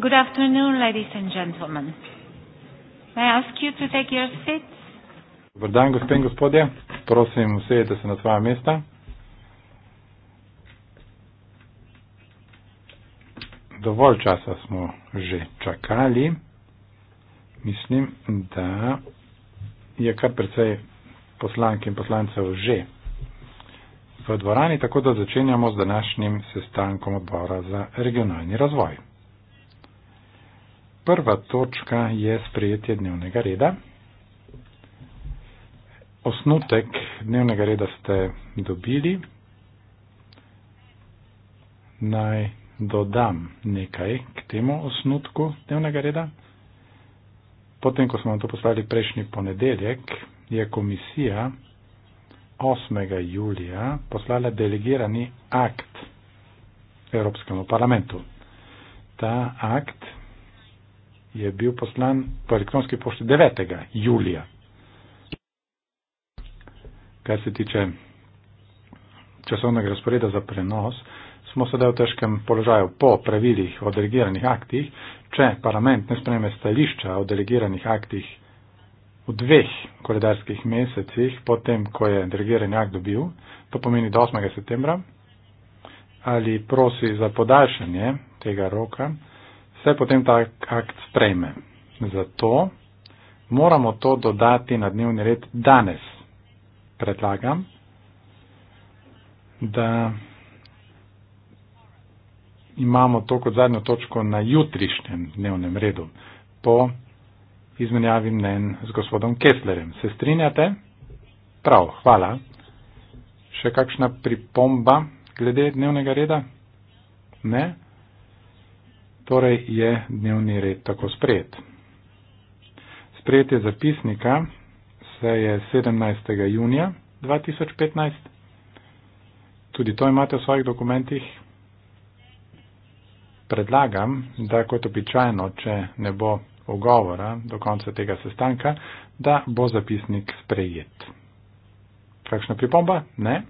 Good afternoon, ladies and gentlemen. May I ask you to take your seats? Dober dan, gospe in gospodje. Prosim, usedite se na svoja mesta. Dovolj časa smo že čakali. Mislim, da je kar precej poslank in poslancev že v dvorani, tako da začenjamo z današnjim sestankom odbora za regionalni razvoj prva točka je sprejetje dnevnega reda. Osnutek dnevnega reda ste dobili. Naj dodam nekaj k temu osnutku dnevnega reda. Potem, ko smo vam to poslali prejšnji ponedeljek, je komisija 8. julija poslala delegirani akt Evropskemu parlamentu. Ta akt je bil poslan po elektronski pošti 9. julija. Kar se tiče časovnega razporeda za prenos, smo sedaj v težkem položaju po pravilih o delegiranih aktih. Če parlament ne spreme stališča o delegiranih aktih v dveh koledarskih mesecih, potem, ko je delegirani akt dobil, to pomeni do 8. septembra, ali prosi za podaljšanje tega roka, se potem ta akt sprejme. Zato moramo to dodati na dnevni red danes. Predlagam, da imamo to kot zadnjo točko na jutrišnjem dnevnem redu po izmenjavi mnen z gospodom Kesslerjem. Se strinjate? Prav, hvala. Še kakšna pripomba glede dnevnega reda? Ne? Torej je dnevni red tako sprejet. Sprejetje zapisnika se je 17. junija 2015. Tudi to imate v svojih dokumentih. Predlagam, da kot običajno, če ne bo ogovora do konca tega sestanka, da bo zapisnik sprejet. Kakšna pripomba? Ne.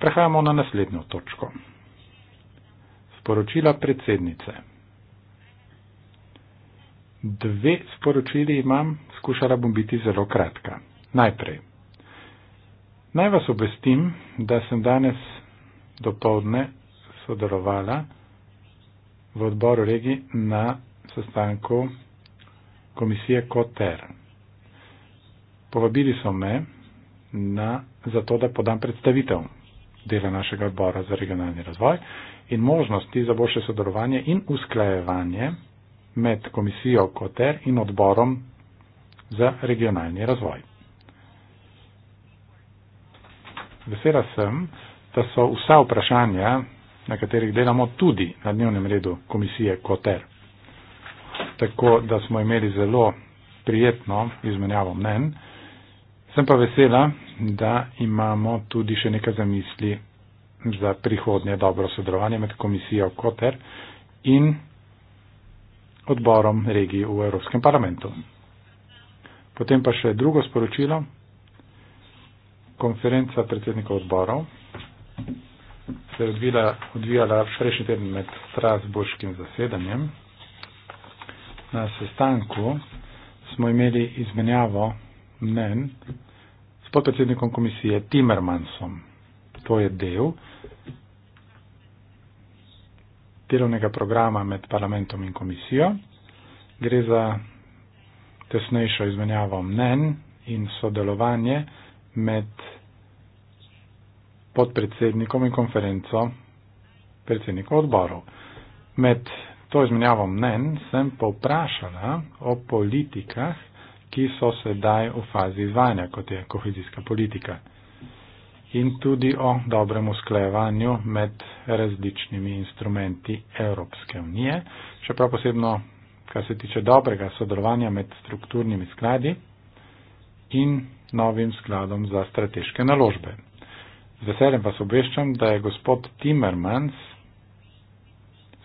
Prehajamo na naslednjo točko sporočila predsednice. Dve sporočili imam, skušala bom biti zelo kratka. Najprej. Naj vas obvestim, da sem danes dopoledne sodelovala v odboru regi na sestanku komisije Koter. Povabili so me na, zato, da podam predstavitev dela našega odbora za regionalni razvoj in možnosti za boljše sodelovanje in usklajevanje med komisijo KOTER in odborom za regionalni razvoj. Vesela sem, da so vsa vprašanja, na katerih delamo, tudi na dnevnem redu komisije KOTER. Tako da smo imeli zelo prijetno izmenjavo mnen. Sem pa vesela, da imamo tudi še nekaj zamisli za prihodnje dobro sodelovanje med komisijo Koter in odborom regij v Evropskem parlamentu. Potem pa še drugo sporočilo. Konferenca predsednikov odborov se je odvila, odvijala prejšnji teden med strasburškim zasedanjem. Na sestanku smo imeli izmenjavo mnen s podpredsednikom komisije Timmermansom to je del delovnega programa med parlamentom in komisijo. Gre za tesnejšo izmenjavo mnen in sodelovanje med podpredsednikom in konferenco predsednikov odborov. Med to izmenjavo mnen sem povprašala o politikah, ki so sedaj v fazi izvajanja, kot je kohezijska politika in tudi o dobrem usklajevanju med različnimi instrumenti Evropske unije, čeprav posebno, kar se tiče dobrega sodelovanja med strukturnimi skladi in novim skladom za strateške naložbe. Z veseljem vas obveščam, da je gospod Timmermans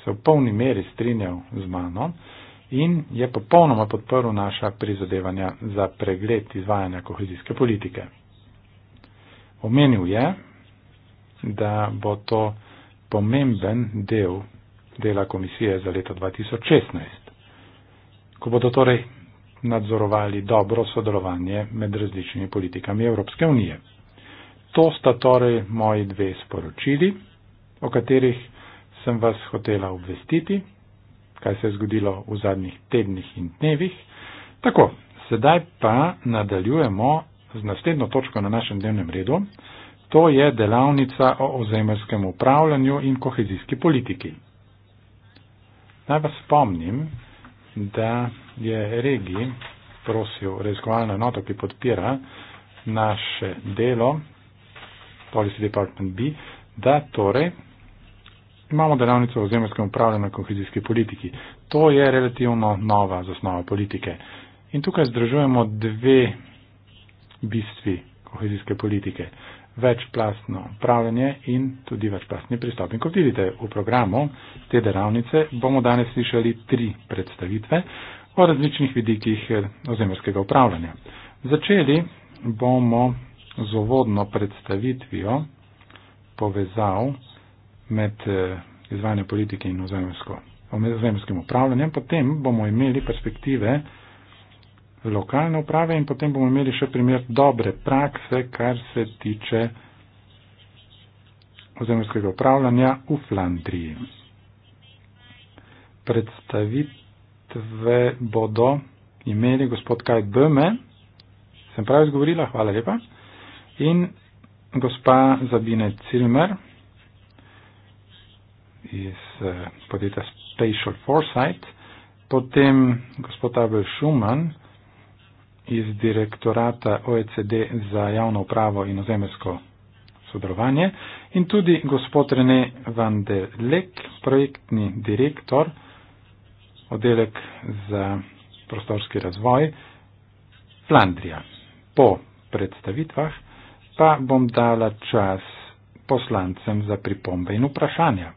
se v polni meri strinjal z mano in je popolnoma podporil naša prizadevanja za pregled izvajanja kohezijske politike. Omenil je, da bo to pomemben del dela komisije za leto 2016, ko bodo torej nadzorovali dobro sodelovanje med različnimi politikami Evropske unije. To sta torej moji dve sporočili, o katerih sem vas hotela obvestiti, kaj se je zgodilo v zadnjih tednih in dnevih. Tako, sedaj pa nadaljujemo z naslednjo točko na našem dnevnem redu. To je delavnica o ozemeljskem upravljanju in kohezijski politiki. Naj vas spomnim, da je regij prosil raziskovalno enoto, ki podpira naše delo, Policy Department B, da torej imamo delavnico o ozemeljskem upravljanju in kohezijski politiki. To je relativno nova zasnova politike. In tukaj združujemo dve bistvi kohezijske politike. Večplastno upravljanje in tudi večplastni pristop. In kot vidite v programu te delavnice, bomo danes slišali tri predstavitve o različnih vidikih eh, ozemerskega upravljanja. Začeli bomo z uvodno predstavitvijo povezav med eh, izvajanjem politike in ozemerskim upravljanjem, potem bomo imeli perspektive lokalne uprave in potem bomo imeli še primer dobre prakse, kar se tiče ozemljskega upravljanja v Flandriji. Predstavitve bodo imeli gospod Kaj Böme, sem prav izgovorila, hvala lepa, in gospa Zabine Cilmer iz eh, podjetja Spatial Foresight, potem gospod Abel Schumann, iz direktorata OECD za javno upravo in ozemersko sodelovanje in tudi gospod Rene van der Lek, projektni direktor, oddelek za prostorski razvoj Flandrija. Po predstavitvah pa bom dala čas poslancem za pripombe in vprašanja.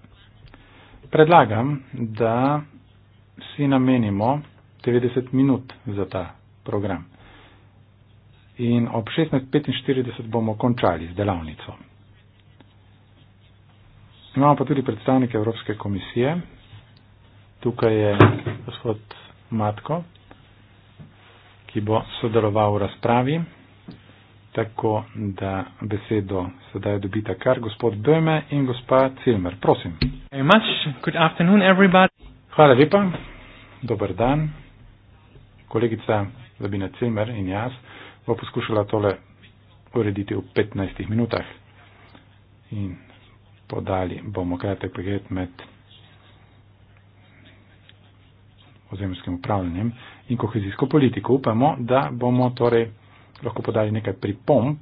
Predlagam, da si namenimo 90 minut za ta program in ob 16.45 bomo končali z delavnico. Imamo pa tudi predstavnike Evropske komisije. Tukaj je gospod Matko, ki bo sodeloval v razpravi, tako da besedo sedaj dobita kar gospod Böme in gospa Cilmer. Prosim. Hvala lepa. Dobar dan. Kolegica Zabina Cilmer in jaz bo poskušala tole urediti v 15 minutah. In podali bomo kratek pregled med ozemljskim upravljanjem in kohezijsko politiko. Upamo, da bomo torej lahko podali nekaj pripomp,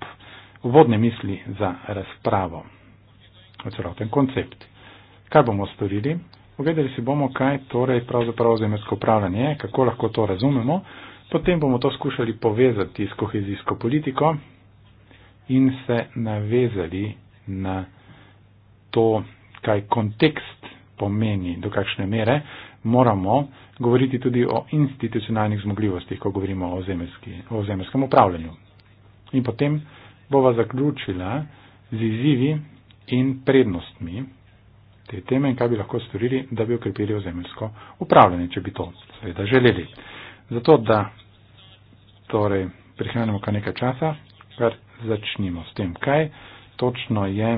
vodne misli za razpravo o celoten koncept. Kaj bomo storili? Pogledali si bomo, kaj torej pravzaprav ozemljsko upravljanje je, kako lahko to razumemo. Potem bomo to skušali povezati s kohezijsko politiko in se navezali na to, kaj kontekst pomeni, do kakšne mere moramo govoriti tudi o institucionalnih zmogljivostih, ko govorimo o, zemeljski, o zemeljskem upravljanju. In potem bova zaključila z izzivi in prednostmi te teme in kaj bi lahko storili, da bi okrepili ozemeljsko upravljanje, če bi to seveda želeli. Zato, da torej, prihranimo kar nekaj časa, kar začnimo s tem, kaj točno je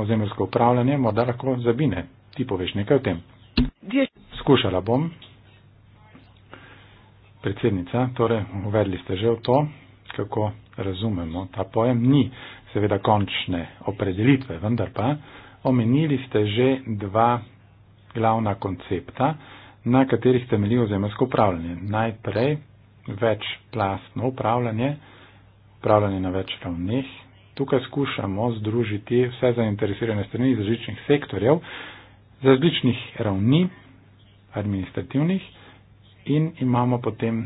ozemljsko upravljanje, morda lahko zabine. Ti poveš nekaj o tem. Skušala bom, predsednica, torej uvedli ste že v to, kako razumemo ta pojem. Ni seveda končne opredelitve, vendar pa omenili ste že dva glavna koncepta, na katerih temelji ozemelsko upravljanje. Najprej večplastno upravljanje, upravljanje na več ravneh. Tukaj skušamo združiti vse zainteresirane strani iz različnih sektorjev, z različnih ravni administrativnih in imamo potem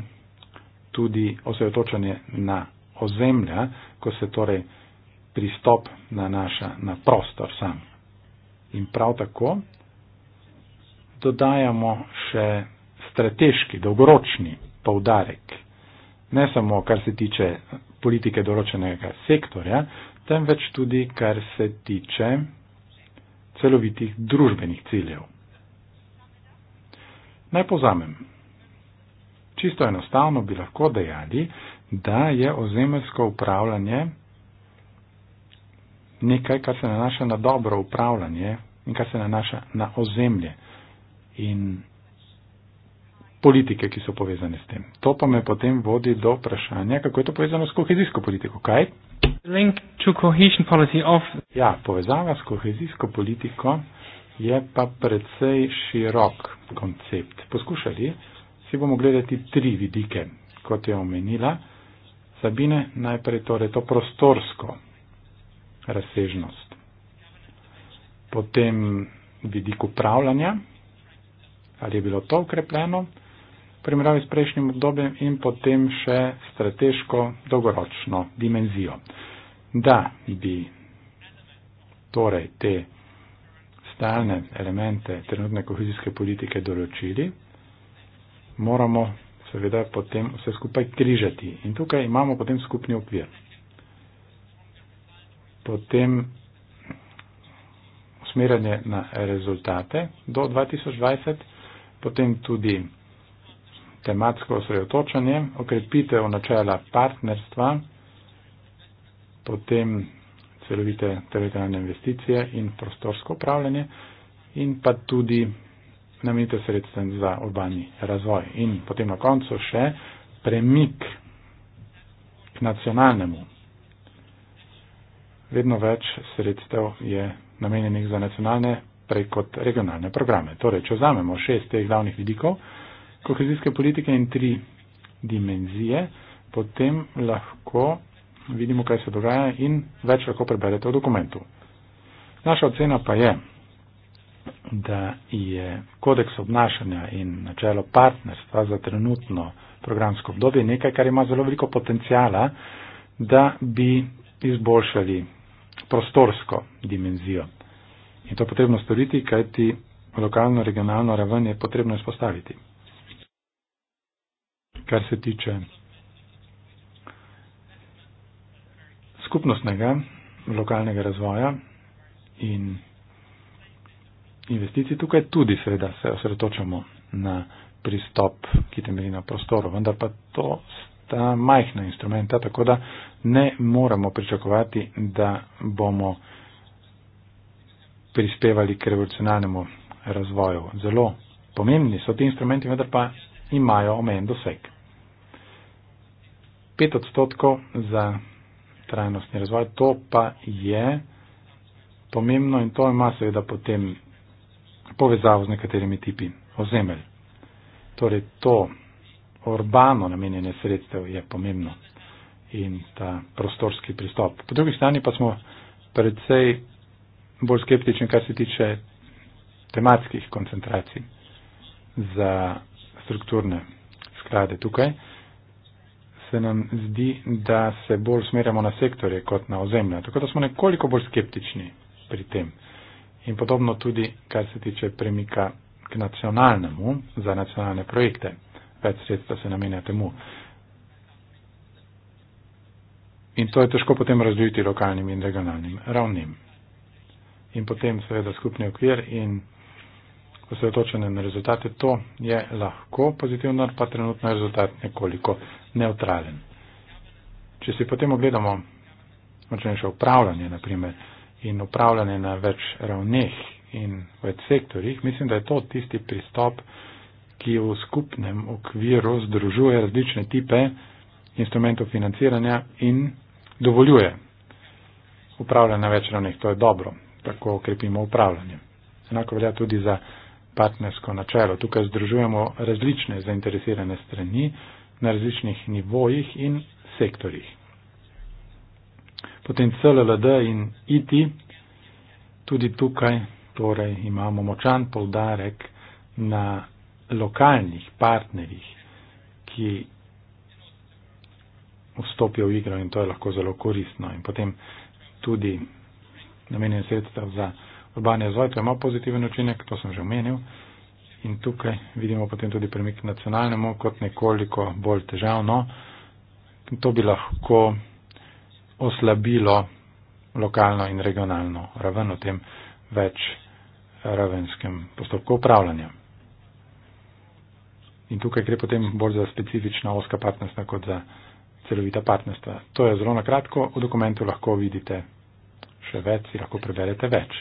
tudi osredotočanje na ozemlja, ko se torej pristop nanaša na prostor sam. In prav tako dodajamo še strateški, dolgoročni povdarek, ne samo kar se tiče politike določenega sektorja, temveč tudi kar se tiče celovitih družbenih ciljev. Naj povzamem. Čisto enostavno bi lahko dejali, da je ozemeljsko upravljanje nekaj, kar se nanaša na dobro upravljanje in kar se nanaša na ozemlje in politike, ki so povezane s tem. To pa me potem vodi do vprašanja, kako je to povezano s kohezijsko politiko. Kaj? Link to cohesion policy of. Ja, povezava s kohezijsko politiko je pa precej širok koncept. Poskušali si bomo gledati tri vidike, kot je omenila Sabine, najprej torej to prostorsko razsežnost, potem vidik upravljanja, ali je bilo to ukrepljeno, primerjavi s prejšnjim obdobjem in potem še strateško dolgoročno dimenzijo. Da bi torej te stalne elemente trenutne kohezijske politike določili, moramo seveda potem vse skupaj križati. In tukaj imamo potem skupni okvir. Potem usmerjanje na rezultate do 2020 potem tudi tematsko osredotočanje, okrepitev načela partnerstva, potem celovite teritorijalne investicije in prostorsko upravljanje in pa tudi namenite sredstva za urbani razvoj. In potem na koncu še premik k nacionalnemu. Vedno več sredstev je namenjenih za nacionalne prej kot regionalne programe. Torej, če vzamemo šest teh glavnih vidikov kohezijske politike in tri dimenzije, potem lahko vidimo, kaj se dogaja in več lahko preberete v dokumentu. Naša ocena pa je, da je kodeks obnašanja in načelo partnerstva za trenutno programsko obdobje nekaj, kar ima zelo veliko potencijala, da bi izboljšali prostorsko dimenzijo In to je potrebno storiti, kajti lokalno, regionalno raven je potrebno izpostaviti. Kar se tiče skupnostnega lokalnega razvoja in investicij, tukaj tudi seveda se osredotočamo na pristop, ki temelji na prostoru, vendar pa to sta majhna instrumenta, tako da ne moremo pričakovati, da bomo uh, prispevali k revolucionarnemu razvoju. Zelo pomembni so ti instrumenti, vendar pa imajo omejen doseg. 5 odstotkov za trajnostni razvoj, to pa je pomembno in to ima seveda potem povezavo z nekaterimi tipi ozemelj. Torej to urbano namenjene sredstev je pomembno in ta prostorski pristop. Po drugi strani pa smo predvsej bolj skeptičen, kar se tiče tematskih koncentracij za strukturne sklade tukaj, se nam zdi, da se bolj usmerjamo na sektorje kot na ozemlja. Tako da smo nekoliko bolj skeptični pri tem. In podobno tudi, kar se tiče premika k nacionalnemu za nacionalne projekte. Več sredstva se namenja temu. In to je težko potem razdvojiti lokalnim in regionalnim ravnim in potem seveda skupni okvir in osredotočene na rezultate. To je lahko pozitivno, pa trenutno je rezultat nekoliko neutralen. Če si potem ogledamo močnejše upravljanje, na primer, in upravljanje na več ravneh in več sektorjih, mislim, da je to tisti pristop, ki v skupnem okviru združuje različne tipe instrumentov financiranja in dovoljuje upravljanje na več ravneh. To je dobro tako okrepimo upravljanje. Enako velja tudi za partnersko načelo. Tukaj združujemo različne zainteresirane strani na različnih nivojih in sektorjih. Potem CLLD in IT, tudi tukaj torej, imamo močan poldarek na lokalnih partnerjih, ki vstopijo v igro in to je lahko zelo koristno. In potem tudi namenjen sredstev za urbani razvoj, to ima pozitiven učinek, to sem že omenil. In tukaj vidimo potem tudi premik nacionalnemu kot nekoliko bolj težavno. To bi lahko oslabilo lokalno in regionalno raven v tem več ravenskem postopku upravljanja. In tukaj gre potem bolj za specifična oska partnerstva kot za celovita partnerstva. To je zelo na kratko, v dokumentu lahko vidite še več, si lahko preberete več.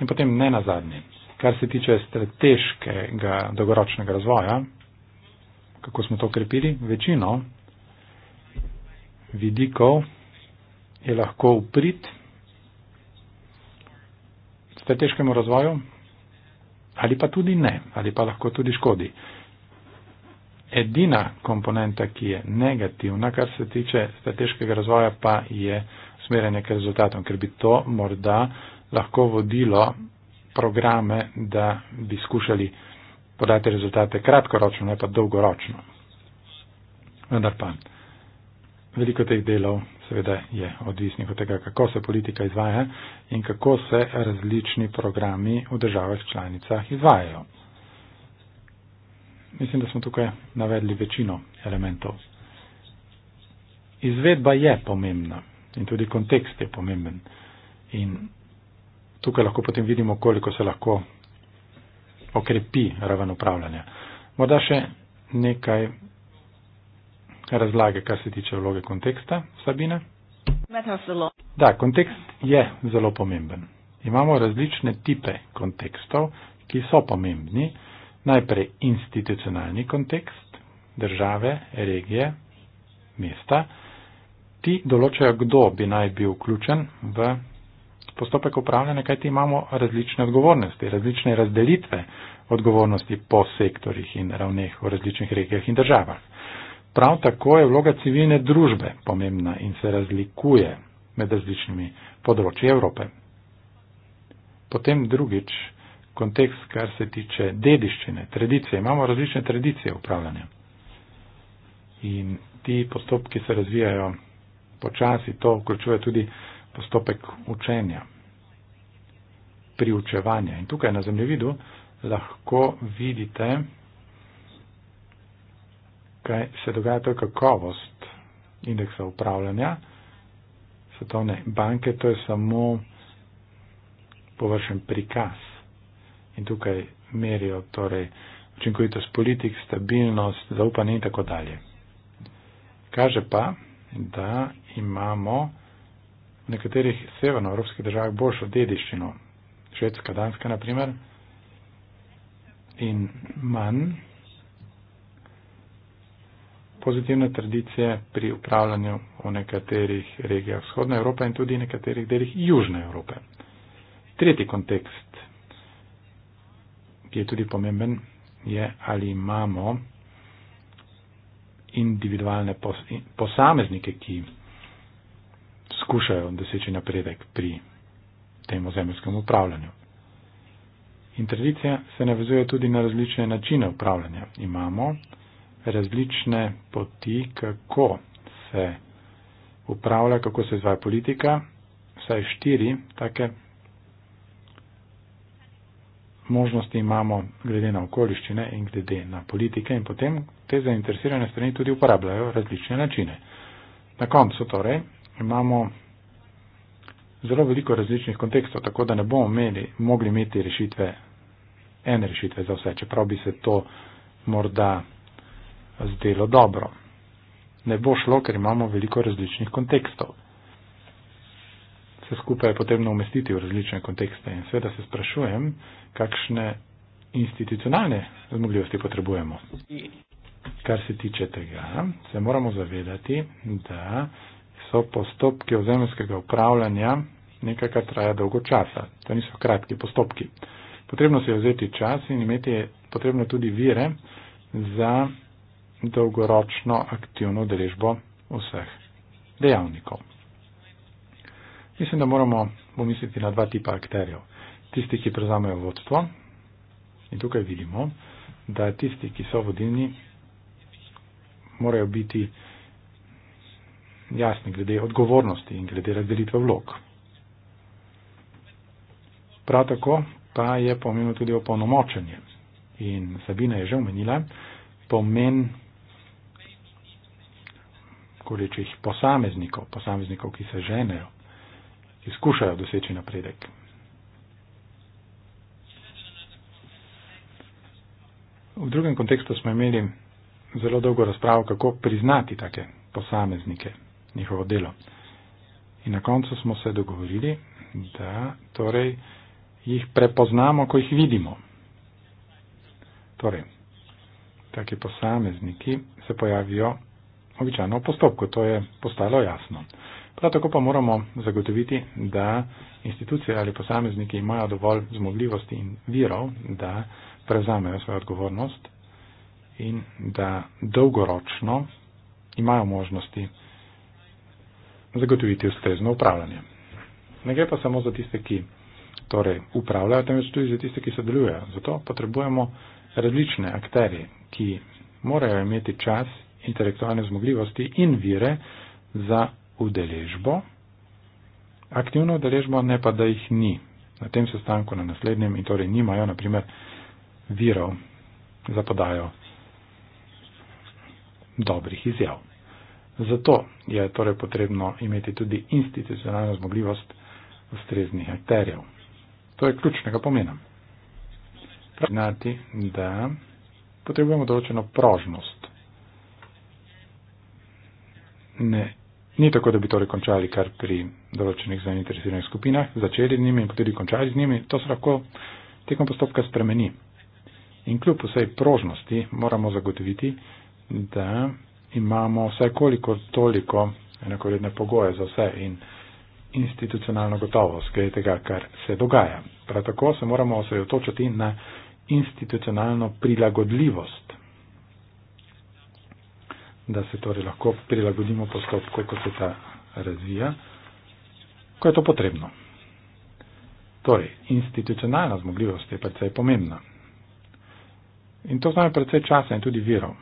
In potem ne na zadnje, kar se tiče strateškega dolgoročnega razvoja, kako smo to krepili, večino vidikov je lahko uprit strateškemu razvoju ali pa tudi ne, ali pa lahko tudi škodi. Edina komponenta, ki je negativna, kar se tiče strateškega razvoja, pa je usmerjanje k rezultatom, ker bi to morda lahko vodilo programe, da bi skušali podati rezultate kratkoročno, ne pa dolgoročno. Vendar pa veliko teh delov seveda je odvisnih od tega, kako se politika izvaja in kako se različni programi v državah članicah izvajajo. Mislim, da smo tukaj navedli večino elementov. Izvedba je pomembna in tudi kontekst je pomemben. In tukaj lahko potem vidimo, koliko se lahko okrepi raven upravljanja. Morda še nekaj razlage, kar se tiče vloge konteksta, Sabina. Da, kontekst je zelo pomemben. Imamo različne tipe kontekstov, ki so pomembni. Najprej institucionalni kontekst države, regije, mesta ti določajo, kdo bi naj bil vključen v postopek upravljanja, kajti imamo različne odgovornosti, različne razdelitve odgovornosti po sektorjih in ravneh v različnih regijah in državah. Prav tako je vloga civilne družbe pomembna in se razlikuje med različnimi področji Evrope. Potem drugič, kontekst, kar se tiče dediščine, tradicije. Imamo različne tradicije upravljanja. In ti postopki se razvijajo počasi to vključuje tudi postopek učenja, priučevanja. In tukaj na zemljevidu lahko vidite, kaj se dogaja, to je kakovost indeksa upravljanja svetovne banke, to je samo površen prikaz. In tukaj merijo torej učinkovitost politik, stabilnost, zaupanje in tako dalje. Kaže pa, da imamo v nekaterih severnoevropskih državah boljšo dediščino, švedska, danska naprimer, in manj pozitivne tradicije pri upravljanju v nekaterih regijah vzhodne Evrope in tudi nekaterih delih južne Evrope. Tretji kontekst, ki je tudi pomemben, je ali imamo individualne posameznike, ki skušajo doseči napredek pri tem ozemljskem upravljanju. In tradicija se navezuje tudi na različne načine upravljanja. Imamo različne poti, kako se upravlja, kako se izvaja politika, vsaj štiri take možnosti imamo glede na okoliščine in glede na politike in potem te zainteresirane strani tudi uporabljajo različne načine. Na koncu torej imamo zelo veliko različnih kontekstov, tako da ne bomo imeli, mogli imeti rešitve, ene rešitve za vse, čeprav bi se to morda zdelo dobro. Ne bo šlo, ker imamo veliko različnih kontekstov. Vse skupaj je potrebno umestiti v različne kontekste in seveda se sprašujem, kakšne institucionalne zmogljivosti potrebujemo. Kar se tiče tega, se moramo zavedati, da so postopki ozemljskega upravljanja nekaj, kar traja dolgo časa. To niso kratki postopki. Potrebno se je vzeti čas in imeti potrebno tudi vire za dolgoročno aktivno deležbo vseh dejavnikov. Mislim, da moramo pomisliti na dva tipa akterjev. Tisti, ki prevzamejo vodstvo in tukaj vidimo, da tisti, ki so vodilni, morajo biti jasni glede odgovornosti in glede razdelitve vlog. Prav tako pa je pomembno tudi opolnomočenje. In Sabina je že omenila pomen količih posameznikov, posameznikov, ki se ženejo, ki skušajo doseči napredek. V drugem kontekstu smo imeli zelo dolgo razpravo, kako priznati take posameznike, njihovo delo. In na koncu smo se dogovorili, da torej jih prepoznamo, ko jih vidimo. Torej, taki posamezniki se pojavijo običajno v postopku, to je postalo jasno. Prav tako pa moramo zagotoviti, da institucije ali posamezniki imajo dovolj zmogljivosti in virov, da prevzamejo svojo odgovornost in da dolgoročno imajo možnosti zagotoviti ustrezno upravljanje. Ne gre pa samo za tiste, ki torej upravljajo, temveč tudi za tiste, ki sodelujejo. Zato potrebujemo različne akterje, ki morajo imeti čas, intelektualne zmogljivosti in vire za udeležbo, aktivno udeležbo, ne pa da jih ni na tem sestanku, na naslednjem in torej nimajo, naprimer, virov za podajo dobrih izjav. Zato je torej potrebno imeti tudi institucionalno zmogljivost ustreznih akterjev. To je ključnega pomena. Znati, da potrebujemo določeno prožnost. Ne, ni tako, da bi torej končali kar pri določenih zainteresiranih skupinah, začeli z njimi in tudi končali z njimi. To se lahko tekom postopka spremeni. In kljub vsej prožnosti moramo zagotoviti, da imamo vse koliko toliko enakovredne pogoje za vse in institucionalno gotovost glede tega, kar se dogaja. Prav tako se moramo osredotočiti na institucionalno prilagodljivost, da se torej lahko prilagodimo postopku, ko se ta razvija, ko je to potrebno. Torej, institucionalna zmogljivost je predvsej pomembna. In to znajo predvsej časa in tudi virov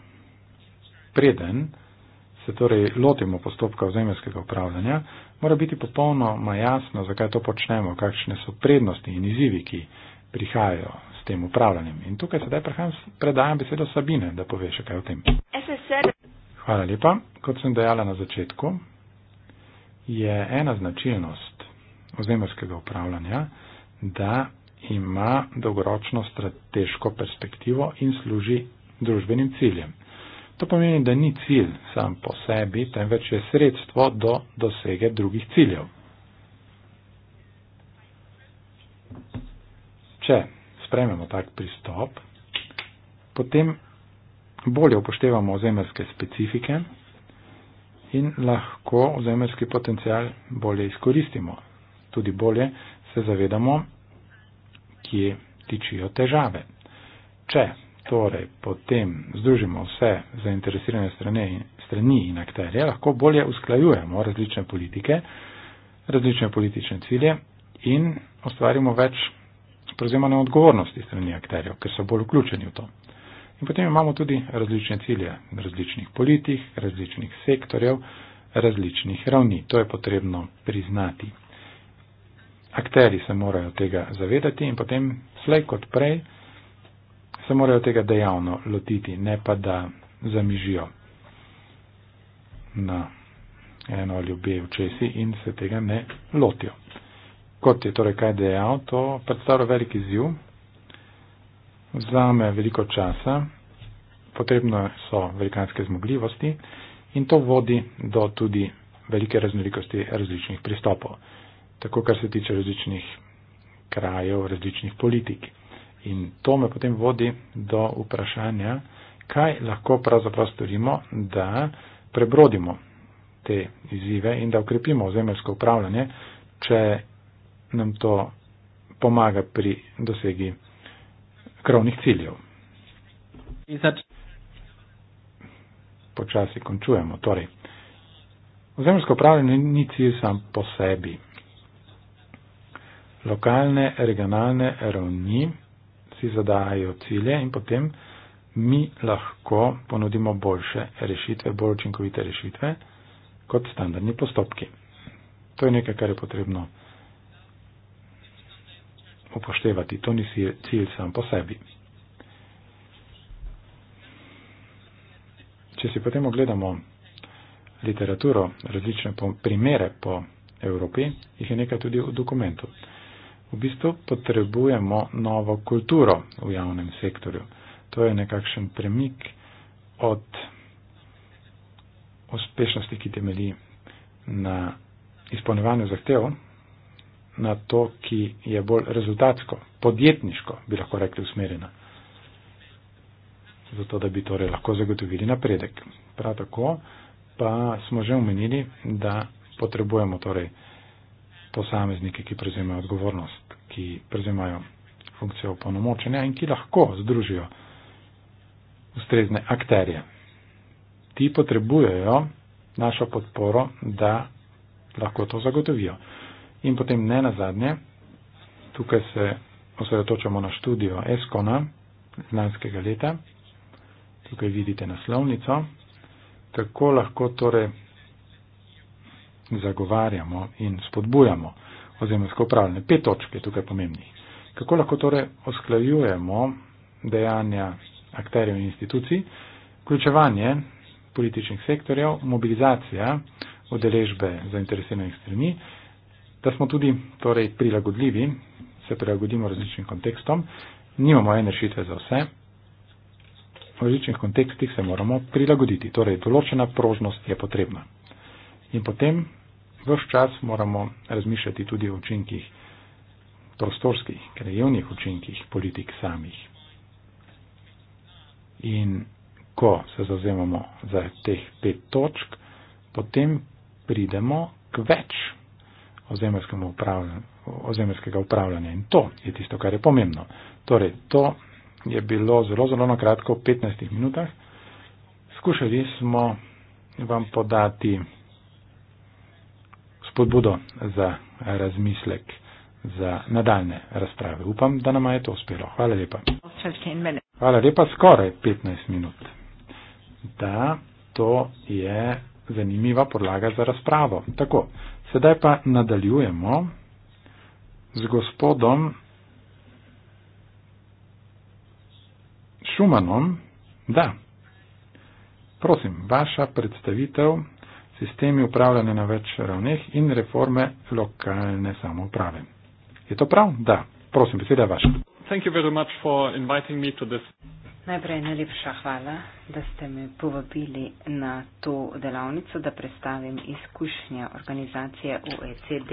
preden se torej lotimo postopka vzemljskega upravljanja, mora biti popolnoma jasno, zakaj to počnemo, kakšne so prednosti in izzivi, ki prihajajo s tem upravljanjem. In tukaj sedaj predajam besedo Sabine, da pove še kaj o tem. Hvala lepa. Kot sem dejala na začetku, je ena značilnost ozemljskega upravljanja, da ima dolgoročno strateško perspektivo in služi družbenim ciljem. To pomeni, da ni cilj sam po sebi, temveč je sredstvo do dosege drugih ciljev. Če sprememo tak pristop, potem bolje upoštevamo ozemerske specifike in lahko ozemerski potencial bolje izkoristimo. Tudi bolje se zavedamo, kje tičijo težave. Če torej potem združimo vse zainteresirane strane in strani in akterje, lahko bolje usklajujemo različne politike, različne politične cilje in ustvarimo več prevzemane odgovornosti strani akterjev, ker so bolj vključeni v to. In potem imamo tudi različne cilje različnih politik, različnih sektorjev, različnih ravni. To je potrebno priznati. Akteri se morajo tega zavedati in potem slej kot prej se morajo tega dejavno lotiti, ne pa da zamižijo na eno ali obe očesi in se tega ne lotijo. Kot je torej kaj dejal, to predstavlja velik izziv, vzame veliko časa, potrebno so velikanske zmogljivosti in to vodi do tudi velike raznolikosti različnih pristopov, tako kar se tiče različnih krajev, različnih politik. In to me potem vodi do vprašanja, kaj lahko pravzaprav storimo, da prebrodimo te izzive in da ukrepimo zemeljsko upravljanje, če nam to pomaga pri dosegi krovnih ciljev. Počasi končujemo. Torej, zemeljsko upravljanje ni cilj sam po sebi. Lokalne, regionalne ravni si zadajajo cilje in potem mi lahko ponudimo boljše rešitve, bolj učinkovite rešitve kot standardni postopki. To je nekaj, kar je potrebno upoštevati. To ni cilj sam po sebi. Če si potem ogledamo literaturo, različne primere po Evropi, jih je nekaj tudi v dokumentu. V bistvu potrebujemo novo kulturo v javnem sektorju. To je nekakšen premik od uspešnosti, ki temelji na izpolnevanju zahtev, na to, ki je bolj rezultatsko, podjetniško, bi lahko rekli, usmerjena. Zato, da bi torej lahko zagotovili napredek. Prav tako pa smo že omenili, da potrebujemo torej posamezniki, ki prevzemajo odgovornost, ki prevzemajo funkcijo opolnomočenja in ki lahko združijo ustrezne akterje. Ti potrebujejo našo podporo, da lahko to zagotovijo. In potem ne nazadnje, tukaj se osredotočamo na študijo ESCON-a znanskega leta. Tukaj vidite naslovnico, kako lahko torej zagovarjamo in spodbujamo ozemljsko upravljanje. Pet točk je tukaj pomembnih. Kako lahko torej osklajujemo dejanja akterjev in institucij, vključevanje političnih sektorjev, mobilizacija udeležbe zainteresiranih strani, da smo tudi torej, prilagodljivi, se prilagodimo različnim kontekstom, nimamo ene rešitve za vse, v različnih kontekstih se moramo prilagoditi, torej določena prožnost je potrebna. In potem vse čas moramo razmišljati tudi o učinkih, prostorskih, krajevnih učinkih politik samih. In ko se zauzemamo za teh pet točk, potem pridemo k več ozemljskega upravljanja. In to je tisto, kar je pomembno. Torej, to je bilo zelo, zelo na kratko, v 15 minutah. Skušali smo vam podati podbudo za razmislek za nadaljne razprave. Upam, da nama je to uspelo. Hvala lepa. Hvala lepa, skoraj 15 minut. Da, to je zanimiva podlaga za razpravo. Tako, sedaj pa nadaljujemo z gospodom Šumanom. Da, prosim, vaša predstavitev sistemi upravljanja na več ravneh in reforme lokalne samoprave. Je to prav? Da. Prosim, beseda je vaša. Thank you very much for inviting me to this. Najprej najlepša hvala, da ste me povabili na to delavnico, da predstavim izkušnje organizacije OECD.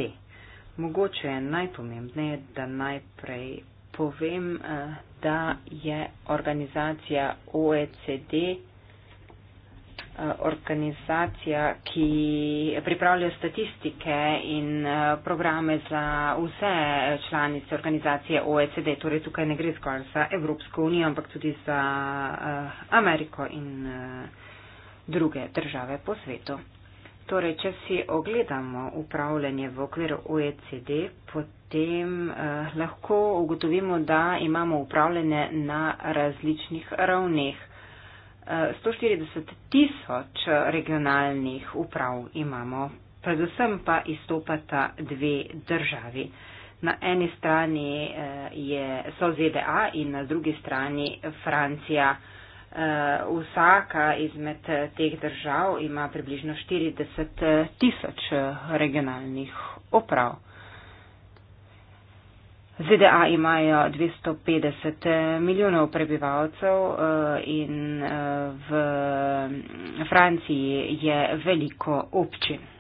Mogoče je najpomembneje, da najprej povem, eh, da je organizacija OECD Eh, organizacija, ki pripravlja statistike in eh, programe za vse članice organizacije OECD. Torej tukaj ne gre zgolj za Evropsko unijo, ampak tudi za eh, Ameriko in druge države po svetu. Torej, če si ogledamo upravljanje v okviru OECD, potem eh, lahko ugotovimo, da imamo upravljanje na različnih ravneh. 140 tisoč regionalnih uprav imamo, predvsem pa izstopata dve državi. Na eni strani eh, je, so ZDA in na drugi strani Francija. Eh, vsaka izmed teh držav ima približno 40 eh, tisoč regionalnih uprav. ZDA imajo 250 eh, milijonov prebivalcev eh, in eh, v Franciji je veliko občin.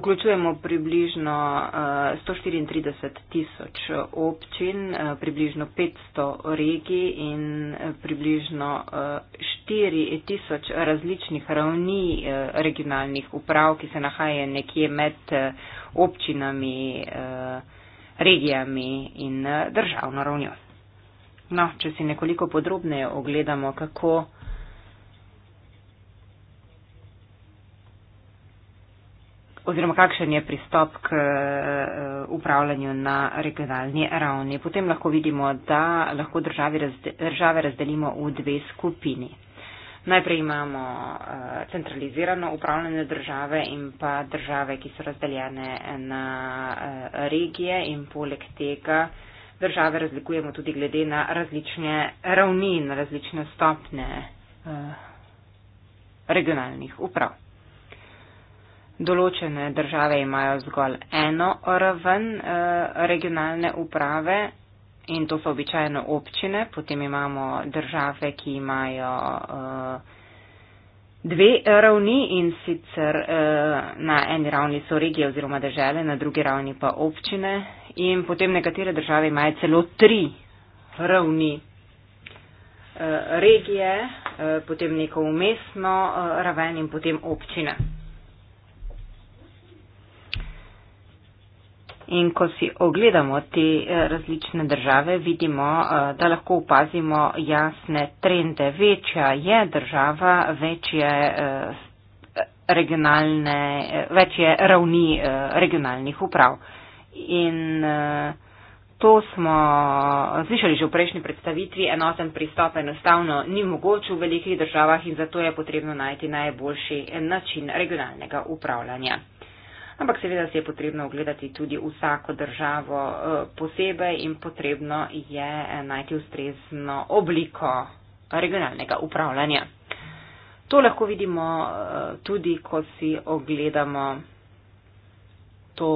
vključujemo približno 134 eh, tisoč občin, eh, približno 500 regij in eh, približno 4 tisoč različnih ravni regionalnih uprav, ki se nahajajo nekje med občinami, regijami in državno ravnjo. No, če si nekoliko podrobneje ogledamo, kako oziroma kakšen je pristop k eh, upravljanju na regionalni ravni. Potem lahko vidimo, da lahko države razdelimo v dve skupini. Najprej imamo eh, centralizirano upravljanje države in pa države, ki so razdeljene na eh, regije in poleg tega države razlikujemo tudi glede na različne ravni, na različne stopne regionalnih uprav določene države imajo zgolj eno raven eh, regionalne uprave in to so običajno občine, potem imamo države, ki imajo eh, dve ravni in sicer eh, na eni ravni so regije oziroma države, na drugi ravni pa občine in potem nekatere države imajo celo tri ravni regije, potem neko umestno raven in potem občine. In ko si ogledamo te eh, različne države, vidimo, eh, da lahko opazimo jasne trende. Večja je država, večje eh, regionalne, večje ravni regionalnih uprav. In to smo slišali že v prejšnji predstavitvi, enoten pristop enostavno ni mogoč v velikih državah in zato je potrebno najti najboljši način regionalnega upravljanja ampak seveda se je potrebno ogledati tudi vsako državo eh, posebej in potrebno je eh, najti ustrezno obliko regionalnega upravljanja. To lahko vidimo eh, tudi, ko si ogledamo to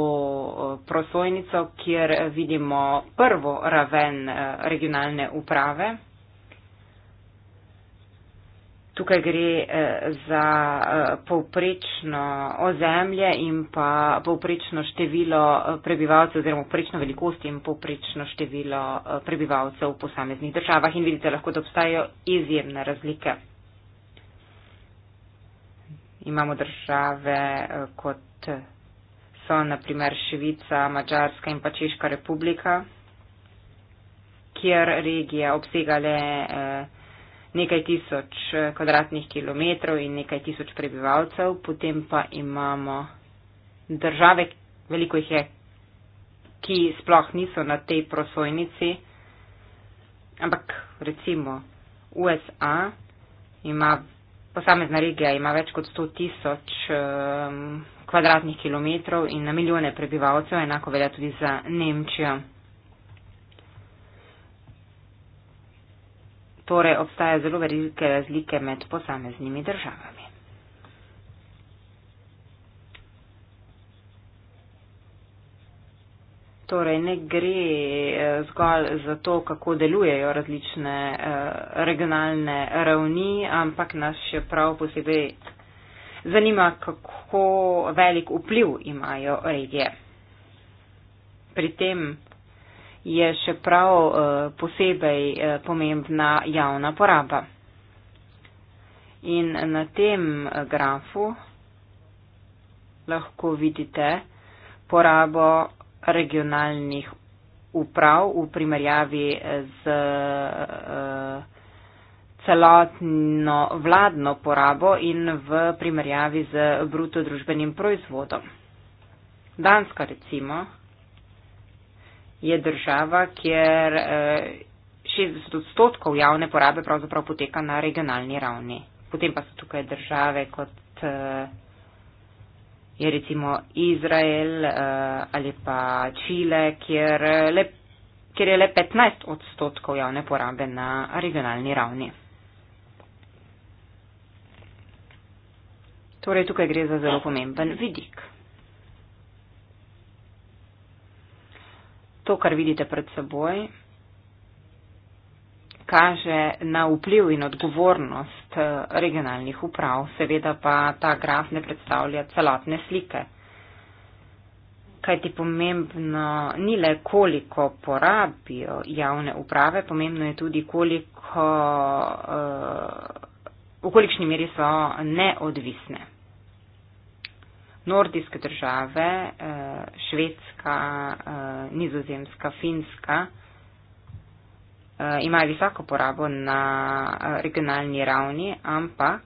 prosojnico, kjer vidimo prvo raven regionalne uprave. Tukaj gre eh, za eh, povprečno ozemlje in pa povprečno število eh, prebivalcev oziroma povprečno velikost in povprečno število prebivalcev v posameznih državah in vidite lahko, da obstajajo izjemne razlike. Imamo države kot so naprimer Švica, Mačarska in pa Češka republika, kjer regija obsega le. Eh, nekaj tisoč eh, kvadratnih kilometrov in nekaj tisoč prebivalcev, potem pa imamo države, veliko jih je, ki sploh niso na tej prosojnici, ampak recimo USA ima, posamezna regija ima več kot 100 tisoč ehm, kvadratnih kilometrov in na milijone prebivalcev, enako velja tudi za Nemčijo. Torej obstaja zelo velike razlike med posameznimi državami. Torej ne gre eh, zgolj za to, kako delujejo različne eh, regionalne ravni, ampak nas še prav posebej zanima, kako velik vpliv imajo regije. Pri tem je še prav eh, posebej eh, pomembna javna poraba. In na tem eh, grafu lahko vidite porabo regionalnih uprav v primerjavi z celotno vladno porabo in v primerjavi z bruto družbenim proizvodom. Danska recimo je država, kjer 60 eh, odstotkov javne porabe pravzaprav poteka na regionalni ravni. Potem pa so tukaj države kot eh, je recimo Izrael eh, ali pa Čile, kjer, le, kjer je le 15 odstotkov javne porabe na regionalni ravni. Torej, tukaj gre za zelo pomemben vidik. to, kar vidite pred seboj, kaže na vpliv in odgovornost eh, regionalnih uprav. Seveda pa ta graf ne predstavlja celotne slike. Kaj ti pomembno ni le, koliko porabijo javne uprave, pomembno je tudi, koliko, uh, v kolikšni meri so neodvisne nordijske države, eh, Švedska, eh, Nizozemska, Finska, eh, imajo visoko porabo na regionalni ravni, ampak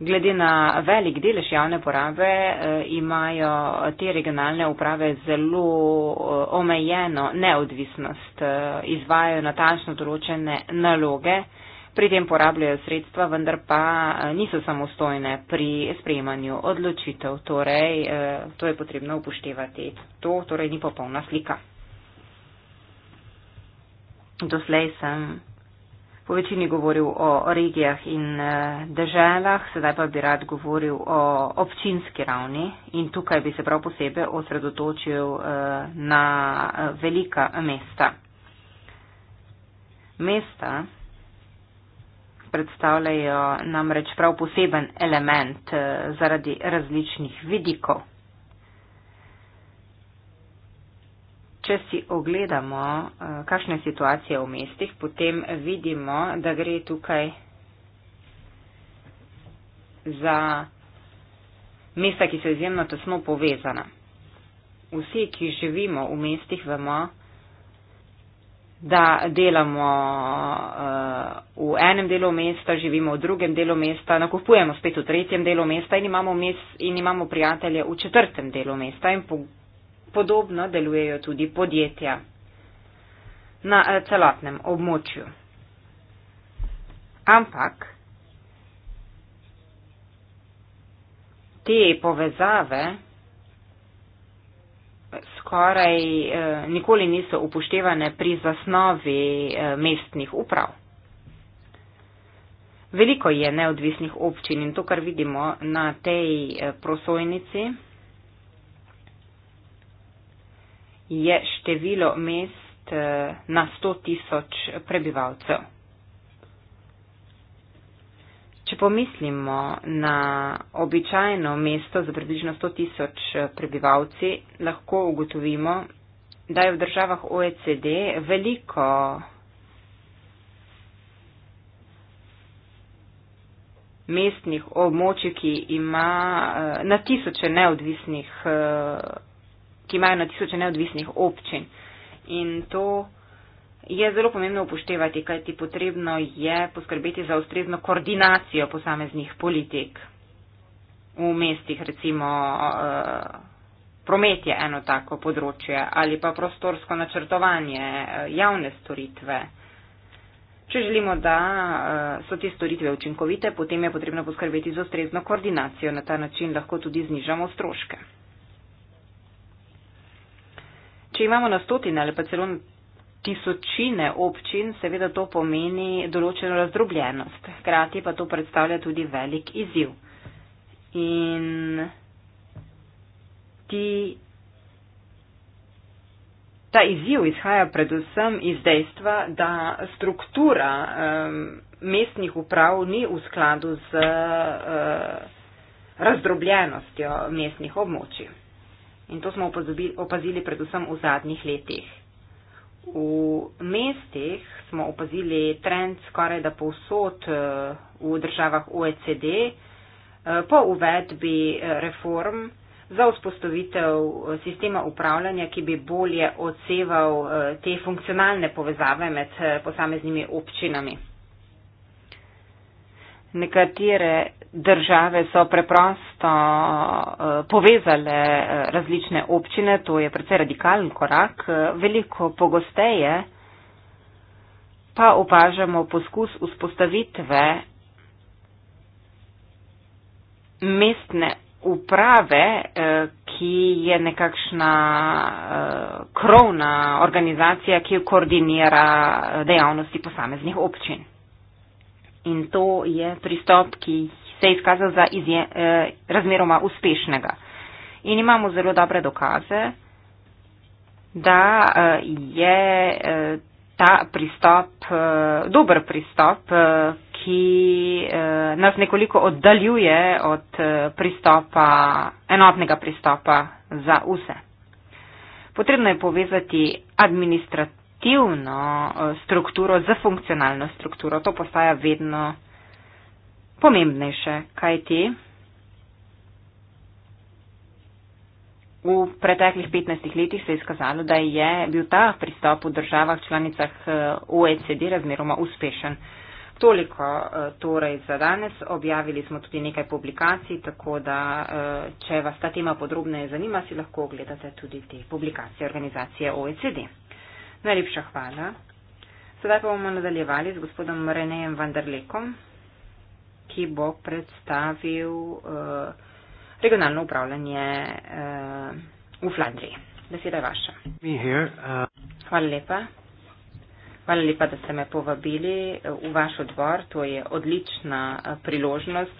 glede na velik delež javne porabe imajo te regionalne uprave zelo omejeno neodvisnost, izvajajo natančno določene naloge, Pri tem porabljajo sredstva, vendar pa eh, niso samostojne pri sprejemanju odločitev. Torej, eh, to je potrebno upoštevati. To torej ni popolna slika. Doslej sem po večini govoril o regijah in eh, deželah, sedaj pa bi rad govoril o občinski ravni in tukaj bi se prav posebej osredotočil na velika mesta. Mesta predstavljajo namreč prav poseben element eh, zaradi različnih vidikov. Če si ogledamo, eh, kakšne situacije v mestih, potem vidimo, da gre tukaj za mesta, ki so izjemno tesno povezana. Vsi, ki živimo v mestih, vemo, da delamo uh, v enem delu mesta, živimo v drugem delu mesta, nakupujemo spet v tretjem delu mesta in imamo, mes, in imamo prijatelje v četrtem delu mesta in po, podobno delujejo tudi podjetja na uh, celotnem območju. Ampak te povezave skoraj eh, nikoli niso upoštevane pri zasnovi eh, mestnih uprav. Veliko je neodvisnih občin in to, kar vidimo na tej eh, prosojnici, je število mest na 100 tisoč prebivalcev. Če pomislimo na običajno mesto za približno 100 tisoč eh, prebivalci, lahko ugotovimo, da je v državah OECD veliko mestnih območij, ki ima eh, na tisoče neodvisnih, eh, ki imajo na tisoče neodvisnih občin. In to je zelo pomembno upoštevati, kaj ti potrebno je poskrbeti za ustrezno koordinacijo posameznih politik v mestih, recimo eh, promet je eno tako področje ali pa prostorsko načrtovanje, eh, javne storitve. Če želimo, da eh, so te storitve učinkovite, potem je potrebno poskrbeti za ustrezno koordinacijo, na ta način lahko tudi znižamo stroške. Če imamo na stotine ali pa celo tisočine občin, seveda to pomeni določeno razdrobljenost, hkrati pa to predstavlja tudi velik izziv. In ti, ta izziv izhaja predvsem iz dejstva, da struktura um, mestnih uprav ni v skladu z uh, razdrobljenostjo mestnih območij. In to smo opazili predvsem v zadnjih letih. V mestih smo opazili trend skoraj da povsod eh, v državah OECD eh, po uvedbi eh, reform za vzpostavitev sistema upravljanja, ki bi bolje odseval te funkcionalne povezave med posameznimi občinami. Nekatere države so preprosto eh, povezale eh, različne občine, to je precej radikalen korak. Eh, veliko pogosteje pa opažamo poskus vzpostavitve mestne uprave, ki je nekakšna krovna organizacija, ki koordinira dejavnosti posameznih občin in to je pristop, ki se je izkazal za izje, eh, razmeroma uspešnega. In imamo zelo dobre dokaze, da eh, je eh, ta pristop, eh, dober pristop, eh, ki eh, nas nekoliko oddaljuje od eh, pristopa, enotnega pristopa za vse. Potrebno je povezati administrativno kognitivno eh, strukturo z funkcionalno strukturo. To postaja vedno pomembnejše, kaj ti. V preteklih 15 letih se je izkazalo, da je bil ta pristop v državah članicah eh, OECD razmeroma uspešen. Toliko eh, torej za danes. Objavili smo tudi nekaj publikacij, tako da če vas ta tema podrobneje zanima, si lahko ogledate tudi te publikacije organizacije OECD. Najlepša hvala. Sedaj pa bomo nadaljevali z gospodom Renejem Vanderlekom, ki bo predstavil uh, regionalno upravljanje uh, v Flandriji. Beseda je vaša. Here, uh... Hvala lepa. Hvala lepa, da ste me povabili eh, v vaš odbor. To je odlična priložnost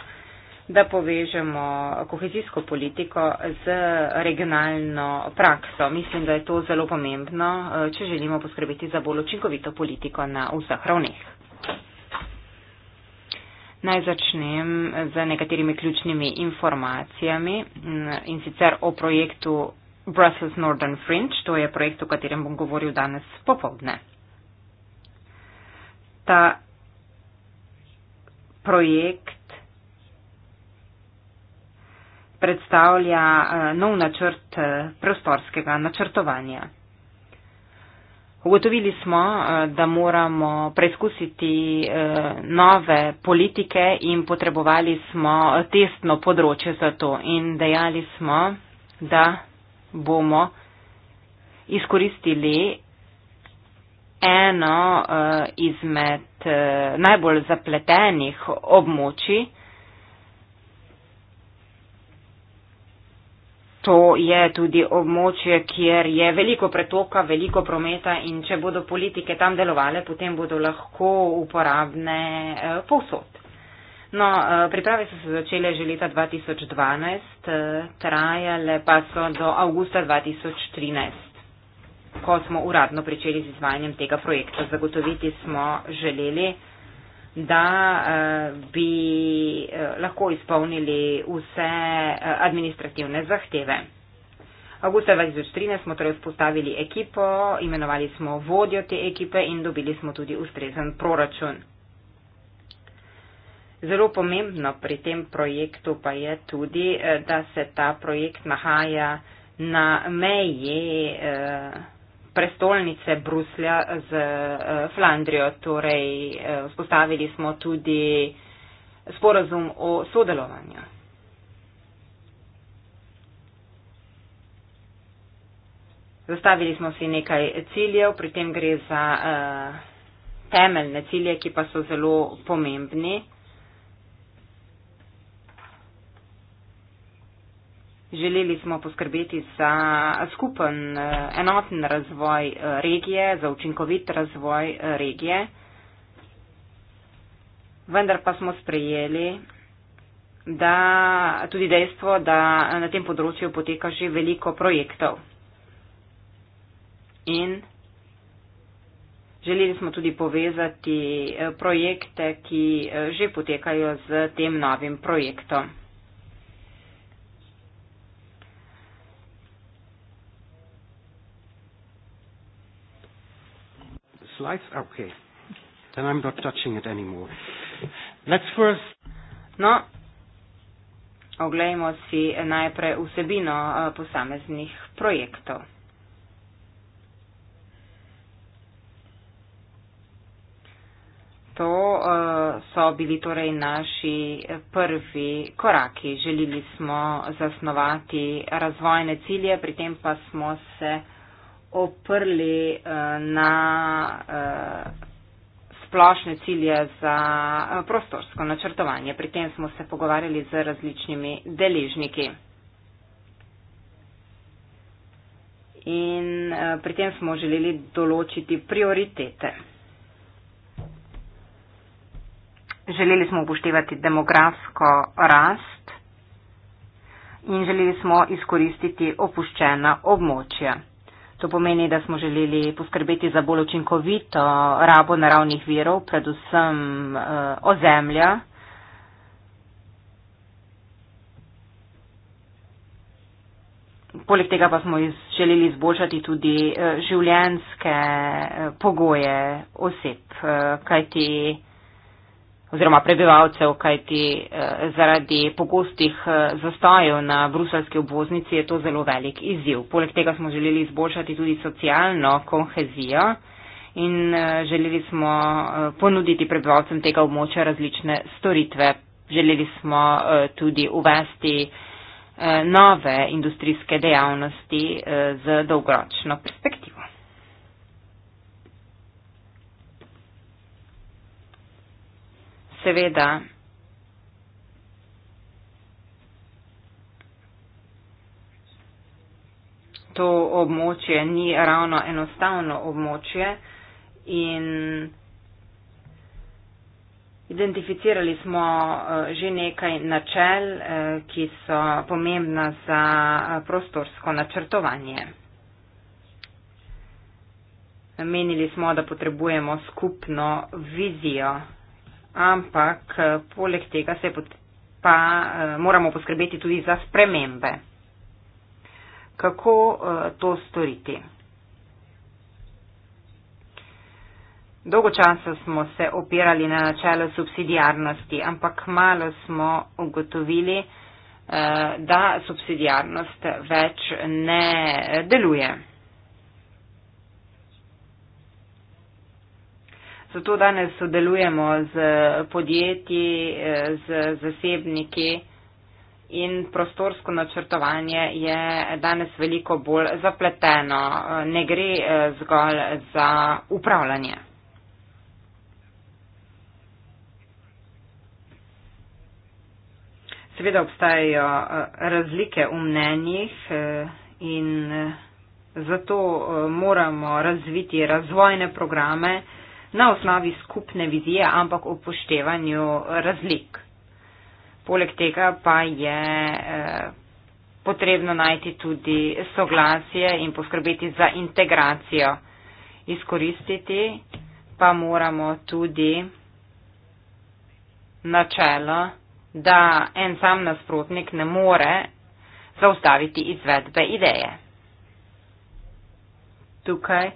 da povežemo kohezijsko politiko z regionalno prakso. Mislim, da je to zelo pomembno, eh, če želimo poskrbeti za bolj učinkovito politiko na vseh ravneh. Naj začnem z nekaterimi ključnimi informacijami mm, in sicer o projektu Brussels Northern Fringe. To je projekt, o katerem bom govoril danes popovdne. Ta projekt predstavlja eh, nov načrt eh, prostorskega načrtovanja. Ugotovili smo, eh, da moramo preizkusiti nove politike in potrebovali smo testno področje za to in dejali smo, da bomo izkoristili eno izmed najbolj zapletenih območij, to je tudi območje, kjer je veliko pretoka, veliko prometa in če bodo politike tam delovale, potem bodo lahko uporabne eh, posod. No, eh, priprave so se začele že leta 2012, eh, trajale pa so do avgusta 2013, ko smo uradno pričeli z izvajanjem tega projekta. Zagotoviti smo želeli da eh, bi eh, lahko izpolnili vse eh, administrativne zahteve. Augusta 2013 smo torej vzpostavili ekipo, imenovali smo vodjo te ekipe in dobili smo tudi ustrezen proračun. Zelo pomembno pri tem projektu pa je tudi, da se ta projekt nahaja na meji. Eh, prestolnice Bruslja z eh, Flandrijo. Torej, eh, vzpostavili smo tudi sporazum o sodelovanju. Zastavili smo si nekaj ciljev, pri tem gre za uh, temeljne cilje, ki pa so zelo pomembni. Želeli smo poskrbeti za skupen eh, enoten razvoj eh, regije, za učinkovit razvoj eh, regije, vendar pa smo sprejeli da, tudi dejstvo, da na tem področju poteka že veliko projektov. In želeli smo tudi povezati projekte, ki že potekajo z tem novim projektom. slides? Okay. Then I'm not touching it anymore. Let's first. No. Oglejmo si najprej vsebino eh, posameznih projektov. To eh, so bili torej naši prvi koraki. Želili smo zasnovati razvojne cilje, pri tem pa smo se oprli uh, na uh, splošne cilje za uh, prostorsko načrtovanje. Pri tem smo se pogovarjali z različnimi deležniki. In uh, pri tem smo želeli določiti prioritete. Želeli smo upoštevati demografsko rast in želeli smo izkoristiti opuščena območja. To pomeni, da smo želeli poskrbeti za bolj učinkovito rabo naravnih virov, predvsem eh, ozemlja. Poleg tega pa smo iz, želeli izboljšati tudi eh, življenske eh, pogoje oseb, eh, kajti oziroma prebivalcev, kajti eh, zaradi pogostih eh, zastojev na bruselski obvoznici je to zelo velik izziv. Poleg tega smo želeli izboljšati tudi socialno kohezijo in eh, želeli smo ponuditi prebivalcem tega območja različne storitve. Želeli smo tudi uvesti nove industrijske dejavnosti z dolgoročno perspektivo. Seveda. To območje ni ravno enostavno območje in identificirali smo eh, že nekaj načel, eh, ki so pomembna za eh, prostorsko načrtovanje. Menili smo, da potrebujemo skupno vizijo ampak eh, poleg tega se pa eh, moramo poskrbeti tudi za spremembe. Kako eh, to storiti? Dolgo časa smo se opirali na načelo subsidijarnosti, ampak malo smo ugotovili, da subsidijarnost več ne deluje. zato danes sodelujemo z podjetji, eh, z zasebniki in prostorsko načrtovanje je danes veliko bolj zapleteno. Eh, ne gre eh, zgolj za upravljanje. Seveda obstajajo razlike v mnenjih in zato moramo razviti razvojne programe, na osnovi skupne vizije, ampak upoštevanju razlik. Poleg tega pa je eh, potrebno najti tudi soglasje in poskrbeti za integracijo. Izkoristiti pa moramo tudi načelo, da en sam nasprotnik ne more zaustaviti izvedbe ideje. Tukaj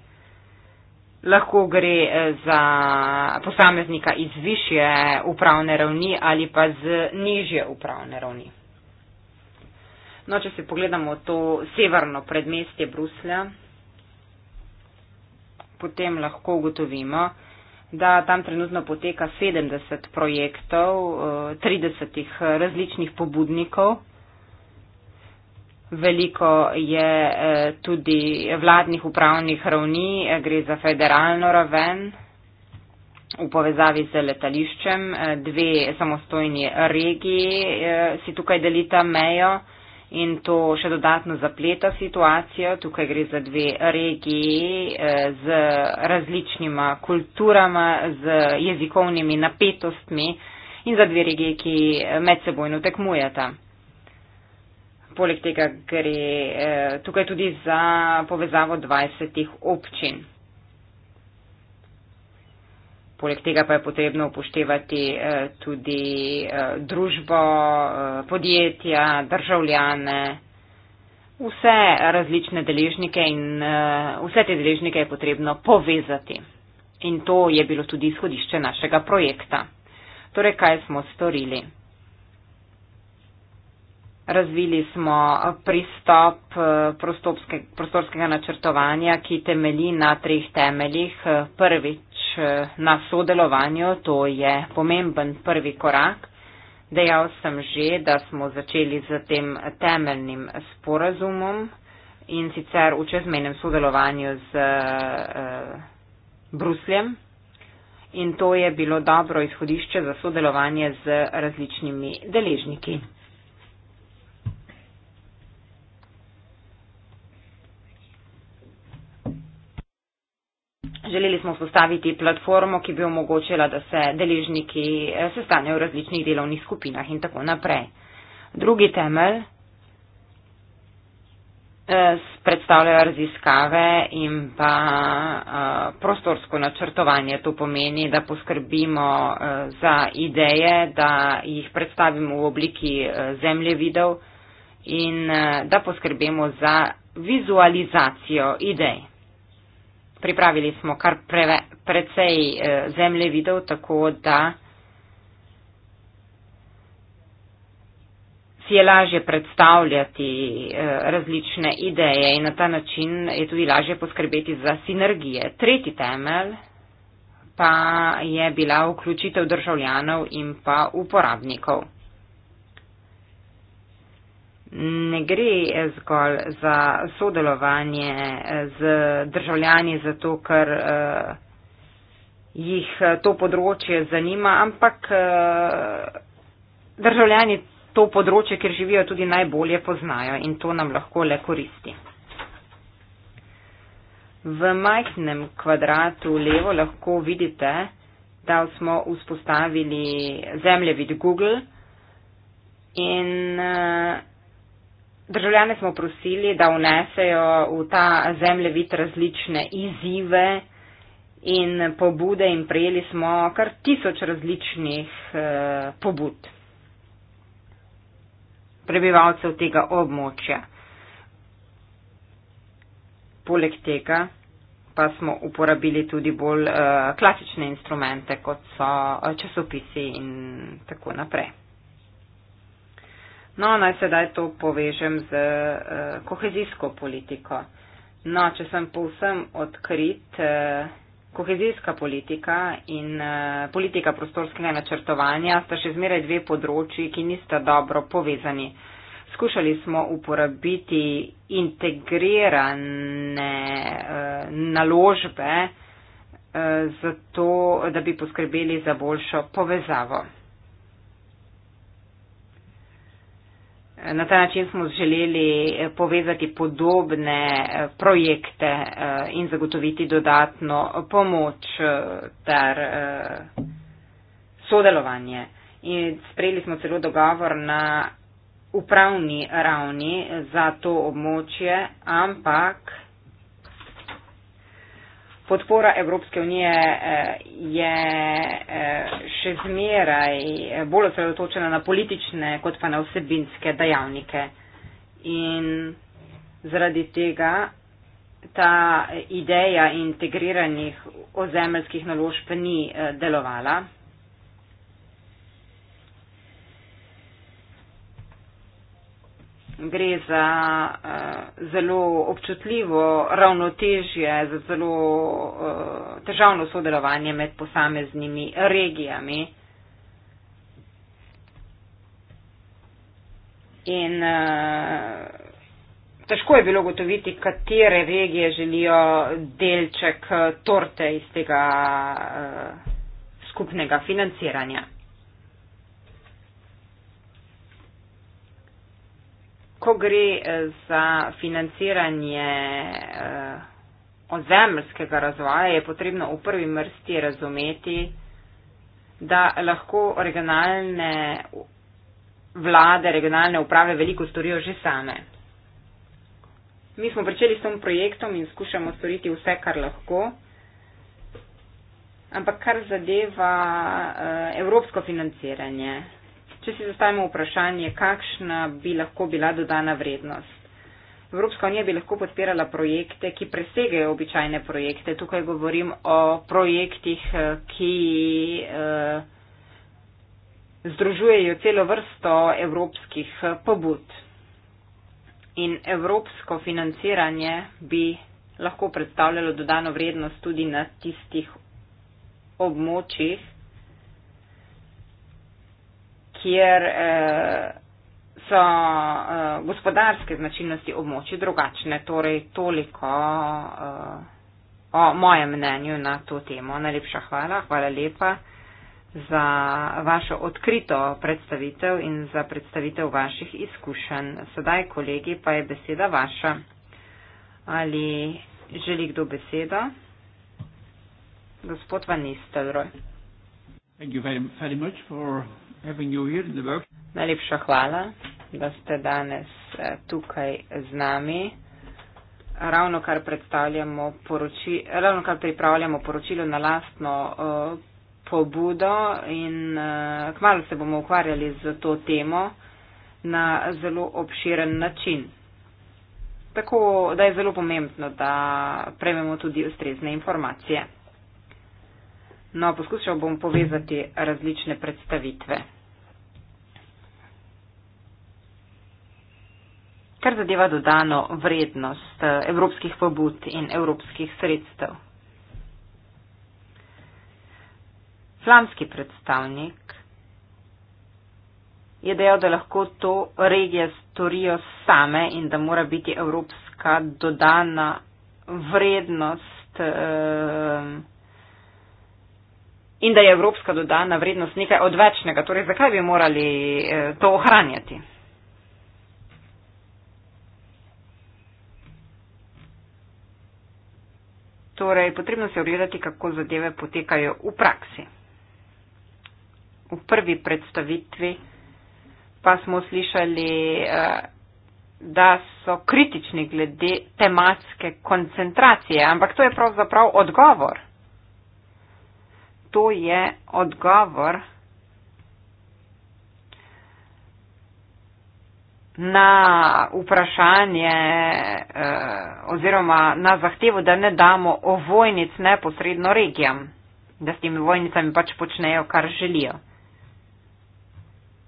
lahko gre eh, za posameznika iz višje upravne ravni ali pa z nižje upravne ravni. No, če si pogledamo to severno predmestje Bruslja, potem lahko ugotovimo, da tam trenutno poteka 70 projektov, 30 eh, različnih pobudnikov veliko je eh, tudi vladnih upravnih ravni, eh, gre za federalno raven v povezavi z letališčem. Eh, dve samostojni regiji si tukaj delita mejo in to še dodatno zapleta situacijo. Tukaj gre za dve regiji z različnima kulturama, z jezikovnimi napetostmi in za dve regiji, ki medsebojno tekmujeta poleg tega gre eh, tukaj tudi za povezavo 20 občin. Poleg tega pa je potrebno upoštevati eh, tudi eh, družbo, podjetja, državljane, vse različne deležnike in vse te deležnike je potrebno povezati. In to je bilo tudi izhodišče našega projekta. Torej, kaj smo storili? Razvili smo eh, pristop eh, prostorske, prostorskega načrtovanja, ki temelji na treh temeljih. Eh, prvič na sodelovanju, to je pomemben prvi korak. Dejal sem že, da smo začeli z tem temeljnim sporazumom in sicer v čezmenem sodelovanju z uh, Brusljem. In to je bilo dobro izhodišče za sodelovanje z različnimi deležniki. Želeli smo vzpostaviti platformo, ki bi omogočila, da se deležniki eh, sestanejo v različnih delovnih skupinah in tako naprej. Drugi temelj eh, predstavljajo raziskave in pa eh, prostorsko načrtovanje. To pomeni, da poskrbimo za ideje, da jih predstavimo v obliki zemljevidov in da poskrbimo za vizualizacijo idej pripravili smo kar preve, precej eh, zemljevidov, tako da si je lažje predstavljati eh, različne ideje in na ta način je tudi lažje poskrbeti za sinergije. Tretji temelj pa je bila vključitev državljanov in pa uporabnikov ne gre zgolj za sodelovanje z državljani, zato ker eh, jih eh, to področje zanima, ampak eh, državljani to področje, kjer živijo, tudi najbolje poznajo in to nam lahko le koristi. V majhnem kvadratu levo lahko vidite, da smo vzpostavili zemljevid Google in uh, državljane smo prosili, da unesejo v ta zemljevid različne izzive in pobude in prejeli smo kar tisoč različnih eh, pobud prebivalcev tega območja. Poleg tega pa smo uporabili tudi bolj eh, klasične instrumente, kot so eh, časopisi in tako naprej. No, naj sedaj to povežem z eh, kohezijsko politiko. No, če sem povsem odkrit, eh, kohezijska politika in eh, politika prostorskega načrtovanja sta še zmeraj dve področji, ki nista dobro povezani. Skušali smo uporabiti integrirane eh, naložbe, eh, zato, da bi poskrbeli za boljšo povezavo. Na ta način smo želeli eh, povezati podobne eh, projekte eh, in zagotoviti dodatno pomoč ter sodelovanje. In sprejeli smo celo dogovor na upravni ravni za to območje, ampak podpora Evropske unije eh, je eh, še zmeraj eh, bolj osredotočena na politične, kot pa na vsebinske dejavnike. In zaradi tega ta ideja integriranih ozemeljskih naložb ni delovala. gre za uh, zelo občutljivo ravnotežje, za zelo uh, težavno sodelovanje med posameznimi regijami. In uh, težko je bilo gotoviti, katere regije želijo delček torte iz tega uh, skupnega financiranja. ko gre eh, za financiranje eh, ozemljskega razvoja, je potrebno v prvi mrsti razumeti, da lahko regionalne vlade, regionalne uprave veliko storijo že same. Mi smo pričeli s tem projektom in skušamo storiti vse, kar lahko. Ampak kar zadeva uh, evropsko financiranje, Če si zastavimo vprašanje, kakšna bi lahko bila dodana vrednost. Evropska unija bi lahko podpirala projekte, ki presegajo običajne projekte. Tukaj govorim o projektih, eh, ki eh, združujejo celo vrsto evropskih eh, pobud. In evropsko financiranje bi lahko predstavljalo dodano vrednost tudi na tistih območjih, kjer eh, so eh, gospodarske značilnosti območja drugačne. Torej, toliko eh, o mojem mnenju na to temo. Najlepša hvala, hvala lepa za vašo odkrito predstavitev in za predstavitev vaših izkušenj. Sedaj, kolegi, pa je beseda vaša. Ali želi kdo besedo? Gospod Van Nistelroj. Thank you very, very much for Najlepša hvala, da ste danes eh, tukaj z nami. Ravno kar, poroči, ravno kar pripravljamo poročilo na lastno uh, pobudo in uh, eh, kmalo se bomo ukvarjali z to temo na zelo obširen način. Tako da je zelo pomembno, da prejmemo tudi ustrezne informacije. No, poskušal bom povezati različne predstavitve. kar zadeva dodano vrednost eh, evropskih pobud in evropskih sredstev. Flamski predstavnik je dejal, da lahko to regije storijo same in da mora biti evropska dodana vrednost eh, in da je evropska dodana vrednost nekaj odvečnega. Torej, zakaj bi morali eh, to ohranjati? Torej, potrebno se ogledati, kako zadeve potekajo v praksi. V prvi predstavitvi pa smo slišali, eh, da so kritični glede tematske koncentracije, ampak to je pravzaprav odgovor. To je odgovor na vprašanje eh, oziroma na zahtevo, da ne damo ovojnic neposredno regijam, da s temi vojnicami pač počnejo, kar želijo.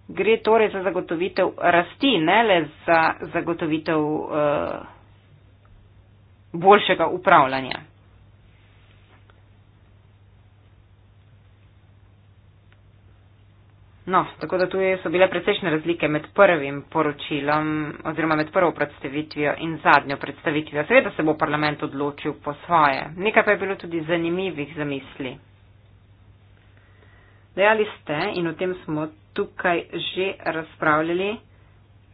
Gre torej za zagotovitev rasti, ne le za zagotovitev eh, boljšega upravljanja. No, tako da tu so bile precejšnje razlike med prvim poročilom oziroma med prvo predstavitvijo in zadnjo predstavitvijo. Seveda se bo parlament odločil po svoje. Nekaj pa je bilo tudi zanimivih zamisli. Dejali ste, in o tem smo tukaj že razpravljali,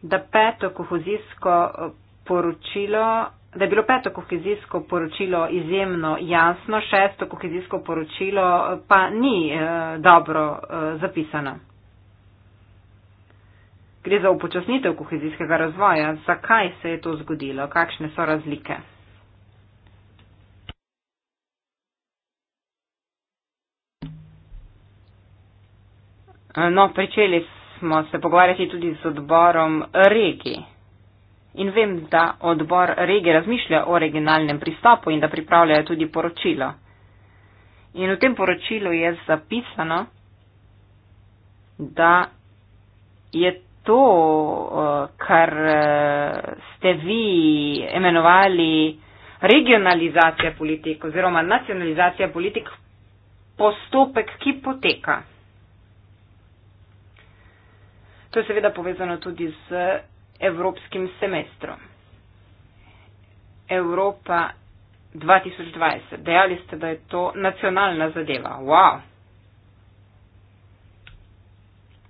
da, peto eh, poročilo, da je bilo peto kohezijsko poročilo izjemno jasno, šesto kohezijsko poročilo pa ni eh, dobro eh, zapisano. Gre za upočasnitev kohezijskega razvoja. Zakaj se je to zgodilo? Kakšne so razlike? No, pričeli smo se pogovarjati tudi z odborom regi. In vem, da odbor regi razmišlja o regionalnem pristopu in da pripravljajo tudi poročilo. In v tem poročilu je zapisano, da je to, eh, kar eh, ste vi imenovali regionalizacija politik oziroma nacionalizacija politik, postopek, ki poteka. To je seveda povezano tudi z evropskim semestrom. Evropa 2020. Dejali ste, da je to nacionalna zadeva. Wow!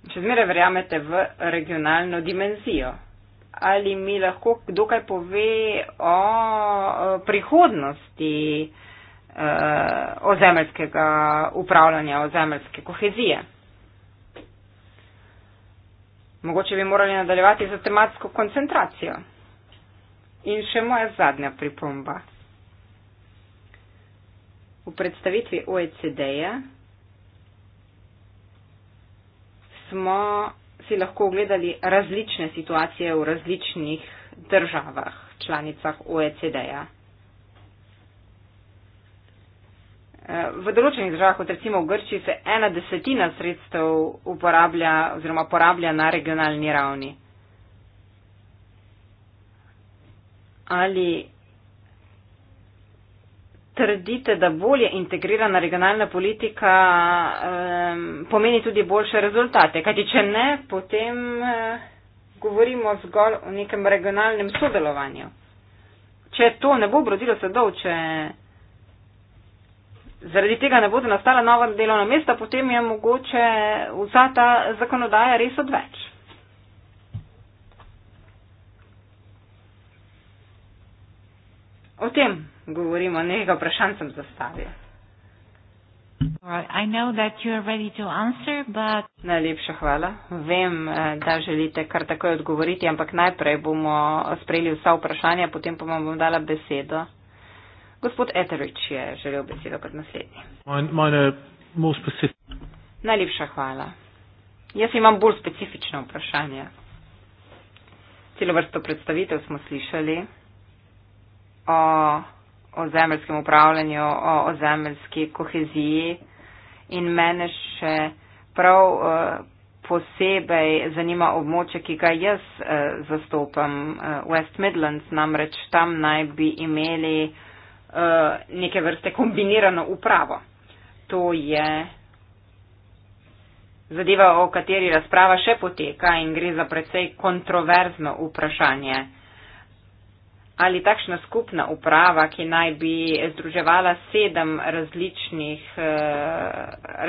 še zmeraj verjamete v regionalno dimenzijo. Ali mi lahko kdo kaj pove o prihodnosti eh, ozemeljskega upravljanja, ozemeljske kohezije? Mogoče bi morali nadaljevati za tematsko koncentracijo. In še moja zadnja pripomba. V predstavitvi OECD-ja smo si lahko ogledali različne situacije v različnih državah, članicah OECD-ja. Eh, v določenih državah, kot recimo v Grčiji, se ena desetina sredstev uporablja oziroma porablja na regionalni ravni. Ali trdite, da bolje integrirana regionalna politika um, pomeni tudi boljše rezultate? Kajti, če ne, potem uh, govorimo zgolj o nekem regionalnem sodelovanju. Če to ne bo obrodilo sedov, če zaradi tega ne bodo nastala nova delovna mesta, potem je mogoče vsa ta zakonodaja res odveč. O tem govorimo, nekaj vprašanj sem zastavil. But... Najlepša hvala. Vem, eh, da želite kar takoj odgovoriti, ampak najprej bomo sprejeli vsa vprašanja, potem pa vam bom dala besedo. Gospod Eterič je želel besedo kot naslednji. Najlepša hvala. Jaz imam bolj specifično vprašanje. Celo vrsto predstavitev smo slišali o o zemljskem upravljanju, o, o zemljski koheziji in mene še prav uh, posebej zanima območje, ki ga jaz uh, zastopam, uh, West Midlands, namreč tam naj bi imeli uh, neke vrste kombinirano upravo. To je zadeva, o kateri razprava še poteka in gre za precej kontroverzno vprašanje ali takšna skupna uprava, ki naj bi združevala sedem različnih eh,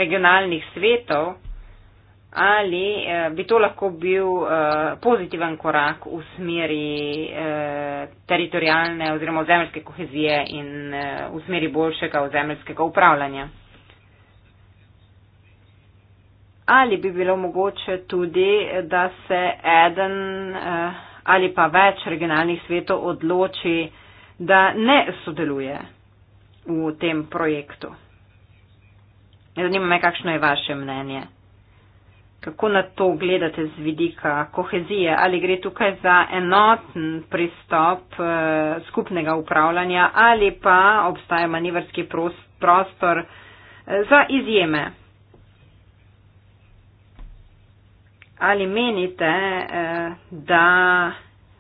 regionalnih svetov, ali eh, bi to lahko bil eh, pozitiven korak v smeri eh, teritorijalne oziroma ozemeljske kohezije in eh, v smeri boljšega ozemeljskega upravljanja. Ali bi bilo mogoče tudi, da se eden. Eh, ali pa več regionalnih svetov odloči, da ne sodeluje v tem projektu. Zanima me, kakšno je vaše mnenje. Kako na to gledate z vidika kohezije? Ali gre tukaj za enoten pristop eh, skupnega upravljanja ali pa obstaja manevrski prostor eh, za izjeme? ali menite, eh, da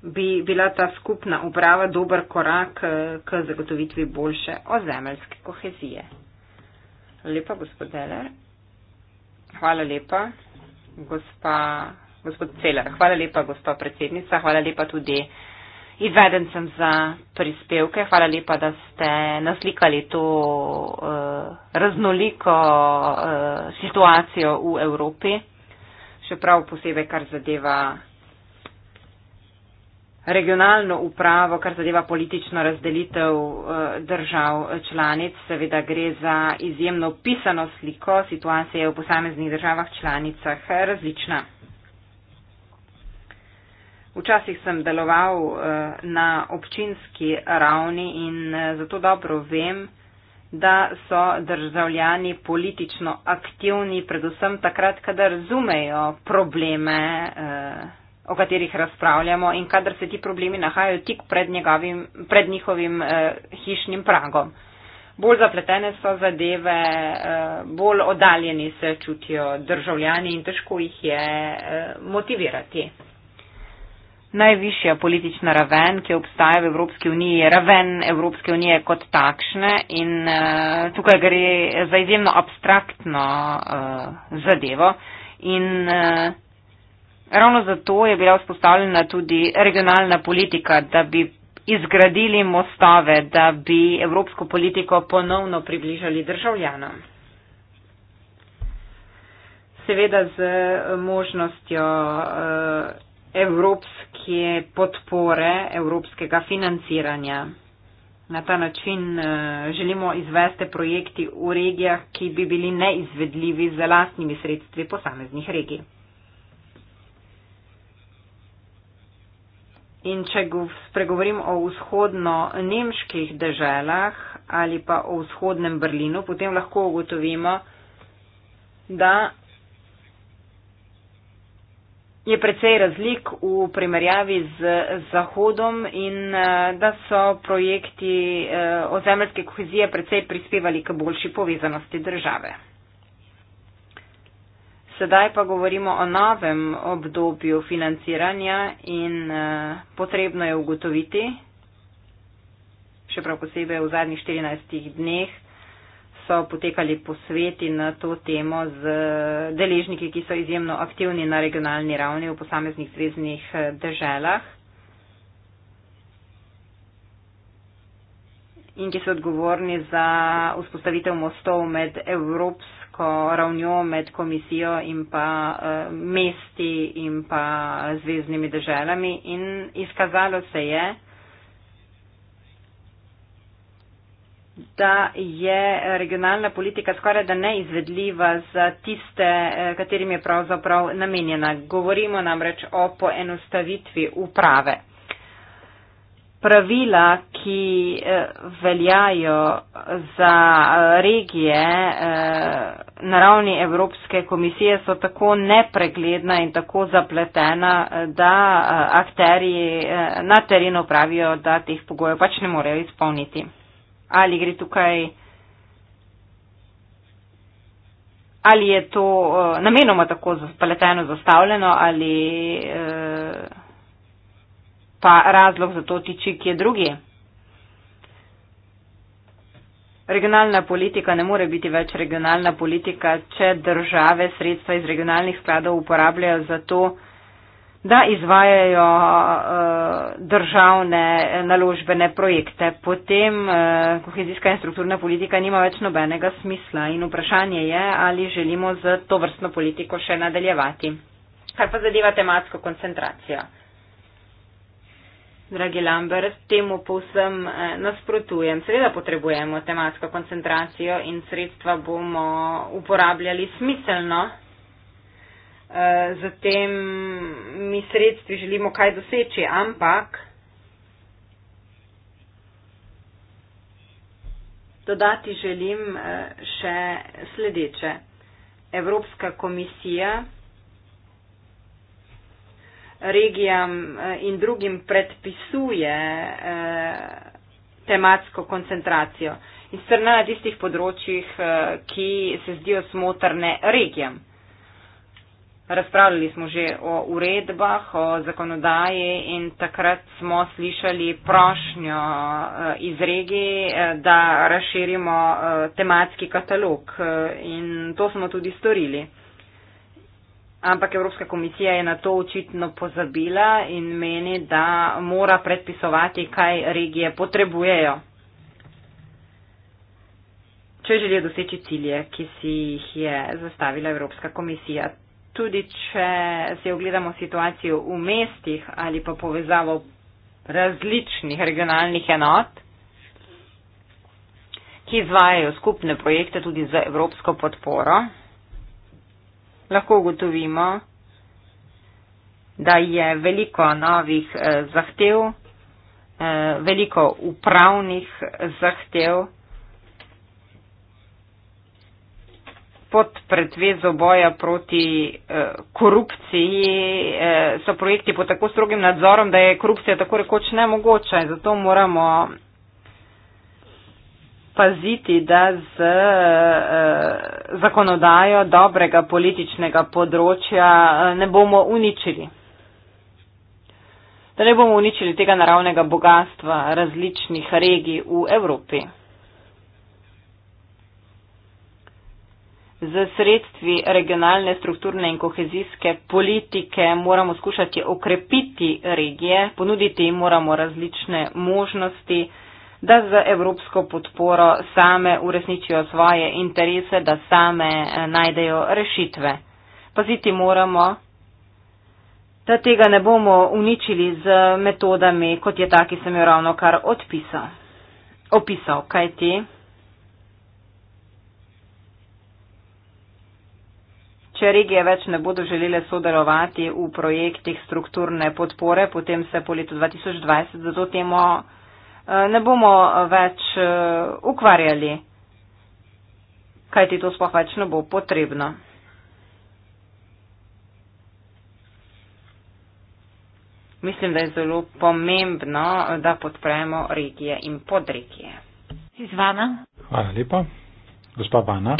bi bila ta skupna uprava dober korak eh, k zagotovitvi boljše ozemeljske kohezije. Lepa, gospod Deler. Hvala lepa, gospa, gospod Celer. Hvala lepa, gospa predsednica. Hvala lepa tudi izvedencem za prispevke. Hvala lepa, da ste naslikali to uh, raznoliko uh, situacijo v Evropi še prav posebej, kar zadeva regionalno upravo, kar zadeva politično razdelitev eh, držav eh, članic. Seveda gre za izjemno pisano sliko, situacija je v posameznih državah članicah eh, različna. Včasih sem deloval na občinski ravni in zato dobro vem, da so državljani politično aktivni, predvsem takrat, kadar razumejo probleme, eh, o katerih razpravljamo in kadar se ti problemi nahajajo tik pred, njegovim, pred njihovim eh, hišnim pragom. Bolj zapletene so zadeve, eh, bolj oddaljeni se čutijo državljani in težko jih je motivirati najvišja politična raven, ki obstaja v Evropski uniji, raven Evropske unije kot takšne in uh, tukaj gre za izjemno abstraktno uh, zadevo in uh, ravno zato je bila vzpostavljena tudi regionalna politika, da bi izgradili mostove, da bi evropsko politiko ponovno približali državljanom. Seveda z možnostjo uh, evropske podpore, evropskega financiranja. Na ta način eh, želimo izvesti projekti v regijah, ki bi bili neizvedljivi z lastnimi sredstvi posameznih regij. In če spregovorim o vzhodno-nemških deželah ali pa o vzhodnem Berlinu, potem lahko ugotovimo, da je precej razlik v primerjavi z Zahodom in eh, da so projekti eh, ozemeljske kohezije precej prispevali k boljši povezanosti države. Sedaj pa govorimo o novem obdobju financiranja in eh, potrebno je ugotoviti, še prav posebej v zadnjih 14 dneh, so potekali posveti na to temo z deležniki, ki so izjemno aktivni na regionalni ravni v posameznih zvezdnih eh, državah in ki so odgovorni za vzpostavitev mostov med evropsko ravnjo, med komisijo in pa eh, mesti in pa eh, zvezdnimi državami. In izkazalo se je, da je regionalna politika skoraj da neizvedljiva za tiste, eh, katerim je pravzaprav namenjena. Govorimo namreč o poenostavitvi uprave. Pravila, ki eh, veljajo za eh, regije na ravni Evropske komisije, so tako nepregledna in tako zapletena, da akteri na terenu pravijo, da teh pogojev pač ne morejo izpolniti ali gre tukaj, ali je to uh, namenoma tako zapleteno zastavljeno ali uh, pa razlog za to tiči kje drugi. Regionalna politika ne more biti več regionalna politika, če države sredstva iz regionalnih skladov uporabljajo za to, uh, da izvajajo eh, državne naložbene projekte. Potem eh, kohezijska in strukturna politika nima več nobenega smisla in vprašanje je, ali želimo z to vrstno politiko še nadaljevati. Kar pa zadeva tematsko koncentracijo. Dragi Lambert, temu povsem eh, nasprotujem. Seveda potrebujemo tematsko koncentracijo in sredstva bomo uporabljali smiselno z eh, tem mi sredstvi želimo kaj doseči, ampak dodati želim eh, še sledeče. Evropska komisija regijam eh, in drugim predpisuje tematsko koncentracijo in strna na tistih področjih, ki se zdijo smotrne regijam razpravljali smo že o uredbah, o zakonodaji in takrat smo slišali prošnjo eh, iz regije, eh, da razširimo eh, tematski katalog in to smo tudi storili. Ampak Evropska komisija je na to očitno pozabila in meni, da mora predpisovati, kaj regije potrebujejo. Če želijo doseči cilje, ki si jih je zastavila Evropska komisija, tudi če se ogledamo situacijo v mestih ali pa povezavo različnih regionalnih enot, ki izvajajo skupne projekte tudi za evropsko podporo, lahko ugotovimo, da je veliko novih eh, zahtev, eh, veliko upravnih zahtev, pod pretvezo boja proti eh, korupciji eh, so projekti pod tako strogim nadzorom, da je korupcija tako rekoč nemogoča in zato moramo paziti, da z eh, zakonodajo dobrega političnega področja eh, ne bomo uničili. Da ne bomo uničili tega naravnega bogatstva različnih regij v Evropi. Z sredstvi regionalne strukturne in kohezijske politike moramo skušati okrepiti regije, ponuditi jim moramo različne možnosti, da z evropsko podporo same uresničijo svoje interese, da same eh, najdejo rešitve. Paziti moramo, da tega ne bomo uničili z metodami, kot je ta, ki sem jo ravno kar odpisal. Opisal, kaj ti? Če regije več ne bodo želele sodelovati v projektih strukturne podpore, potem se po letu 2020 zato temo eh, ne bomo eh, več eh, ukvarjali, kajti to sploh več ne bo potrebno. Mislim, da je zelo pomembno, da podpremo regije in podregije. Izvana. Hvala lepa. Gospa Bana.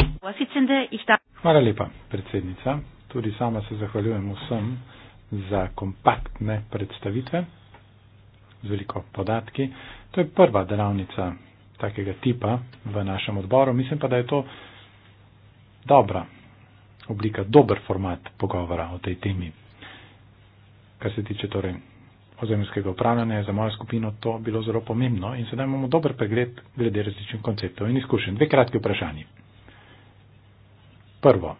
Hvala lepa, predsednica. Tudi sama se zahvaljujem vsem za kompaktne predstavitve z veliko podatki. To je prva delavnica takega tipa v našem odboru. Mislim pa, da je to dobra oblika, dober format pogovora o tej temi. Kar se tiče torej ozemljskega upravljanja je za mojo skupino to bilo zelo pomembno in sedaj imamo dober pregled glede različnih konceptov in izkušenj. Dve kratki vprašanji. Prvo,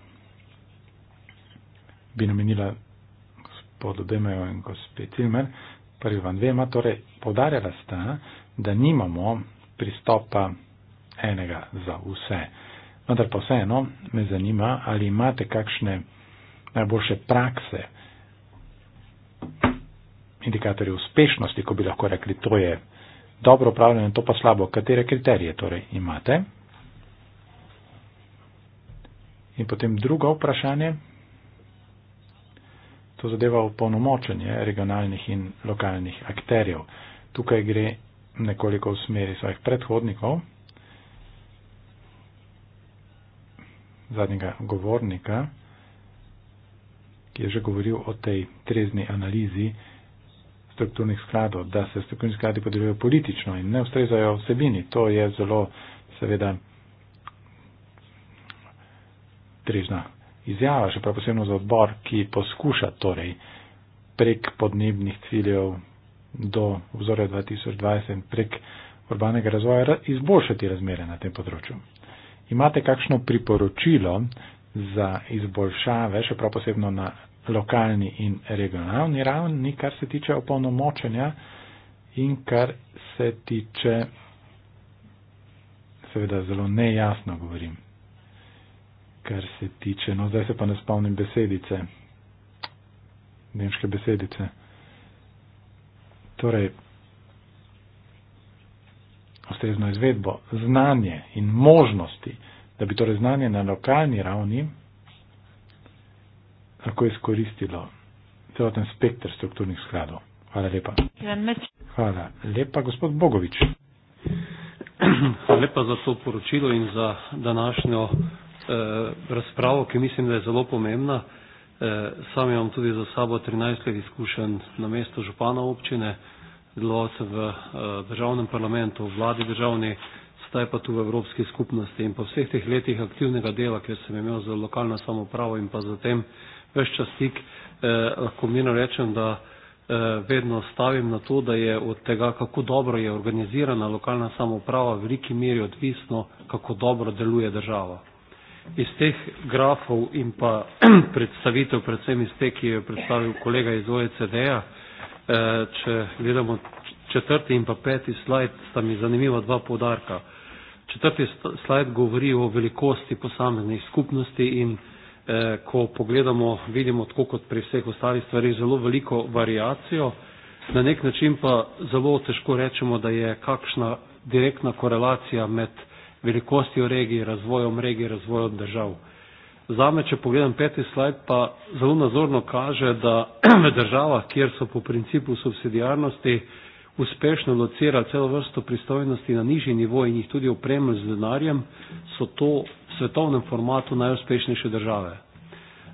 bi namenila gospodu Demejo in gospe Cilmer, prvi vam dvema, torej povdarjala sta, da nimamo pristopa enega za vse. Vendar pa vseeno me zanima, ali imate kakšne najboljše prakse, indikatorje uspešnosti, ko bi lahko rekli, to je dobro upravljanje, to pa slabo, katere kriterije torej imate. In potem drugo vprašanje, to zadeva upolnomočenje regionalnih in lokalnih akterjev. Tukaj gre nekoliko v smeri svojih predhodnikov, zadnjega govornika, ki je že govoril o tej trezni analizi, strukturnih skladov, da se strukturni skladi podeljujejo politično in ne ustrezajo vsebini. To je zelo, seveda, trežna izjava, še prav posebno za odbor, ki poskuša torej prek podnebnih ciljev do obzorja 2020 in prek urbanega razvoja izboljšati razmere na tem področju. Imate kakšno priporočilo za izboljšave, še prav posebno na lokalni in regionalni ravni, kar se tiče opolnomočenja in kar se tiče, seveda zelo nejasno govorim, kar se tiče, no zdaj se pa ne spomnim besedice, nemške besedice. Torej, ustrezno izvedbo, znanje in možnosti, da bi torej znanje na lokalni ravni lahko izkoristilo celoten spektr strukturnih skladov. Hvala lepa. Hvala lepa, gospod Bogovič. Hvala lepa za to poročilo in za današnjo eh, razpravo, ki mislim, da je zelo pomembna. Eh, sam imam tudi za sabo 13 let izkušen na mestu župana občine, zelo se v eh, državnem parlamentu, vladi državni, zdaj pa tudi v Evropski skupnosti. In po vseh teh letih aktivnega dela, ker sem imel za lokalno samopravo in pa zatem več čas stik, eh, lahko mirno rečem, da eh, vedno stavim na to, da je od tega, kako dobro je organizirana lokalna samoprava, v veliki meri odvisno, kako dobro deluje država. Iz teh grafov in pa predstavitev, predvsem iz te, ki je predstavil kolega iz OECD-a, eh, če gledamo četrti in pa peti slajd, sta mi zanimiva dva podarka. Četrti slajd govori o velikosti posameznih skupnosti in eh, ko pogledamo, vidimo tako kot pri vseh ostalih stvarih zelo veliko variacijo, na nek način pa zelo težko rečemo, da je kakšna direktna korelacija med velikostjo regije, razvojem regije, razvojem držav. Zame, če pogledam peti slajd, pa zelo nazorno kaže, da v državah, kjer so po principu subsidijarnosti uspešno locirali celo vrsto pristojnosti na nižji nivo in jih tudi opremili z denarjem, so to svetovnem formatu najuspešnejše države.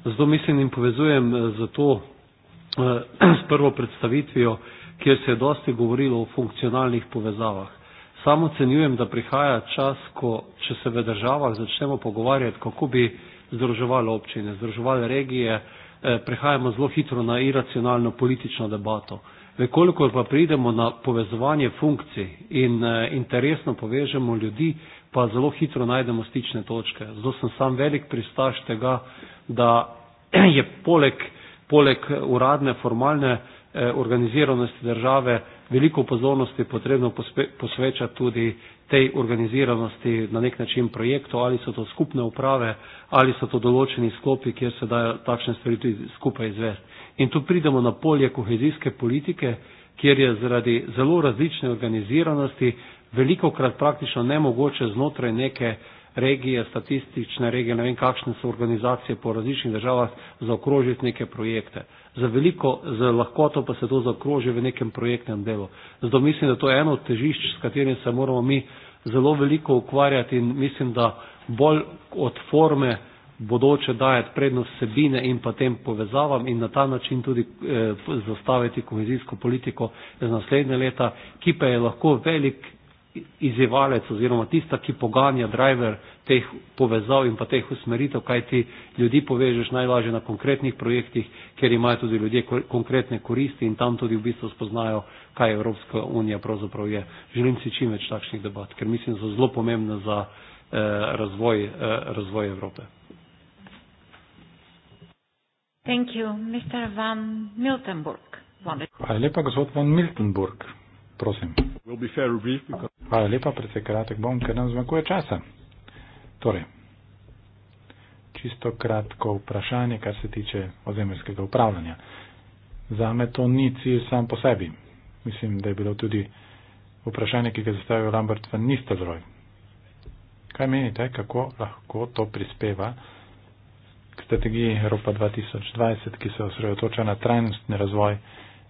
Zato mislim in povezujem eh, z to eh, s prvo predstavitvijo, kjer se je dosti govorilo o funkcionalnih povezavah. Samo ocenjujem, da prihaja čas, ko če se v državah začnemo pogovarjati, kako bi združevali občine, združevali regije, eh, prihajamo zelo hitro na iracionalno politično debato. Vekolikor pa pridemo na povezovanje funkcij in interesno povežemo ljudi, pa zelo hitro najdemo stične točke. Zato sem sam velik pristaš tega, da je poleg, poleg uradne, formalne eh, organiziranosti države veliko pozornosti potrebno pospe, posvečati tudi tej organiziranosti na nek način projektu, ali so to skupne uprave, ali so to določeni sklopi, kjer se dajo takšne stvari tudi skupaj izvesti. In tu pridemo na polje kohezijske politike, kjer je zaradi zelo različne organiziranosti veliko krat praktično nemogoče znotraj neke regije, statistične regije, ne vem kakšne so organizacije po različnih državah, zaokrožiti neke projekte. Za veliko, za lahkoto pa se to zaokroži v nekem projektnem delu. Zato mislim, da to je eno od težišč, s katerim se moramo mi zelo veliko ukvarjati in mislim, da bolj od forme bodoče dajati prednost sebine in pa tem povezavam in na ta način tudi eh, zastaviti kohezijsko politiko iz naslednje leta, ki pa je lahko velik izjevalec oziroma tista, ki poganja driver teh povezav in pa teh usmeritev, kaj ti ljudi povežeš najlažje na konkretnih projektih, ker imajo tudi ljudje konkretne koristi in tam tudi v bistvu spoznajo, kaj Evropska unija pravzaprav je. Želim si čim več takšnih debat, ker mislim, da so zelo pomembne za eh, razvoj, eh, razvoj Evrope. Hvala lepa, gospod Van Miltenburg prosim. Hvala lepa, predvsej kratek bom, ker nam zmanjkuje časa. Torej, čisto kratko vprašanje, kar se tiče ozemeljskega upravljanja. Zame to ni cilj sam po sebi. Mislim, da je bilo tudi vprašanje, ki ga je zastavil Lambert van Nistelrooy. Kaj menite, kako lahko to prispeva k strategiji Evropa 2020, ki se osredotoča na trajnostni razvoj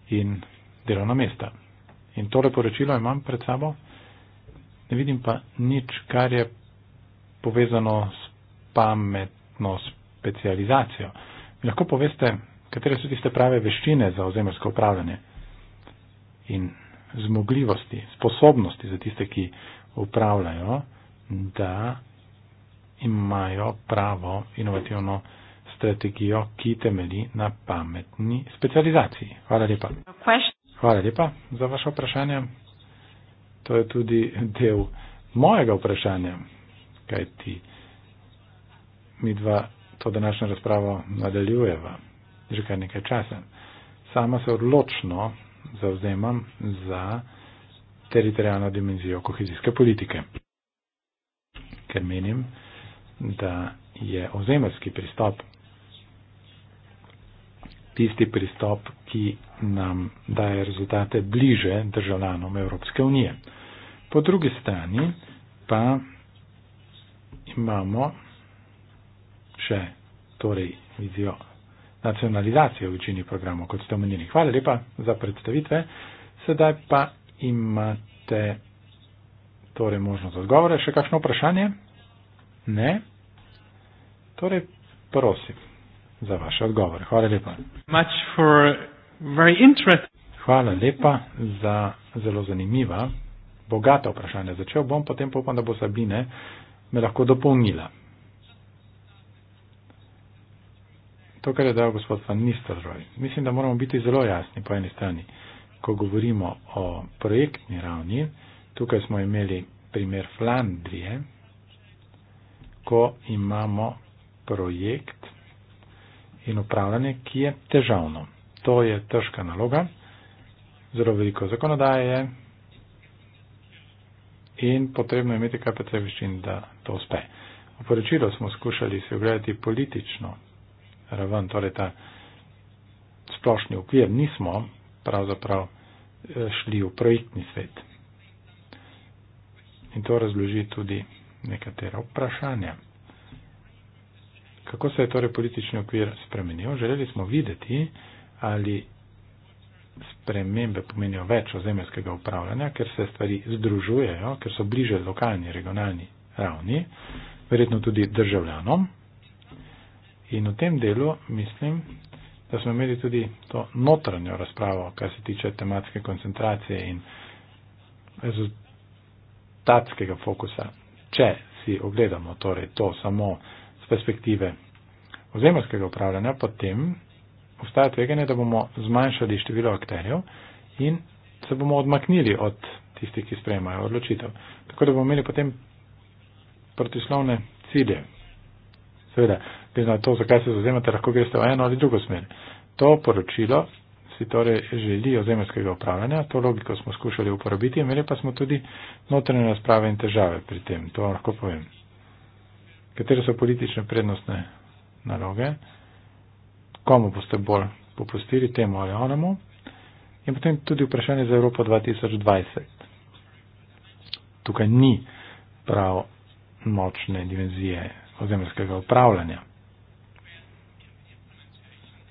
in delovna mesta? In tole poročilo imam pred sabo, ne vidim pa nič, kar je povezano s pametno specializacijo. Lahko poveste, katere so tiste prave veščine za ozemljsko upravljanje in zmogljivosti, sposobnosti za tiste, ki upravljajo, da imajo pravo inovativno strategijo, ki temeli na pametni specializaciji. Hvala lepa. Hvala lepa za vaše vprašanje. To je tudi del mojega vprašanja, kaj ti mi dva to današnjo razpravo nadaljujeva že kar nekaj časa. Sama se odločno zavzemam za teritorijalno dimenzijo kohezijske politike, ker menim, da je ozemljski pristop tisti pristop, ki nam daje rezultate bliže državljanom Evropske unije. Po drugi strani pa imamo še torej vizijo nacionalizacije v večini programov, kot ste omenili. Hvala lepa za predstavitve. Sedaj pa imate torej možnost odgovora. Še kakšno vprašanje? Ne? Torej, prosim za vaše odgovore. Hvala lepa. Hvala lepa za zelo zanimiva, bogata vprašanja. Začel bom, potem pa upam, da bo Sabine me lahko dopolnila. To, kar je dal gospod van Nistelrooy. Mislim, da moramo biti zelo jasni po eni strani. Ko govorimo o projektni ravni, tukaj smo imeli primer Flandrije, ko imamo projekt in upravljanje, ki je težavno. To je težka naloga, zelo veliko zakonodaje je in potrebno je imeti kar precej veščin, da to uspe. V poročilu smo skušali se ogledati politično raven, torej ta splošni okvir, nismo pravzaprav eh, šli v projektni svet. In to razloži tudi nekatera vprašanja. Kako se je torej politični okvir spremenil? Želeli smo videti, ali spremembe pomenijo več ozemeljskega upravljanja, ker se stvari združujejo, ker so bliže lokalni, regionalni ravni, verjetno tudi državljanom. In v tem delu mislim, da smo imeli tudi to notranjo razpravo, kar se tiče tematske koncentracije in rezultatskega fokusa. Če si ogledamo torej to samo perspektive ozemljskega upravljanja, potem obstaja tveganje, da bomo zmanjšali število akterjev in se bomo odmaknili od tistih, ki sprejemajo odločitev. Tako da bomo imeli potem protislovne cilje. Seveda, glede na to, zakaj se zauzemate, lahko greste v eno ali drugo smer. To poročilo si torej želi ozemljskega upravljanja, to logiko smo skušali uporabiti, imeli pa smo tudi notranje razprave in težave pri tem, to lahko povem katere so politične prednostne naloge, komu boste bolj popustili, temu ali onemu. In potem tudi vprašanje za Evropo 2020. Tukaj ni prav močne dimenzije ozemljskega upravljanja.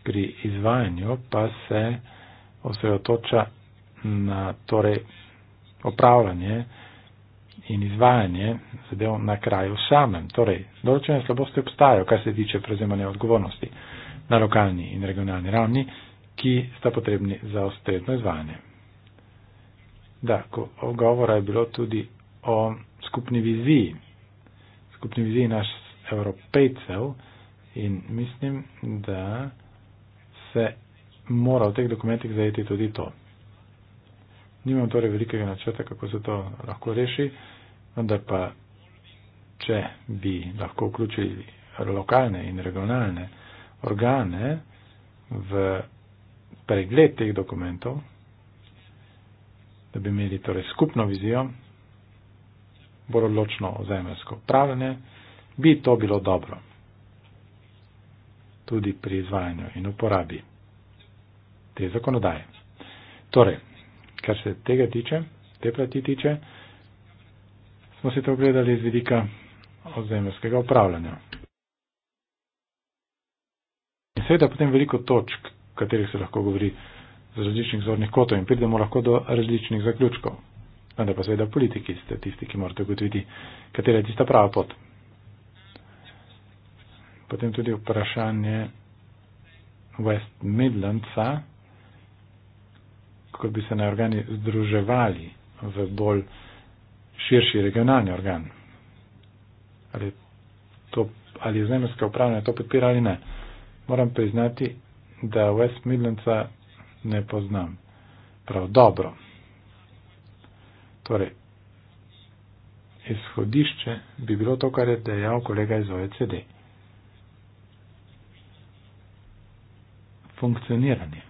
Pri izvajanju pa se osredotoča na torej, upravljanje eh, in izvajanje zadev na kraju samem. Torej, določene slabosti obstajajo, kar se tiče prevzemanja odgovornosti na lokalni in regionalni ravni, ki sta potrebni za ustrezno izvajanje. Da, govora je bilo tudi o skupni viziji, skupni viziji naš evropejcev in mislim, da se mora v teh dokumentih zajeti tudi to. Nimam torej velikega načrta, kako se to lahko reši vendar pa, če bi lahko vključili lokalne in regionalne organe v pregled teh dokumentov, da bi imeli torej skupno vizijo, bolj odločno zemljsko upravljanje, bi to bilo dobro tudi pri izvajanju in uporabi te zakonodaje. Torej, kar se tega tiče, te plati tiče, smo si to gledali z vidika ozemljskega upravljanja. In seveda potem veliko točk, katerih se lahko govori z različnih zornih kotov in pridemo lahko do različnih zaključkov. Vendar pa seveda politiki ste tisti, ki morate ugotoviti, katera je tista prava pot. Potem tudi vprašanje West Midlandsa, kako bi se naj organi združevali v bolj širši regionalni organ. Ali, to, ali je zemljska upravljanja to podpira ali ne. Moram priznati, da West Midlandsa ne poznam prav dobro. Torej, izhodišče bi bilo to, kar je dejal kolega iz OECD. Funkcioniranje.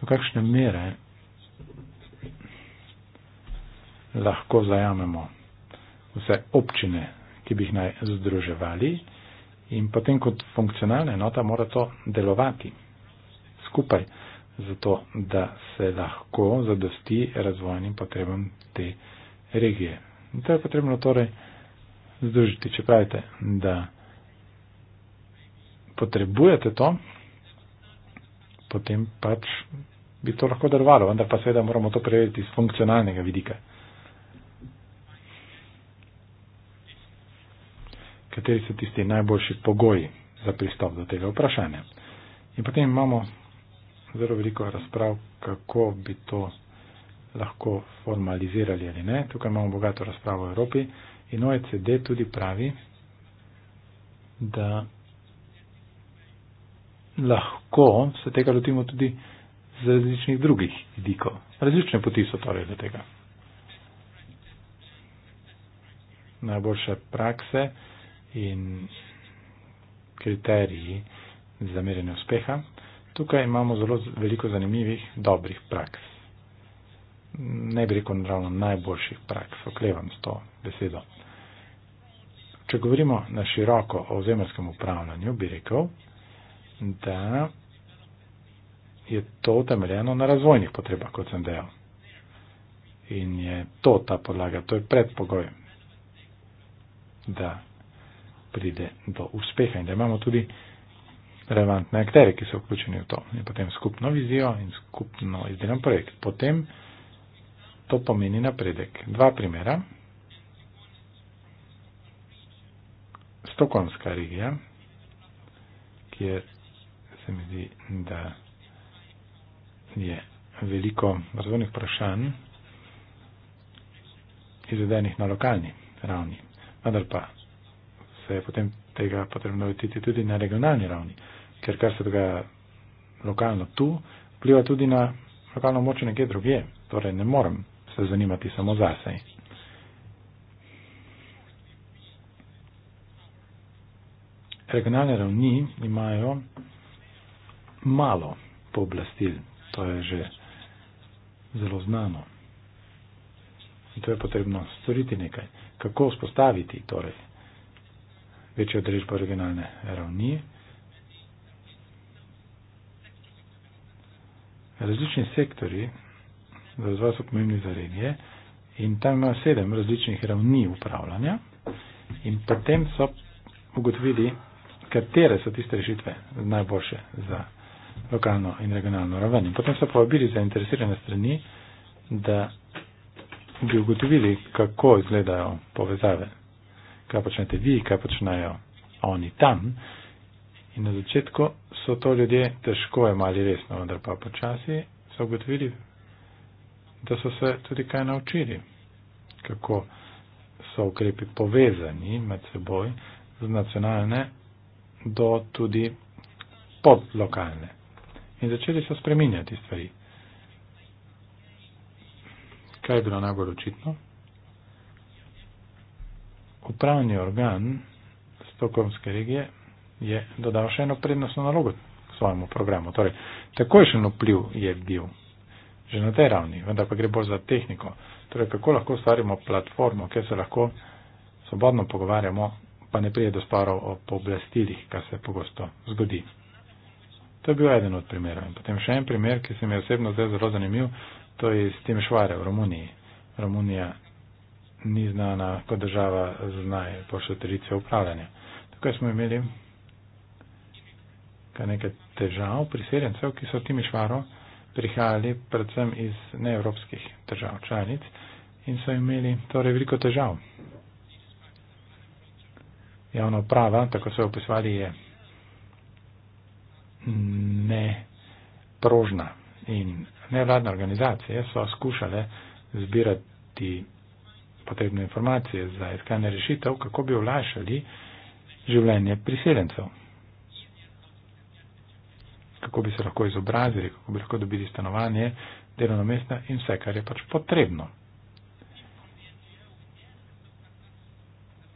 Do kakšne mere lahko zajamemo vse občine, ki bi jih naj združevali in potem kot funkcionalna enota mora to delovati skupaj, zato da se lahko zadosti razvojnim potrebam te regije. In to je potrebno torej združiti. Če pravite, da potrebujete to, potem pač bi to lahko darovalo, vendar pa seveda moramo to preveriti z funkcionalnega vidika. kateri so tisti najboljši pogoji za pristop do tega vprašanja. In potem imamo zelo veliko razprav, kako bi to lahko formalizirali ali ne. Tukaj imamo bogato razpravo v Evropi in OECD tudi pravi, da lahko se tega lotimo tudi z različnih drugih vidikov. Različne poti so torej do tega. Najboljše prakse in kriteriji za merjenje uspeha, tukaj imamo zelo veliko zanimivih dobrih praks. Ne bi rekel naravno najboljših praks, oklevam s to besedo. Če govorimo na široko o zemljskem upravljanju, bi rekel, da je to utemeljeno na razvojnih potrebah, kot sem dejal. In je to ta podlaga, to je predpogoj, da pride do uspeha in da imamo tudi relevantne akterje, ki so vključeni v to. In potem skupno vizijo in skupno izdelan projekt. Potem to pomeni napredek. Dva primera. Stokonska regija, kjer se mi zdi, da je veliko razvojnih vprašanj izvedenih na lokalni ravni. Vendar pa se je potem tega potrebno lotiti tudi na regionalni ravni, ker kar se dogaja lokalno tu, vpliva tudi na lokalno moč nekje druge. Torej, ne morem se zanimati samo za sej. Regionalne ravni imajo malo pooblastil, to je že zelo znano. In to je potrebno storiti nekaj. Kako vzpostaviti torej, večjo držbo originalne ravni. Različni sektori za razvoj so pomembni za regije in tam imajo sedem različnih ravni upravljanja in potem so ugotovili, katere so tiste rešitve najboljše za lokalno in regionalno raven. In potem so povabili zainteresirane strani, da bi ugotovili, kako izgledajo povezave kaj počnete vi, kaj počnejo oni tam. In na začetku so to ljudje težko imeli resno, vendar pa počasi so ugotovili, da so se tudi kaj naučili, kako so ukrepi povezani med seboj z nacionalne do tudi podlokalne. In začeli so spreminjati stvari. Kaj je bilo najbolj očitno? upravni organ Stokholmske regije je dodal še eno prednostno nalogo k svojemu programu. Torej, takojšen vpliv je bil že na tej ravni, vendar pa gre bolj za tehniko. Torej, kako lahko ustvarimo platformo, kjer se lahko svobodno pogovarjamo, pa ne prije do sporov o pooblastilih, kar se pogosto zgodi. To je bil eden od primerov. In potem še en primer, ki se mi je osebno zdaj zelo zanimiv, to je iz Tim Švare v Romuniji. Romunija ni znana kot država znaj po satelitce upravljanja. Tukaj smo imeli kar nekaj težav priseljencev, ki so v Timišvaro prihajali predvsem iz neevropskih držav članic in so imeli torej veliko težav. Javna uprava, tako so jo opisovali, je neprožna in nevladne organizacije so skušale zbirati potrebne informacije za iskanje rešitev, kako bi olašali življenje priseljencev. Kako bi se lahko izobrazili, kako bi lahko dobili stanovanje, delovno mesto in vse, kar je pač potrebno.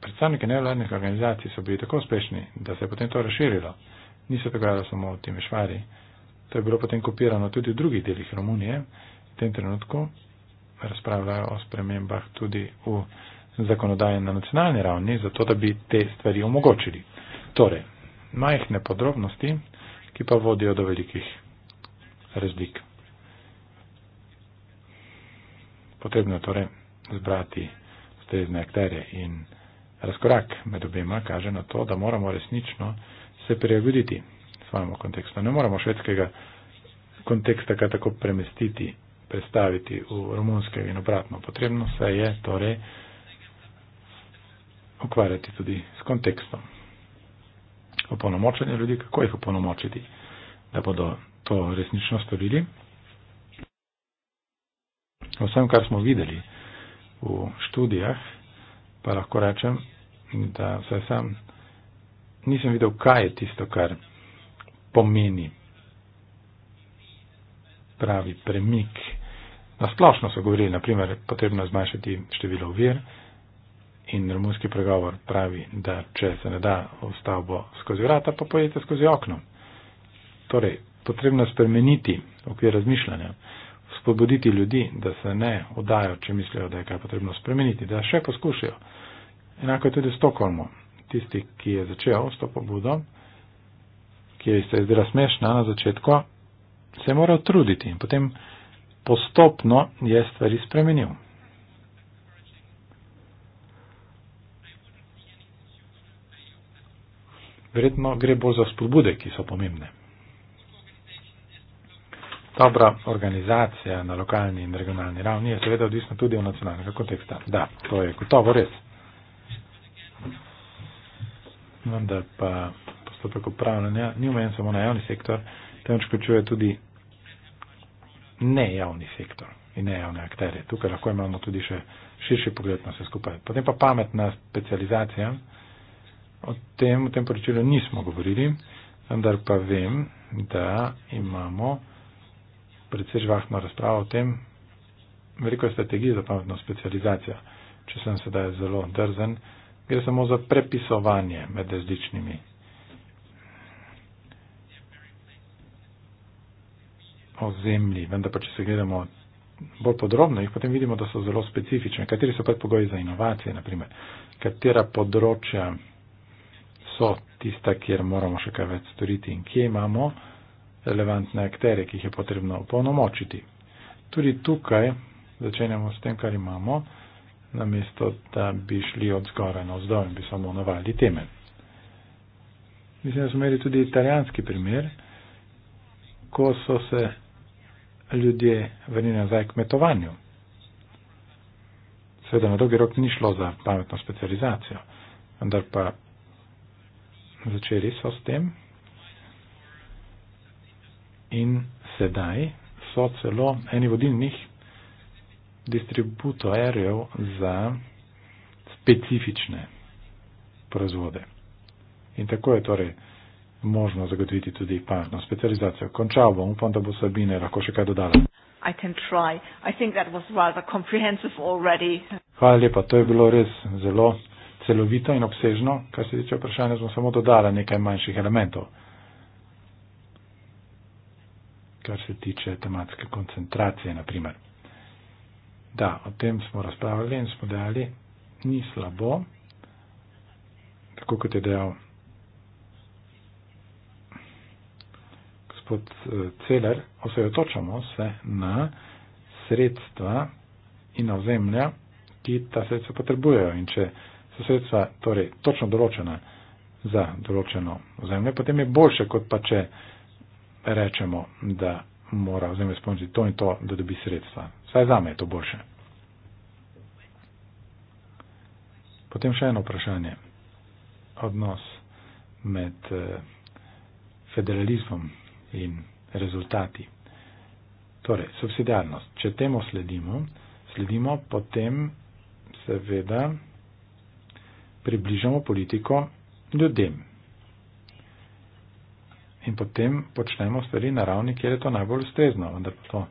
Predstavniki nevladnih organizacij so bili tako uspešni, da se je potem to razširilo. Ni se dogajalo samo v Timešvari. To je bilo potem kopirano tudi v drugih delih Romunije. V tem trenutku razpravljajo o spremembah tudi v zakonodaje na nacionalni ravni, zato da bi te stvari omogočili. Torej, majhne podrobnosti, ki pa vodijo do velikih razlik. Potrebno je torej zbrati ustrezne akterje in razkorak med obema kaže na to, da moramo resnično se prilagoditi svojemu kontekstu. Ne moramo švedskega konteksta kaj tako premestiti prestaviti v romunske in obratno. Potrebno se je torej ukvarjati tudi s kontekstom. Opolnomočenje ljudi, kako jih opolnomočiti, da bodo to resnično storili. Vsem, kar smo videli v študijah, pa lahko rečem, da vsaj sam nisem videl, kaj je tisto, kar pomeni pravi premik Na splošno so govorili, naprimer, potrebno zmanjšati število vir in romunski pregovor pravi, da če se ne da v stavbo skozi vrata, pa pojete skozi okno. Torej, potrebno spremeniti okvir razmišljanja, spodbuditi ljudi, da se ne odajo, če mislijo, da je kaj potrebno spremeniti, da še poskušajo. Enako je tudi s Stokholmo. Tisti, ki je začel s to pobudo, ki je se je zdela smešna na začetku, se je moral truditi in potem postopno je stvari spremenil. Verjetno gre bolj za spodbude, ki so pomembne. Dobra organizacija na lokalni in regionalni ravni je seveda odvisna tudi od nacionalnega konteksta. Da, to je gotovo res. Vendar pa postopek upravljanja ni omejen samo na javni sektor, temveč vključuje tudi ne javni sektor in ne javne akterje. Tukaj lahko imamo tudi še širši pogled na vse skupaj. Potem pa pametna specializacija. O tem v tem poročilu nismo govorili, vendar pa vem, da imamo predvsej žvahno razpravo o tem, veliko je strategij za pametno specializacijo. Če sem sedaj zelo drzen, gre samo za prepisovanje med različnimi o zemlji, vendar pa če se gledamo bolj podrobno, jih potem vidimo, da so zelo specifične. Kateri so predpogoji za inovacije, naprimer? Katera področja so tista, kjer moramo še kaj več storiti in kje imamo relevantne akterje, ki jih je potrebno opolnomočiti? Tudi tukaj začenjamo s tem, kar imamo, namesto, da bi šli od zgoraj na vzdolj in bi samo navali teme. Mislim, da smo imeli tudi italijanski primer, ko so se ljudje vrnili nazaj kmetovanju. Seveda na dolgi rok ni šlo za pametno specializacijo, vendar pa začeli so s tem in sedaj so celo eni vodilnih distributorjev za specifične proizvode. In tako je torej možno zagotoviti tudi partno specializacijo. Končal bom, upam, da bo Sabine lahko še kaj dodala. I can try. I think that was rather comprehensive already. Hvala lepa, to je bilo res zelo celovito in obsežno. Kar se tiče vprašanja, smo samo dodali nekaj manjših elementov. Kar se tiče tematske koncentracije, na primer. Da, o tem smo razpravljali in smo dejali, ni slabo, tako kot je dejal gospod eh, Celer, osredotočamo se na sredstva in na ozemlja, ki ta sredstva potrebujejo. In če so sredstva torej, točno določena za določeno ozemlje, potem je boljše, kot pa če rečemo, da mora ozemlje spomniti to in to, da dobi sredstva. Saj zame je to boljše. Potem še eno vprašanje. Odnos med eh, federalizmom in rezultati. Torej, subsidijarnost. Če temu sledimo, sledimo potem seveda približamo politiko ljudem. In potem počnemo stvari na ravni, kjer je to najbolj ustrezno. Vendar to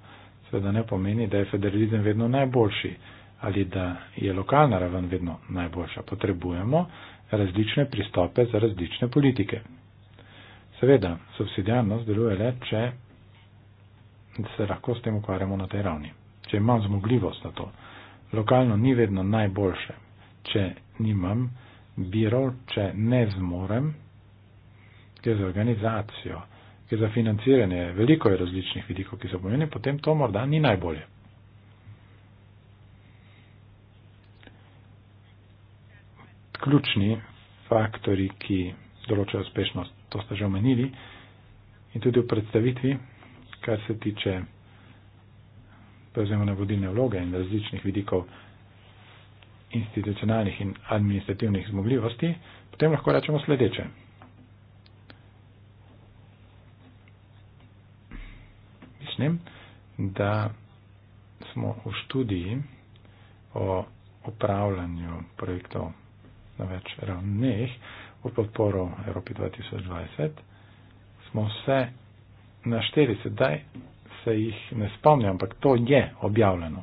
seveda ne pomeni, da je federalizem vedno najboljši ali da je lokalna raven vedno najboljša. Potrebujemo različne pristope za različne politike. Seveda, subsidijarnost deluje le, če se lahko s tem ukvarjamo na tej ravni, če imam zmogljivost na to. Lokalno ni vedno najboljše, če nimam birov, če ne zmorem, gre za organizacijo, gre za financiranje, veliko je različnih vidikov, ki so pomeni, potem to morda ni najbolje. Ključni faktori, ki določa uspešnost. To ste že omenili. In tudi v predstavitvi, kar se tiče prevzemanja vodilne vloge in različnih vidikov institucionalnih in administrativnih zmogljivosti, potem lahko rečemo sledeče. Mislim, da smo v študiji o upravljanju projektov na več ravneh, v podporo Evropi 2020, smo se našteli, sedaj se jih ne spomnim, ampak to je objavljeno.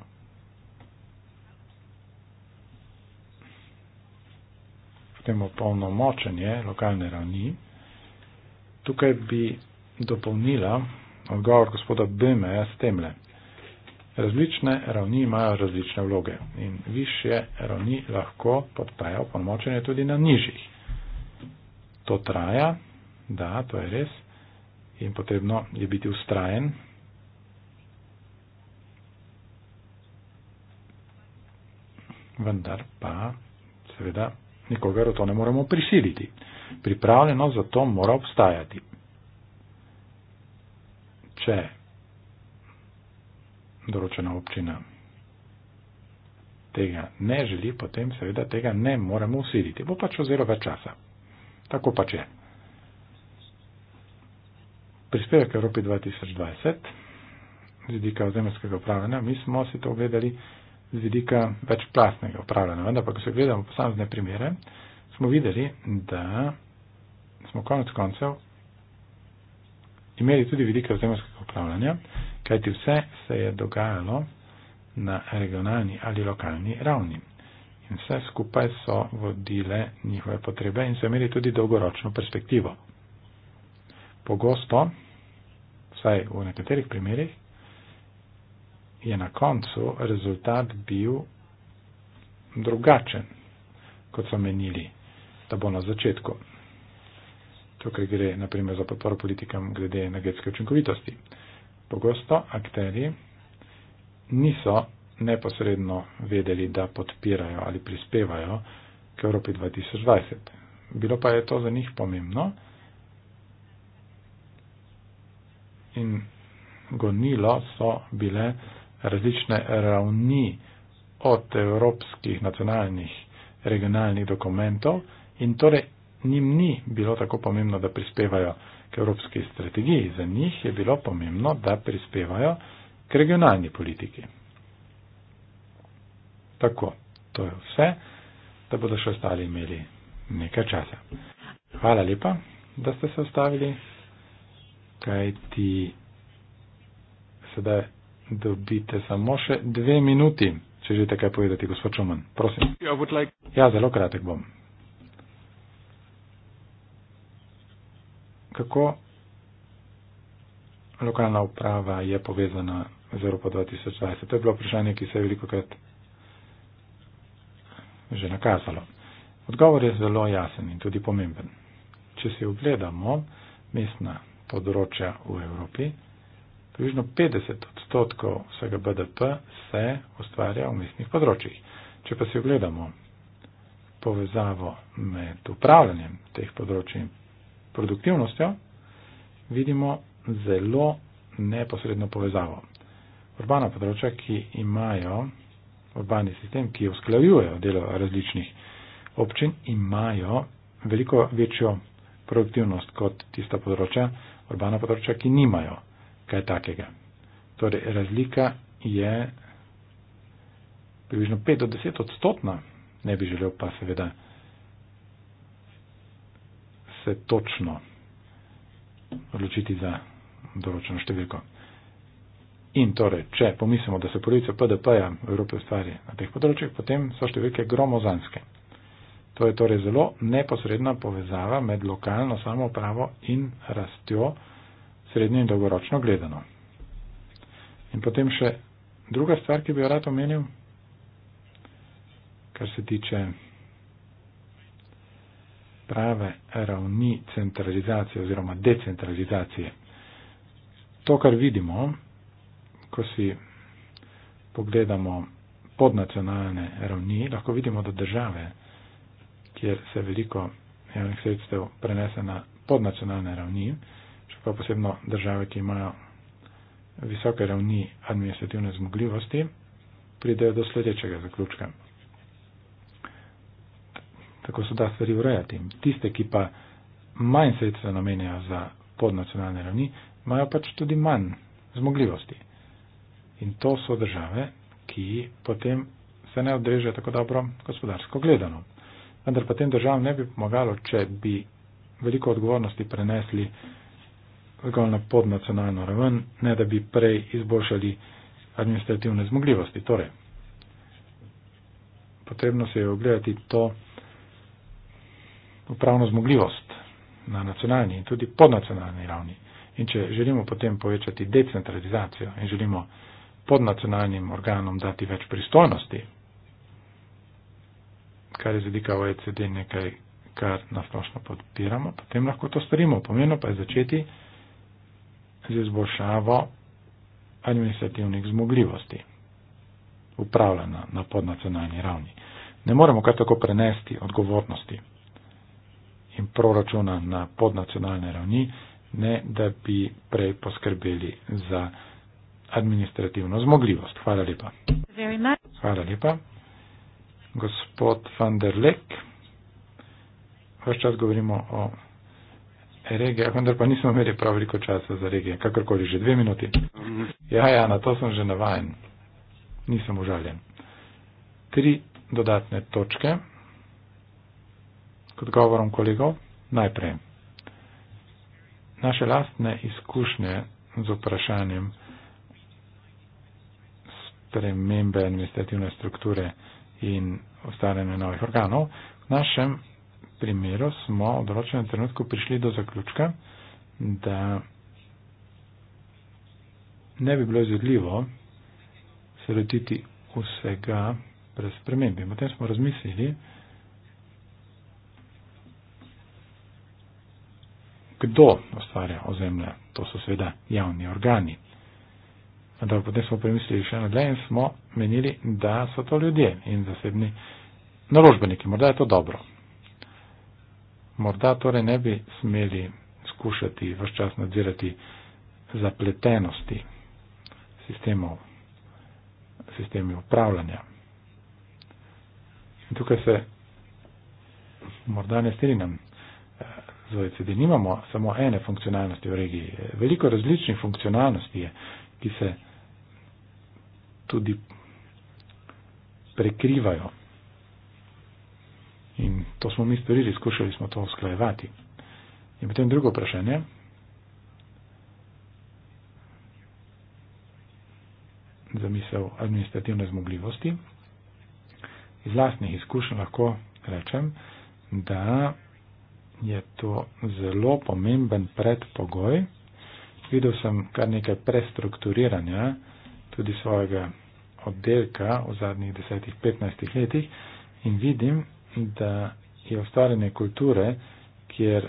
Potem opolnomočenje lokalne ravni. Tukaj bi dopolnila odgovor gospoda Bemeja s temle. Različne ravni imajo različne vloge in više ravni lahko podpajo opolnomočenje tudi na nižjih to traja, da, to je res, in potrebno je biti ustrajen. Vendar pa, seveda, nikogar v to ne moremo prisiliti. Pripravljenost za to mora obstajati. Če določena občina tega ne želi, potem seveda tega ne moremo usiliti. Bo pač vzelo več časa. Tako pač je. Prispevek Evropi 2020 z vidika ozemljskega upravljanja, mi smo si to ogledali z vidika večplastnega upravljanja, vendar pa, ko se gledamo posamezne primere, smo videli, da smo konec koncev imeli tudi vidika ozemljskega upravljanja, kajti vse se je dogajalo na regionalni ali lokalni ravni. In vse skupaj so vodile njihove potrebe in so imeli tudi dolgoročno perspektivo. Pogosto, vsaj v nekaterih primerih, je na koncu rezultat bil drugačen, kot so menili, da bo na začetku. Tukaj gre naprimer za podporo politikam glede energetske učinkovitosti. Pogosto akteri niso neposredno vedeli, da podpirajo ali prispevajo k Evropi 2020. Bilo pa je to za njih pomembno in gonilo so bile različne ravni od evropskih nacionalnih regionalnih dokumentov in torej njim ni bilo tako pomembno, da prispevajo k evropski strategiji. Za njih je bilo pomembno, da prispevajo k regionalni politiki. Tako, to je vse, da bodo še ostali imeli nekaj časa. Hvala lepa, da ste se ustavili, kaj ti sedaj dobite samo še dve minuti, če želite kaj povedati, gospod Čuman. Prosim. Ja, zelo kratek bom. Kako lokalna uprava je povezana z Evropo 2020? To je bilo vprašanje, ki se je veliko krat že nakazalo. Odgovor je zelo jasen in tudi pomemben. Če si ogledamo mestna področja v Evropi, približno 50 odstotkov vsega BDP se ustvarja v mestnih področjih. Če pa si ogledamo povezavo med upravljanjem teh področji in produktivnostjo, vidimo zelo neposredno povezavo. Urbana področja, ki imajo urbani sistem, ki usklajujejo delo različnih občin, imajo veliko večjo produktivnost kot tista področja, urbana področja, ki nimajo kaj takega. Torej, razlika je približno 5 do 10 odstotna, ne bi želel pa seveda se točno odločiti za določeno številko in torej, če pomislimo, da se polovica PDP-ja Evrope ustvari na teh področjih, potem so številke gromozanske. To je torej zelo neposredna povezava med lokalno samopravo in rastjo srednje in dolgoročno gledano. In potem še druga stvar, ki bi jo rad omenil, kar se tiče prave ravni centralizacije oziroma decentralizacije. To, kar vidimo, ko si pogledamo podnacionalne ravni, lahko vidimo, da države, kjer se veliko javnih sredstev prenese na podnacionalne ravni, še pa posebno države, ki imajo visoke ravni administrativne zmogljivosti, pridejo do sledečega zaključka. Tako so da stvari urejati. Tiste, ki pa manj sredstev namenjajo za podnacionalne ravni, imajo pač tudi manj zmogljivosti. In to so države, ki potem se ne odrežejo tako dobro gospodarsko gledano. Vendar pa tem državam ne bi pomagalo, če bi veliko odgovornosti prenesli zgolj na podnacionalno raven, ne da bi prej izboljšali administrativne zmogljivosti. Torej, potrebno se je ogledati to upravno zmogljivost na nacionalni in tudi podnacionalni ravni. In če želimo potem povečati decentralizacijo in želimo podnacionalnim organom dati več pristojnosti, kar je zadika OECD nekaj, kar nasplošno podpiramo, potem lahko to storimo. Pomembno pa je začeti z izboljšavo administrativnih zmogljivosti upravljena na podnacionalni ravni. Ne moremo kar tako prenesti odgovornosti in proračuna na podnacionalne ravni, ne da bi prej poskrbeli za administrativno zmogljivost. Hvala lepa. Hvala lepa. Gospod van der Lek, vaš čas govorimo o regijah, vendar pa nismo imeli prav veliko časa za regije, kakorkoli že dve minuti. Ja, ja, na to sem že navajen. Nisem užaljen. Tri dodatne točke kot govorom kolegov. Najprej. Naše lastne izkušnje z vprašanjem spremembe torej administrativne strukture in ustvarjanje novih organov. V našem primeru smo v določenem trenutku prišli do zaključka, da ne bi bilo izvedljivo se lotiti vsega brez spremembe. Potem smo razmislili, kdo ustvarja ozemlja. To so seveda javni organi. Vendar potem smo premislili še na dlje in smo menili, da so to ljudje in zasebni naložbeniki. Morda je to dobro. Morda torej ne bi smeli skušati vse čas nadzirati zapletenosti sistemov, sistemi upravljanja. In tukaj se morda ne strinjam eh, z OECD. Nimamo samo ene funkcionalnosti v regiji. Veliko različnih funkcionalnosti je, ki se tudi prekrivajo. In to smo mi storili, skušali smo to usklajevati. In potem drugo vprašanje. Zamisel administrativne zmogljivosti. Iz lastnih izkušenj lahko rečem, da je to zelo pomemben predpogoj. Videl sem kar nekaj prestrukturiranja, tudi svojega oddelka v zadnjih 10-15 letih in vidim, da je ustvarjanje kulture, kjer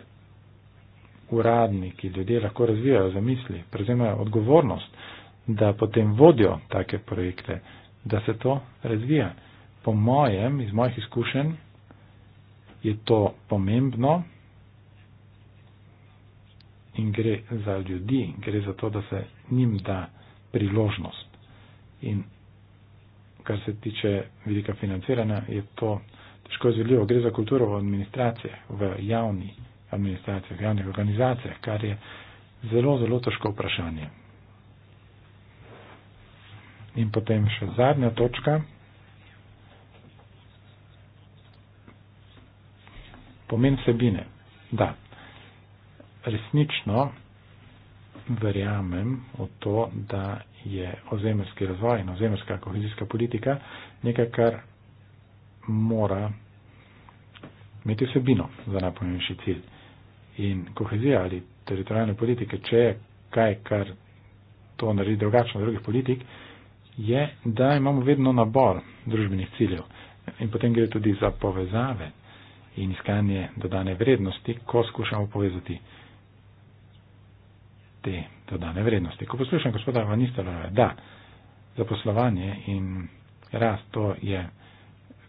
uradniki, ljudje lahko razvijajo zamisli, prevzemajo odgovornost, da potem vodijo take projekte, da se to razvija. Po mojem, iz mojih izkušenj, je to pomembno in gre za ljudi, gre za to, da se njim da priložnost in kar se tiče velika financiranja, je to težko izvedljivo. Gre za kulturo v administracije, v javni administracije, v javnih organizacijah, kar je zelo, zelo težko vprašanje. In potem še zadnja točka. Pomen sebine. Da. Resnično verjamem v to, da je ozemljski razvoj in ozemljska kohezijska politika nekaj, kar mora imeti vsebino za najpomembnejši cilj. In kohezija ali teritorijalne politike, če je kaj, kar to naredi drugačno od drugih politik, je, da imamo vedno nabor družbenih ciljev. In potem gre tudi za povezave in iskanje dodane vrednosti, ko skušamo povezati te dodane vrednosti. Ko poslušam gospoda Vanistalova, da zaposlovanje in rast to je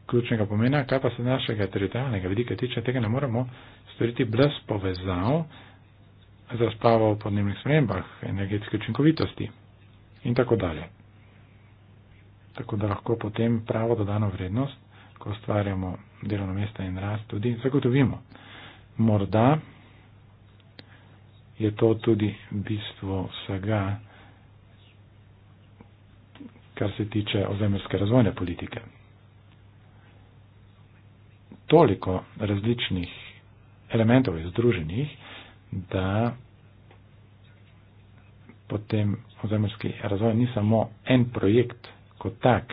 ključnega pomena, kaj pa se našega teritorijalnega vidika tiče, tega ne moremo storiti brez povezav za spravo o podnebnih spremembah, energetske učinkovitosti in tako dalje. Tako da lahko potem pravo dodano vrednost, ko ustvarjamo delovno mesto in rast, tudi zagotovimo. Morda je to tudi bistvo vsega, kar se tiče ozemljske razvojne politike. Toliko različnih elementov je združenih, da potem ozemljski razvoj ni samo en projekt kot tak,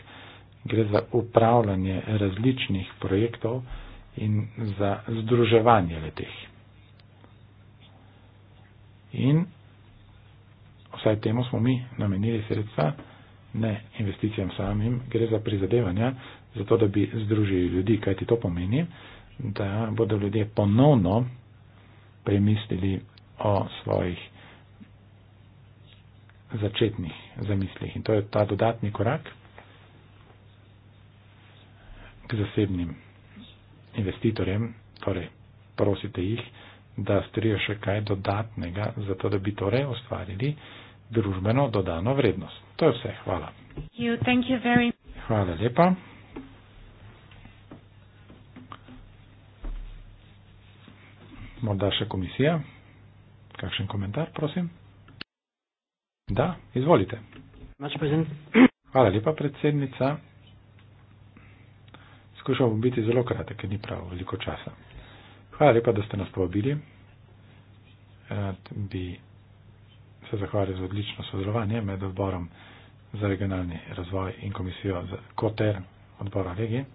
gre za upravljanje različnih projektov in za združevanje le teh in vsaj temu smo mi namenili sredstva, ne investicijam samim, gre za prizadevanja, zato da bi združili ljudi, kaj ti to pomeni, da bodo ljudje ponovno premislili o svojih začetnih zamislih. In to je ta dodatni korak k zasebnim investitorjem, torej prosite jih, da storijo še kaj dodatnega, zato da bi torej ustvarili družbeno dodano vrednost. To je vse. Hvala. Hvala lepa. Morda še komisija. Kakšen komentar, prosim? Da, izvolite. Hvala lepa, predsednica. Skušal bom biti zelo kratek, ker ni prav veliko časa. Hvala lepa, da ste nas povabili. Rad bi se zahvalil za odlično sodelovanje med odborom za regionalni razvoj in komisijo za koter odbora regije.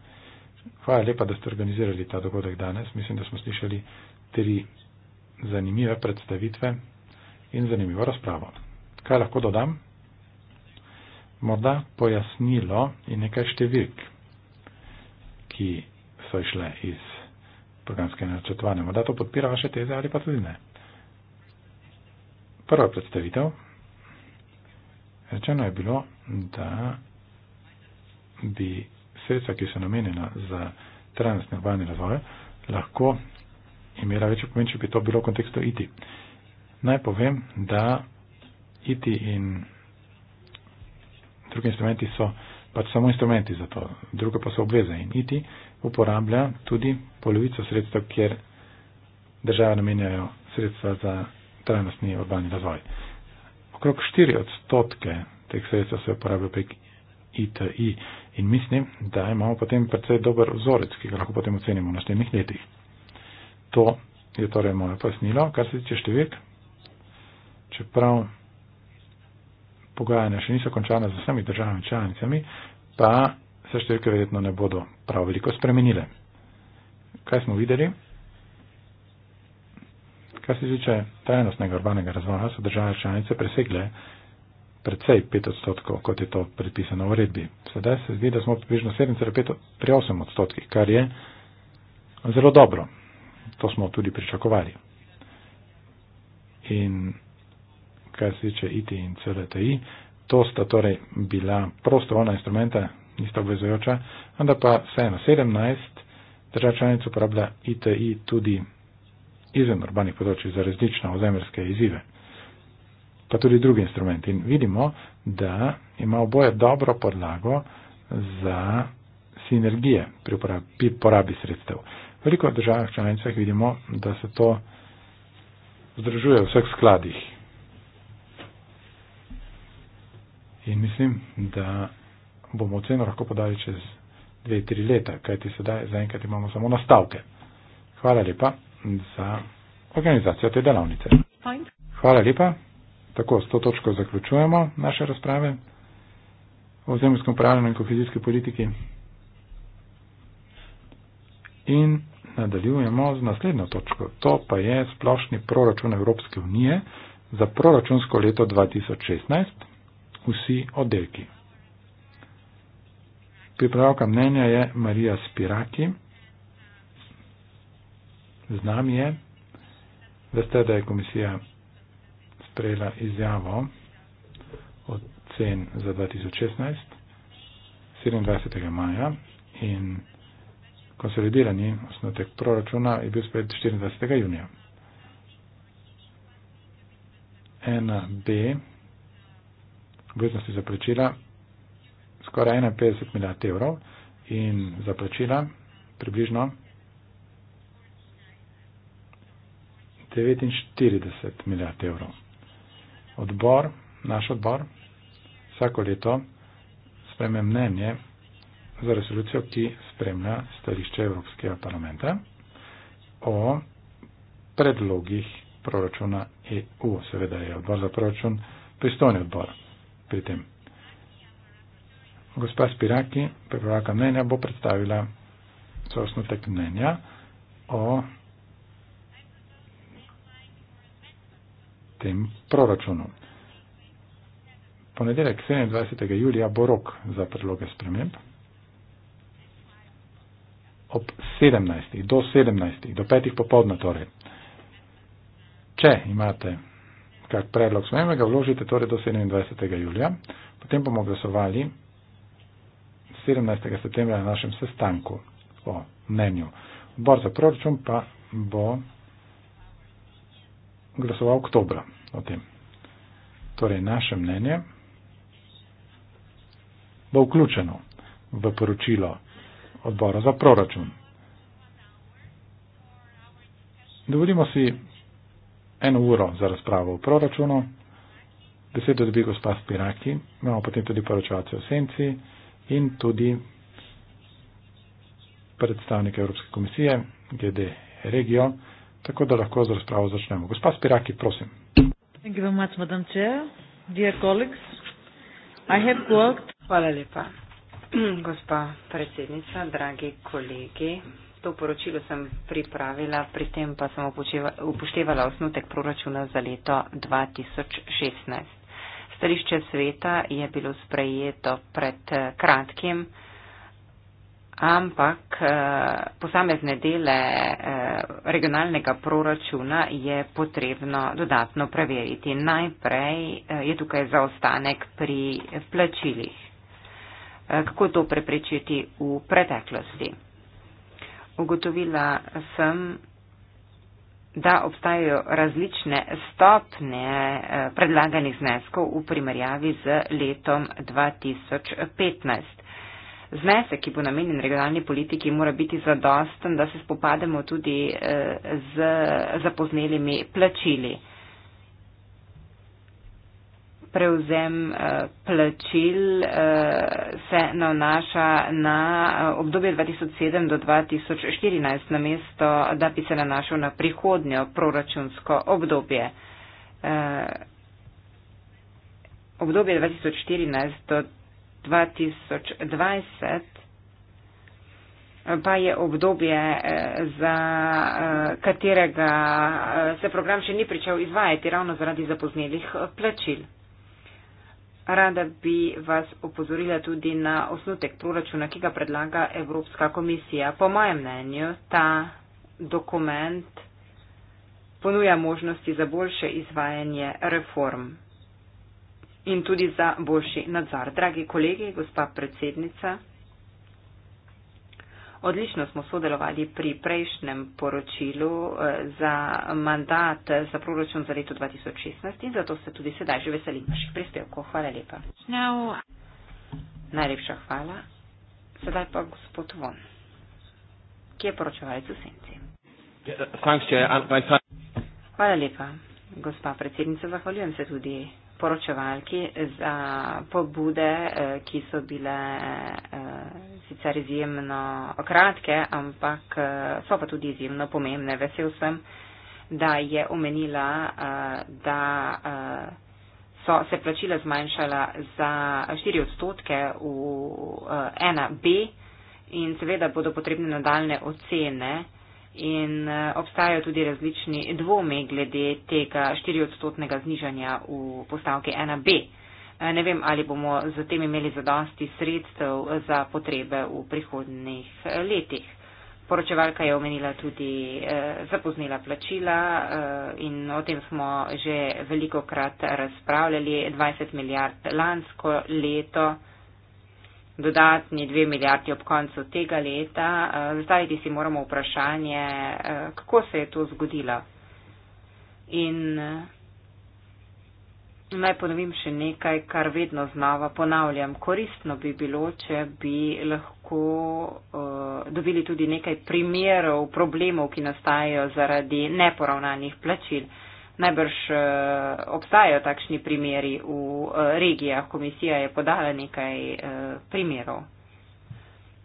Hvala lepa, da ste organizirali ta dogodek danes. Mislim, da smo slišali tri zanimive predstavitve in zanimivo razpravo. Kaj lahko dodam? Morda pojasnilo in nekaj številk, ki so išle iz programske načrtovanje. Morda to podpira vaše teze ali pa tudi ne. Prva predstavitev. Rečeno je bilo, da bi sredstva, ki so namenjena za trajnostne urbane razvoje, lahko imela večji pomen, če bi to bilo v kontekstu ITI. Naj povem, da ITI in drugi instrumenti so pač samo instrumenti za to, druge pa so obveze in iti uporablja tudi polovico sredstev, kjer države namenjajo sredstva za trajnostni urbani razvoj. Okrog 4 odstotke teh sredstev se uporablja prek ITI in mislim, da imamo potem predvsej dober vzorec, ki ga lahko potem ocenimo v naslednjih letih. To je torej moje pojasnilo, kar se tiče številk. Čeprav pogajanja še niso končana z vsemi državami članicami, pa se številke verjetno ne bodo prav veliko spremenile. Kaj smo videli? Kar se tiče trajnostnega urbanega razvoja, so države članice presegle predvsej 5 odstotkov, kot je to predpisano v uredbi. Sedaj se zdi, da smo približno 7,5 pri 8 odstotkih, kar je zelo dobro. To smo tudi pričakovali. In kar se tiče IT in CLTI. To sta torej bila prostovoljna instrumenta, nista obvezujoča, vendar pa vseeno 17 držav članic uporablja ITI tudi izven urbanih področij za različne ozemerske izzive, pa tudi drugi instrumenti. In vidimo, da ima oboje dobro podlago za sinergije pri porabi, porabi sredstev. Veliko državah članicah vidimo, da se to združuje v vseh skladih In mislim, da bomo oceno lahko podali čez dve, tri leta, kajti sedaj zaenkrat imamo samo nastavke. Hvala lepa za organizacijo te delavnice. Hvala lepa. Tako, s to točko zaključujemo naše razprave o zemljskem pravljenju in kohezijski politiki. In nadaljujemo z naslednjo točko. To pa je splošni proračun Evropske unije za proračunsko leto 2016 vsi oddelki. Pripravka mnenja je Marija Spiraki. Z nami je, veste, da je komisija sprejela izjavo o cen za 2016, 27. maja in konsolidirani osnotek proračuna je bil sprejet 24. junija. 1B obveznosti za plačila skoraj 51 milijard evrov in za plačila približno 49 milijard evrov. Odbor, naš odbor, vsako leto spreme mnenje za resolucijo, ki spremlja stališče Evropskega parlamenta o predlogih proračuna EU. Seveda je odbor za proračun pristojni odbor pri tem. Gospa Spiraki, prebivalka mnenja, bo predstavila svoj osnutek mnenja o tem proračunu. Ponedeljek 27. julija bo rok za predloge sprememb. Ob 17. do 17. do 5. popovdne torej. Če imate skratka, predlog smeme ga vložite torej do 27. julija, potem bomo glasovali 17. septembra na našem sestanku o mnenju. Odbor za proračun pa bo glasoval oktobra o tem. Torej, naše mnenje bo vključeno v poročilo odbora za proračun. Dovolimo si eno uro za razpravo v proračunu, besedo dobi gospa Spiraki, imamo potem tudi poročevalce v senci in tudi predstavnike Evropske komisije GD regijo, tako da lahko z razpravo začnemo. Gospa Spiraki, prosim. Hvala lepa, gospa predsednica, dragi kolegi. To poročilo sem pripravila, pri tem pa sem upoštevala osnutek proračuna za leto 2016. Stališče sveta je bilo sprejeto pred eh, kratkim, ampak eh, posamezne dele eh, regionalnega proračuna je potrebno dodatno preveriti. Najprej je tukaj zaostanek pri plačilih. Kako to preprečiti v preteklosti? ugotovila sem, da obstajajo različne stopne eh, predlaganih zneskov v primerjavi z letom 2015. Znesek, ki bo namenjen regionalni politiki, mora biti zadosten, da se spopademo tudi eh, z zapoznelimi plačili prevzem eh, plačil eh, se nanaša na eh, obdobje 2007 do 2014, na mesto, da bi se nanašal na prihodnjo proračunsko obdobje. Obdobje 2014 do 2020 pa je obdobje, za katerega se program še ni pričel izvajati ravno zaradi zapoznelih plačil. Rada bi vas opozorila tudi na osnutek proračuna, ki ga predlaga Evropska komisija. Po mojem mnenju ta dokument ponuja možnosti za boljše izvajanje reform in tudi za boljši nadzor. Dragi kolegi, gospa predsednica. Odlično smo sodelovali pri prejšnjem poročilu eh, za mandat eh, za proračun za leto 2016 in zato se tudi sedaj že veselim vaših prispevkov. Hvala lepa. Now... Najlepša hvala. Sedaj pa gospod Von, ki je poročevalec v senci. Hvala lepa. Gospa predsednica, zahvaljujem se tudi poročevalki za pobude, eh, ki so bile eh, sicer izjemno kratke, ampak eh, so pa tudi izjemno pomembne. Vesel sem, da je omenila, da so se plačila zmanjšala za 4 odstotke v 1B in seveda bodo potrebne nadaljne ocene in eh, obstajajo tudi različni dvomi glede tega 4 odstotnega znižanja v postavki 1B. Eh, ne vem, ali bomo z tem imeli zadosti sredstev za potrebe v prihodnih eh, letih. Poročevalka je omenila tudi eh, zapoznila plačila eh, in o tem smo že veliko krat razpravljali. 20 milijard lansko leto dodatni dve milijardi ob koncu tega leta. Eh, Zdaj si moramo vprašanje, eh, kako se je to zgodilo. In eh, naj ponovim še nekaj, kar vedno znova ponavljam. Koristno bi bilo, če bi lahko dobili tudi nekaj primerov problemov, ki nastajajo zaradi neporavnanih plačil. Najbrž uh, obstajajo takšni primeri v uh, regijah. Komisija je podala nekaj uh, primerov.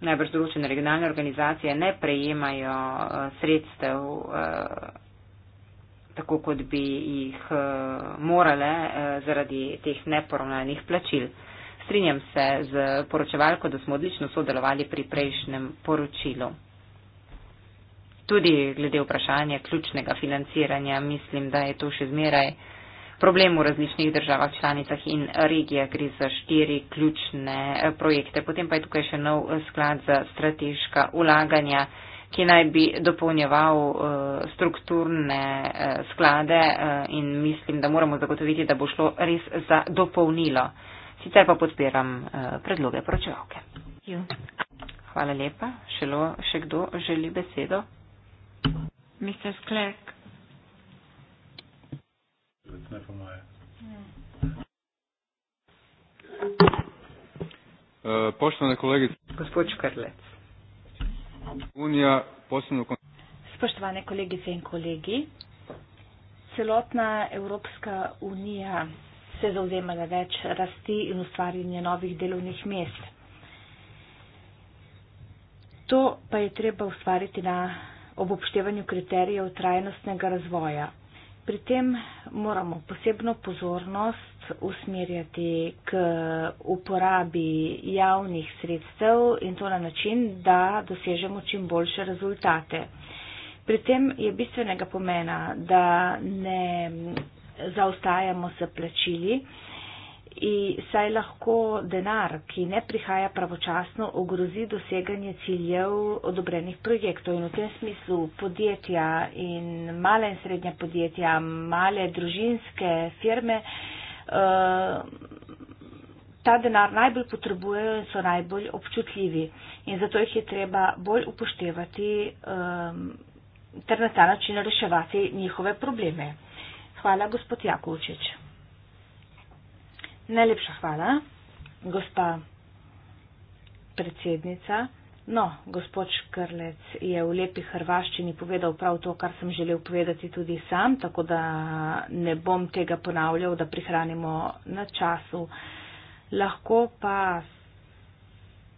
Najbrž določene regionalne organizacije ne prejemajo uh, sredstev uh, tako, kot bi jih uh, morale uh, zaradi teh neporovnanih plačil. Strinjam se z poročevalko, da smo odlično sodelovali pri prejšnjem poročilu tudi glede vprašanja ključnega financiranja, mislim, da je to še zmeraj problem v različnih državah, članicah in regijah. Gre za štiri ključne eh, projekte. Potem pa je tukaj še nov eh, sklad za strateška ulaganja, ki naj bi dopolnjeval eh, strukturne sklade in mislim, da moramo zagotoviti, da bo šlo res za dopolnilo. Sicer pa podpiram predloge poročevalke. Hvala lepa. Šelo, še kdo želi besedo? Mr. Sklek. E, poštovane kolegice. Gospod Škrlec. Unija posebno... Spoštovane kolegice in kolegi, celotna Evropska unija se zauzema za več rasti in ustvarjanje novih delovnih mest. To pa je treba ustvariti na ob upoštevanju kriterijev trajnostnega razvoja. Pri tem moramo posebno pozornost usmerjati k uporabi javnih sredstev in to na način, da dosežemo čim boljše rezultate. Pri tem je bistvenega pomena, da ne zaostajamo s plačili, in saj lahko denar, ki ne prihaja pravočasno, ogrozi doseganje ciljev odobrenih projektov. In v tem smislu podjetja in male in srednja podjetja, male družinske firme, eh, ta denar najbolj potrebujejo in so najbolj občutljivi. In zato jih je treba bolj upoštevati eh, ter na ta način reševati njihove probleme. Hvala, gospod Jakovčič. Najlepša hvala, gospa predsednica. No, gospod Škrlec je v lepi hrvaščini povedal prav to, kar sem želel povedati tudi sam, tako da ne bom tega ponavljal, da prihranimo na času. Lahko pa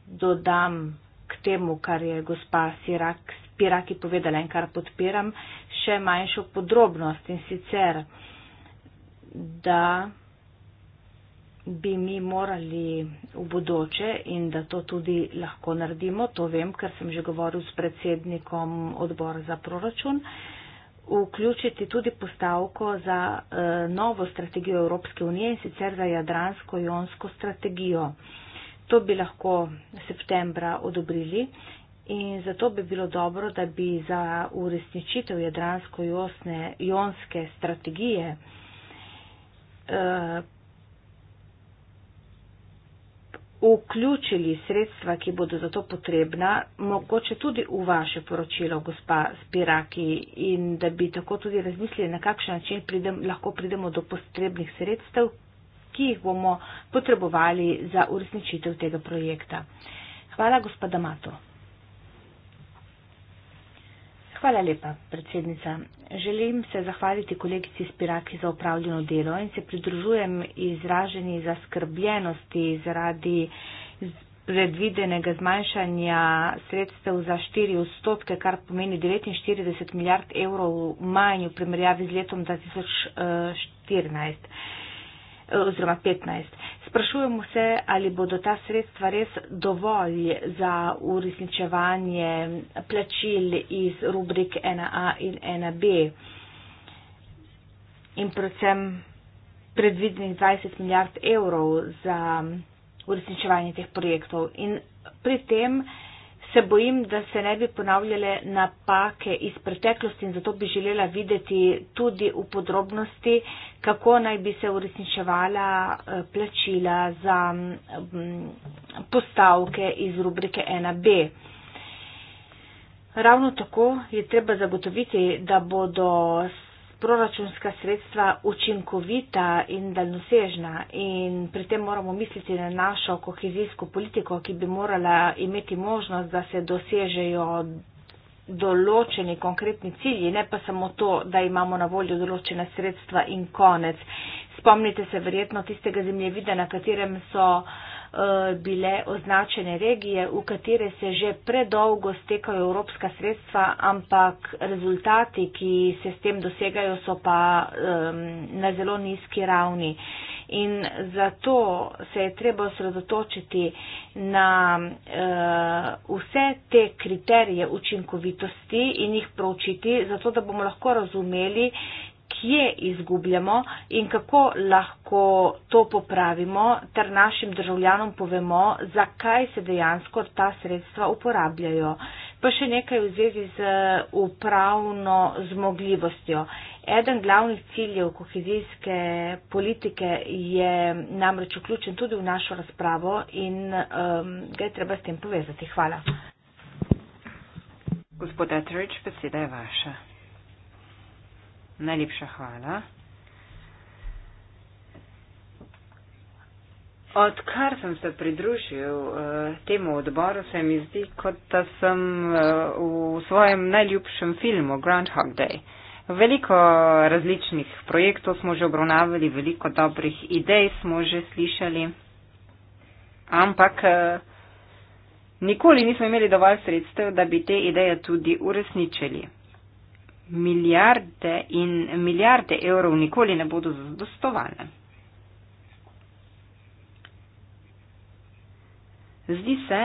dodam k temu, kar je gospa Sirak, Spiraki povedala in kar podpiram, še manjšo podrobnost in sicer, da bi mi morali v bodoče in da to tudi lahko naredimo, to vem, ker sem že govoril s predsednikom odbora za proračun, vključiti tudi postavko za uh, novo strategijo Evropske unije in sicer za Jadransko-Jonsko strategijo. To bi lahko septembra odobrili in zato bi bilo dobro, da bi za uresničitev Jadransko-Jonske strategije uh, vključili sredstva, ki bodo za to potrebna, mogoče tudi v vaše poročilo, gospa Spiraki, in da bi tako tudi razmislili, na kakšen način pridem, lahko pridemo do potrebnih sredstev, ki jih bomo potrebovali za uresničitev tega projekta. Hvala, gospod Damato. Hvala lepa, predsednica. Želim se zahvaliti kolegici Spiraki za upravljeno delo in se pridružujem izraženi zaskrbljenosti zaradi predvidenega zmanjšanja sredstev za 4 odstotke, kar pomeni 49 milijard evrov manj v primerjavi z letom 2014 oziroma 15. Sprašujemo se, ali bodo ta sredstva res dovolj za uresničevanje plačil iz rubrik 1a in 1b in predvsem predvidenih 20 milijard evrov za uresničevanje teh projektov. In pri tem uh, se bojim, da se ne bi ponavljale napake iz preteklosti in zato bi želela videti tudi v podrobnosti, kako naj bi se uresničevala eh, plačila za mm, postavke iz rubrike 1b. Ravno tako je treba zagotoviti, da bodo proračunska sredstva učinkovita in daljnosežna in pri tem moramo misliti na našo kohezijsko politiko, ki bi morala imeti možnost, da se dosežejo določeni konkretni cilji, ne pa samo to, da imamo na voljo določene sredstva in konec. Spomnite se verjetno tistega zemljevida, na katerem so uh, Eh, bile označene regije, v katere se že predolgo stekajo evropska sredstva, ampak rezultati, ki se s tem dosegajo, so pa um, na zelo nizki ravni. In zato se je treba osredotočiti na uh, vse te kriterije učinkovitosti in jih pročiti, zato da bomo lahko razumeli, kje izgubljamo in kako lahko to popravimo ter našim državljanom povemo, zakaj se dejansko ta sredstva uporabljajo. Pa še nekaj v zvezi z upravno zmogljivostjo. Eden glavnih ciljev kohezijske politike je namreč vključen tudi v našo razpravo in um, ga je treba s tem povezati. Hvala. Gospod Etrič, beseda je vaša. Najlepša hvala. Odkar sem se pridružil uh, temu odboru, se mi zdi, kot da sem uh, v svojem najljubšem filmu Groundhog Day. Veliko različnih projektov smo že obravnavali, veliko dobrih idej smo že slišali, ampak uh, nikoli nismo imeli dovolj sredstev, da bi te ideje tudi uresničili milijarde in milijarde evrov nikoli ne bodo zadostovane. Zdi se,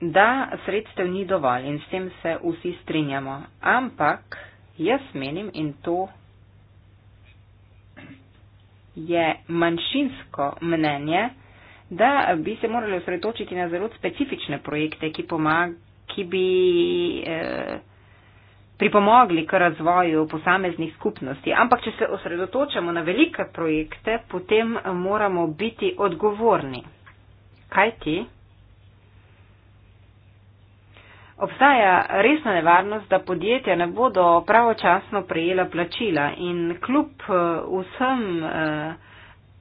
da sredstev ni dovolj in s tem se vsi strinjamo, ampak jaz menim in to je manjšinsko mnenje, da bi se morali osredotočiti na zelo specifične projekte, ki, pomag, ki bi. Eh, pripomogli k razvoju posameznih skupnosti. Ampak, če se osredotočamo na velike projekte, potem eh, moramo biti odgovorni. Kaj ti? Obstaja resna nevarnost, da podjetja ne bodo pravočasno prejela plačila in kljub eh, vsem eh,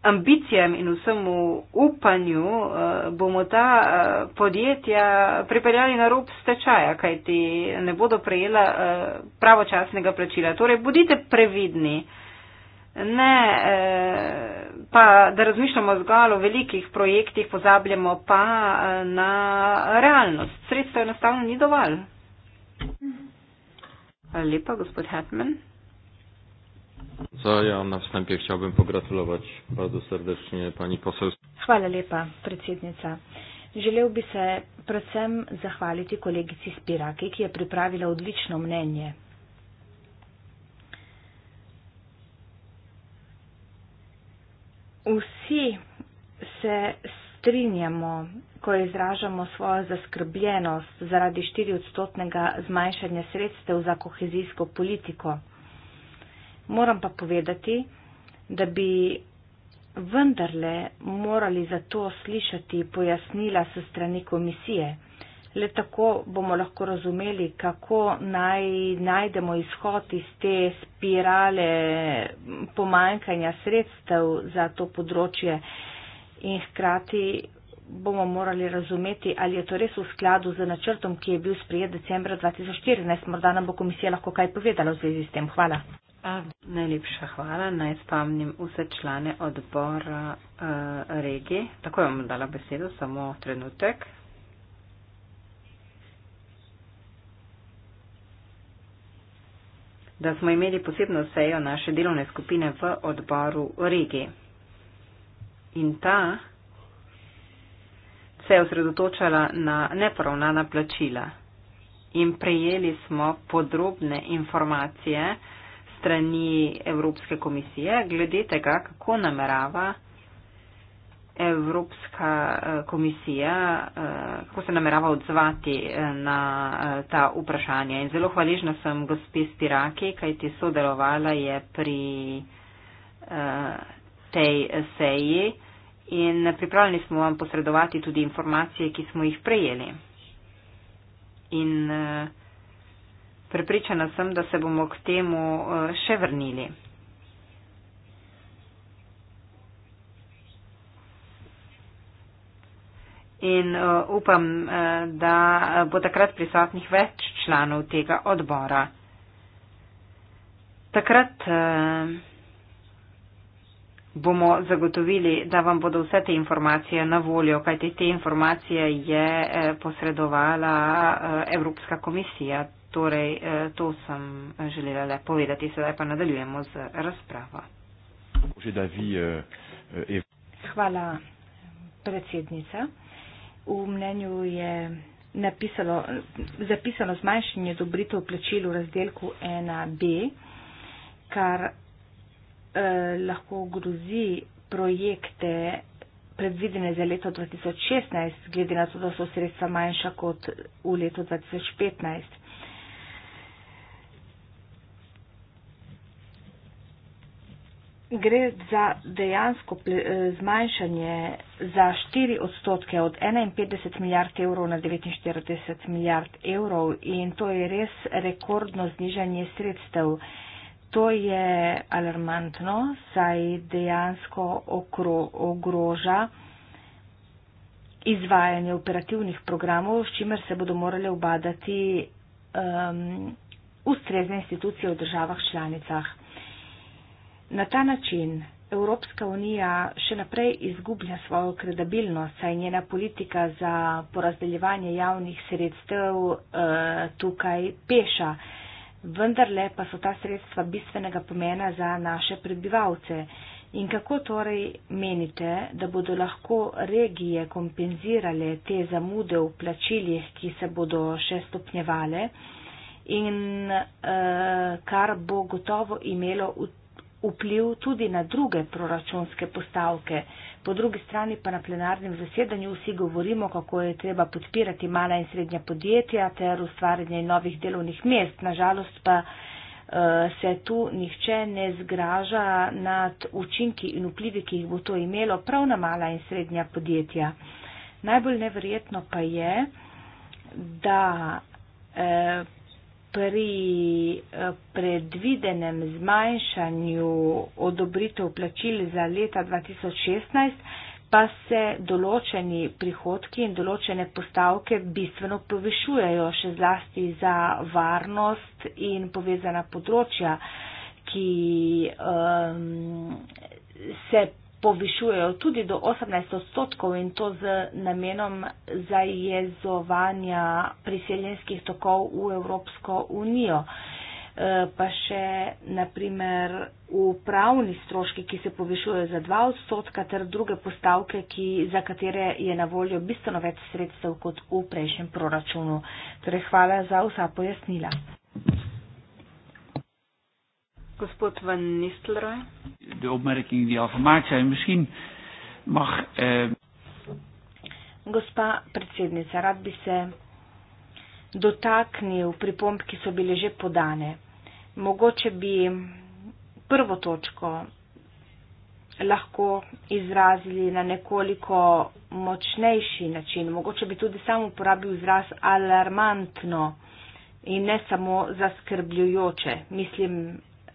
ambicijam in vsemu upanju uh, bomo ta uh, podjetja pripeljali na rob stečaja, kajti ne bodo prejela uh, pravočasnega plačila. Torej, bodite previdni. Ne, pa da razmišljamo zgolj o velikih projektih, pozabljamo pa na realnost. Sredstva enostavno ni dovolj. Hvala lepa, gospod Hetman. So, ja na wstępie chciałbym pogratulować bardzo serdecznie pani poseł. Hvala lepa, predsednica. Želel bi se predvsem zahvaliti kolegici Spiraki, ki je pripravila odlično mnenje. Vsi se strinjamo, ko izražamo svojo zaskrbljenost zaradi 4-odstotnega zmanjšanja sredstev za kohezijsko politiko. Moram pa povedati, da bi vendarle morali za to slišati pojasnila se strani komisije. Le tako bomo lahko razumeli, kako naj najdemo izhod iz te spirale pomankanja sredstev za to področje in hkrati bomo morali razumeti, ali je to res v skladu z načrtom, ki je bil sprijet decembra 2014. Morda nam bo komisija lahko kaj povedala v zvezi s tem. Hvala. Najlepša hvala. Naj spomnim vse člane odbora uh, regije. Tako vam dala besedo, samo trenutek. Da smo imeli posebno sejo naše delovne skupine v odboru regije. In ta se je osredotočala na neporavnana plačila. In prejeli smo podrobne informacije, strani Evropske komisije, glede tega, kako namerava Evropska eh, komisija, eh, kako se namerava odzvati eh, na ta vprašanja. In zelo hvaležna sem gospe Spiraki, kajti sodelovala je pri tej seji in pripravljeni smo vam posredovati tudi informacije, ki smo jih prejeli. In uh, Prepričana sem, da se bomo k temu e, še vrnili. In e, upam, e, da bo takrat prisotnih več članov tega odbora. Takrat bomo zagotovili, da vam bodo vse te informacije na voljo, kajte te informacije je posredovala Evropska komisija. Torej, eh, to sem želela le povedati, sedaj pa nadaljujemo z razpravo. Eh, eh, Hvala, predsednica. V mnenju je napisalo, zapisano zmanjšanje dobritev plačil v razdelku 1b, kar eh, lahko grozi projekte predvidene za leto 2016, glede na to, da so sredstva manjša kot v letu 2015. gre za dejansko eh, zmanjšanje za 4 odstotke od 51 milijard evrov na 49 milijard evrov in to je res rekordno znižanje sredstev. To je alarmantno, saj dejansko okro, ogroža izvajanje operativnih programov, s čimer se bodo morali obadati um, ehm, ustrezne institucije v državah članicah. Na ta način Evropska unija še naprej izgublja svojo kredibilnost, saj njena politika za porazdeljevanje javnih sredstev eh, tukaj peša. Vendarle pa so ta sredstva bistvenega pomena za naše prebivalce. In kako torej menite, da bodo lahko regije kompenzirale te zamude v plačilih, ki se bodo še stopnjevale in eh, kar bo gotovo imelo vtis? vpliv tudi na druge proračunske postavke. Po drugi strani pa na plenarnem zasedanju vsi govorimo, kako je treba podpirati mala in srednja podjetja ter ustvarjanje novih delovnih mest. Nažalost pa uh, se tu nihče ne zgraža nad učinki in vplivi, ki jih bo to imelo prav na mala in srednja podjetja. Najbolj neverjetno pa je, da eh, pri eh, predvidenem zmanjšanju odobritev plačil za leta 2016, pa se določeni prihodki in določene postavke bistveno povišujejo, še zlasti za varnost in povezana področja, ki um, se povišujejo tudi do 18 odstotkov in to z namenom zajezovanja priseljenskih tokov v Evropsko unijo. E, pa še naprimer upravni stroški, ki se povišujejo za 2 odstotka, ter druge postavke, ki, za katere je na voljo bistveno več sredstev kot v prejšnjem proračunu. Torej, hvala za vsa pojasnila. Gospod Van Nistelrooy. De opmerkingen die al gemaakt zijn, misschien mag. Eh, Gospa predsednica, rad bi se dotaknil pripomb, ki so bile že podane. Mogoče bi prvo točko lahko izrazili na nekoliko močnejši način. Mogoče bi tudi sam uporabil izraz alarmantno in ne samo zaskrbljujoče. Mislim,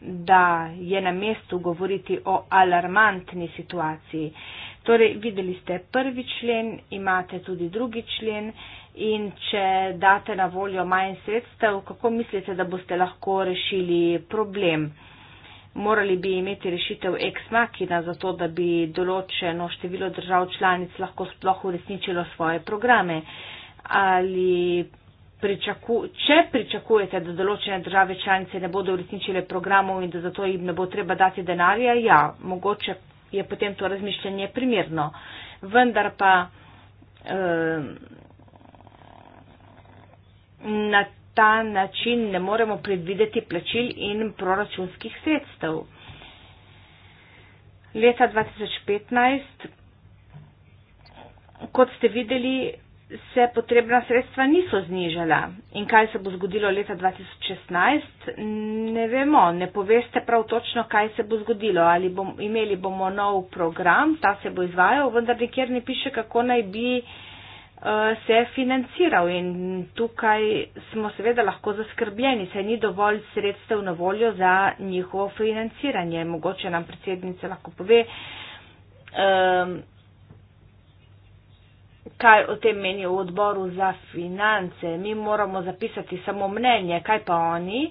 da je na mestu govoriti o alarmantni situaciji. Torej, videli ste prvi člen, imate tudi drugi člen in če date na voljo manj sredstev, kako mislite, da boste lahko rešili problem? Morali bi imeti rešitev ex machina za to, da bi določeno število držav članic lahko sploh uresničilo svoje programe ali pričaku, če pričakujete, da določene države članice ne bodo uresničile programov in da zato jim ne bo treba dati denarja, ja, mogoče je potem to razmišljanje primerno. Vendar pa eh, na ta način ne moremo predvideti plačil in proračunskih sredstev. Leta 2015, kot ste videli, se potrebna sredstva niso znižala. In kaj se bo zgodilo leta 2016, ne vemo. Ne poveste prav točno, kaj se bo zgodilo. Ali bom, imeli bomo nov program, ta se bo izvajal, vendar nikjer ne piše, kako naj bi uh, se financiral. In tukaj smo seveda lahko zaskrbljeni, saj ni dovolj sredstev na voljo za njihovo financiranje. Mogoče nam predsednica lahko pove. Uh, kaj o tem meni v odboru za finance. Mi moramo zapisati samo mnenje, kaj pa oni.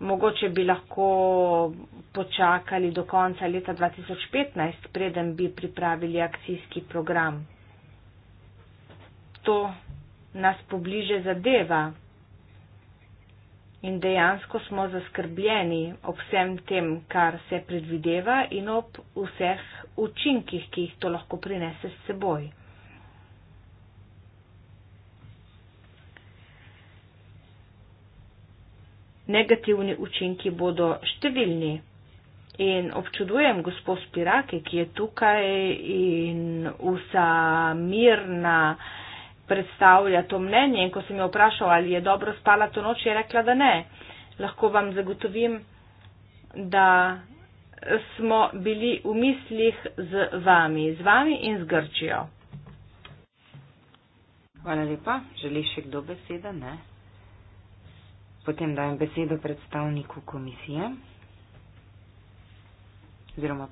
Mogoče bi lahko počakali do konca leta 2015, preden bi pripravili akcijski program. To nas pobliže zadeva. In dejansko smo zaskrbljeni ob vsem tem, kar se predvideva in ob vseh učinkih, ki jih to lahko prinese s seboj. negativni učinki bodo številni. In občudujem gospod Spirake, ki je tukaj in vsa mirna predstavlja to mnenje. In ko sem jo vprašal, ali je dobro spala to noč, je rekla, da ne. Lahko vam zagotovim, da smo bili v mislih z vami, z vami in z Grčijo. Hvala lepa. Želi še kdo besede? Ne. Potem dajem besedo predstavniku komisije. Oziroma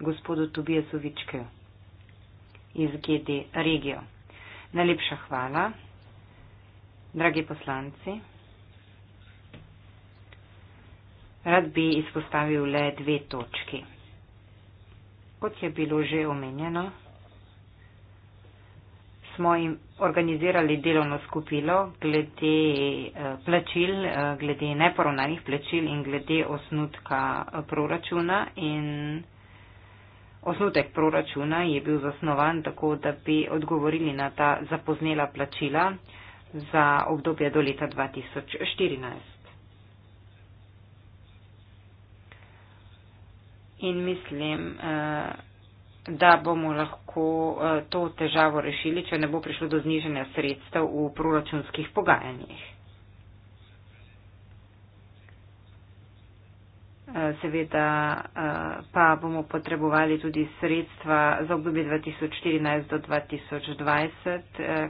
gospodu Tobijesu Vičke iz GD Regio. Najlepša hvala, dragi poslanci. Rad bi izpostavil le dve točki. Kot je bilo že omenjeno, smo jim organizirali delovno skupilo glede eh, plačil, eh, glede neporovnanih plačil in glede osnutka eh, proračuna. In osnutek proračuna je bil zasnovan tako, da bi odgovorili na ta zapoznela plačila za obdobje do leta 2014. In mislim, da bomo lahko eh, to težavo rešili, če ne bo prišlo do znižanja sredstev v proračunskih pogajanjih. Eh, seveda eh, pa bomo potrebovali tudi sredstva za obdobje 2014 do 2020,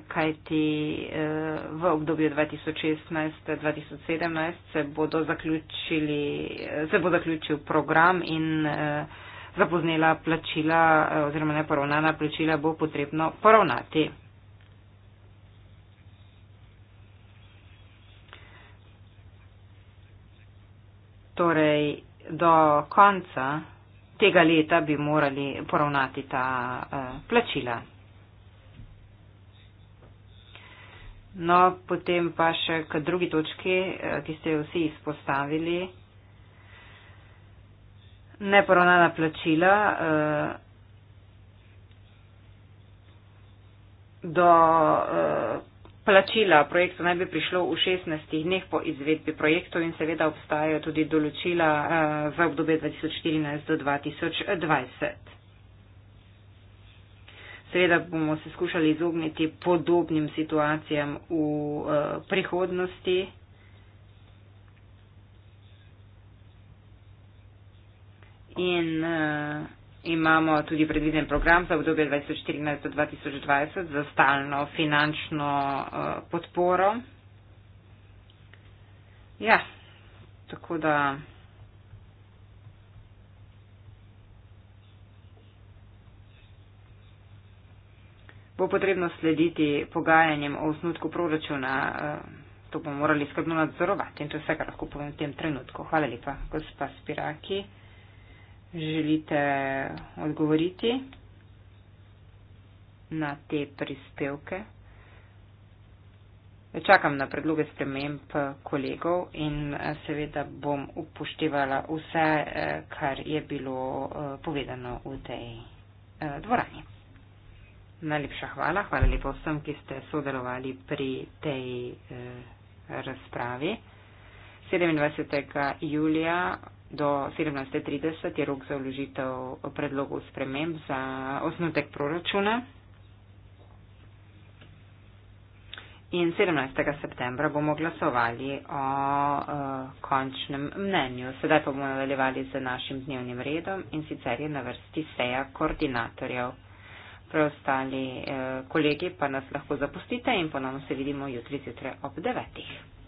kajti v obdobju 2016-2017 se, se bo zaključil program in zapoznela plačila eh, oziroma neporavnana plačila bo potrebno poravnati. Torej, do konca tega leta bi morali poravnati ta eh, plačila. No, potem pa še k drugi točki, eh, ki ste jo vsi izpostavili neporavnana plačila uh, do uh, plačila projektu naj bi prišlo v 16 dneh po izvedbi projektov in seveda obstajajo tudi določila uh, za obdobje 2014 do 2020. Seveda bomo se skušali izogniti podobnim situacijam v uh, prihodnosti. in uh, imamo tudi predviden program za obdobje 2014 do 2020 za stalno finančno uh, podporo. Ja, tako da. Bo potrebno slediti pogajanjem o osnutku proračuna. Eh, to bomo morali skrbno nadzorovati in to je vse, kar lahko povem v tem trenutku. Hvala lepa, gospa Spiraki želite odgovoriti na te prispevke. Čakam na predloge sprememb kolegov in eh, seveda bom upoštevala vse, eh, kar je bilo eh, povedano v tej dvorani. Najlepša hvala, hvala lepo vsem, ki ste sodelovali pri tej razpravi. 27. julija do 17.30 je rok za vložitev predlogov sprememb za osnutek proračuna. In 17. septembra bomo glasovali o uh, končnem mnenju. Sedaj pa bomo nadaljevali z našim dnevnim redom in sicer je na vrsti seja koordinatorjev. Preostali uh, kolegi pa nas lahko zapustite in ponovno se vidimo jutri zjutraj ob 9.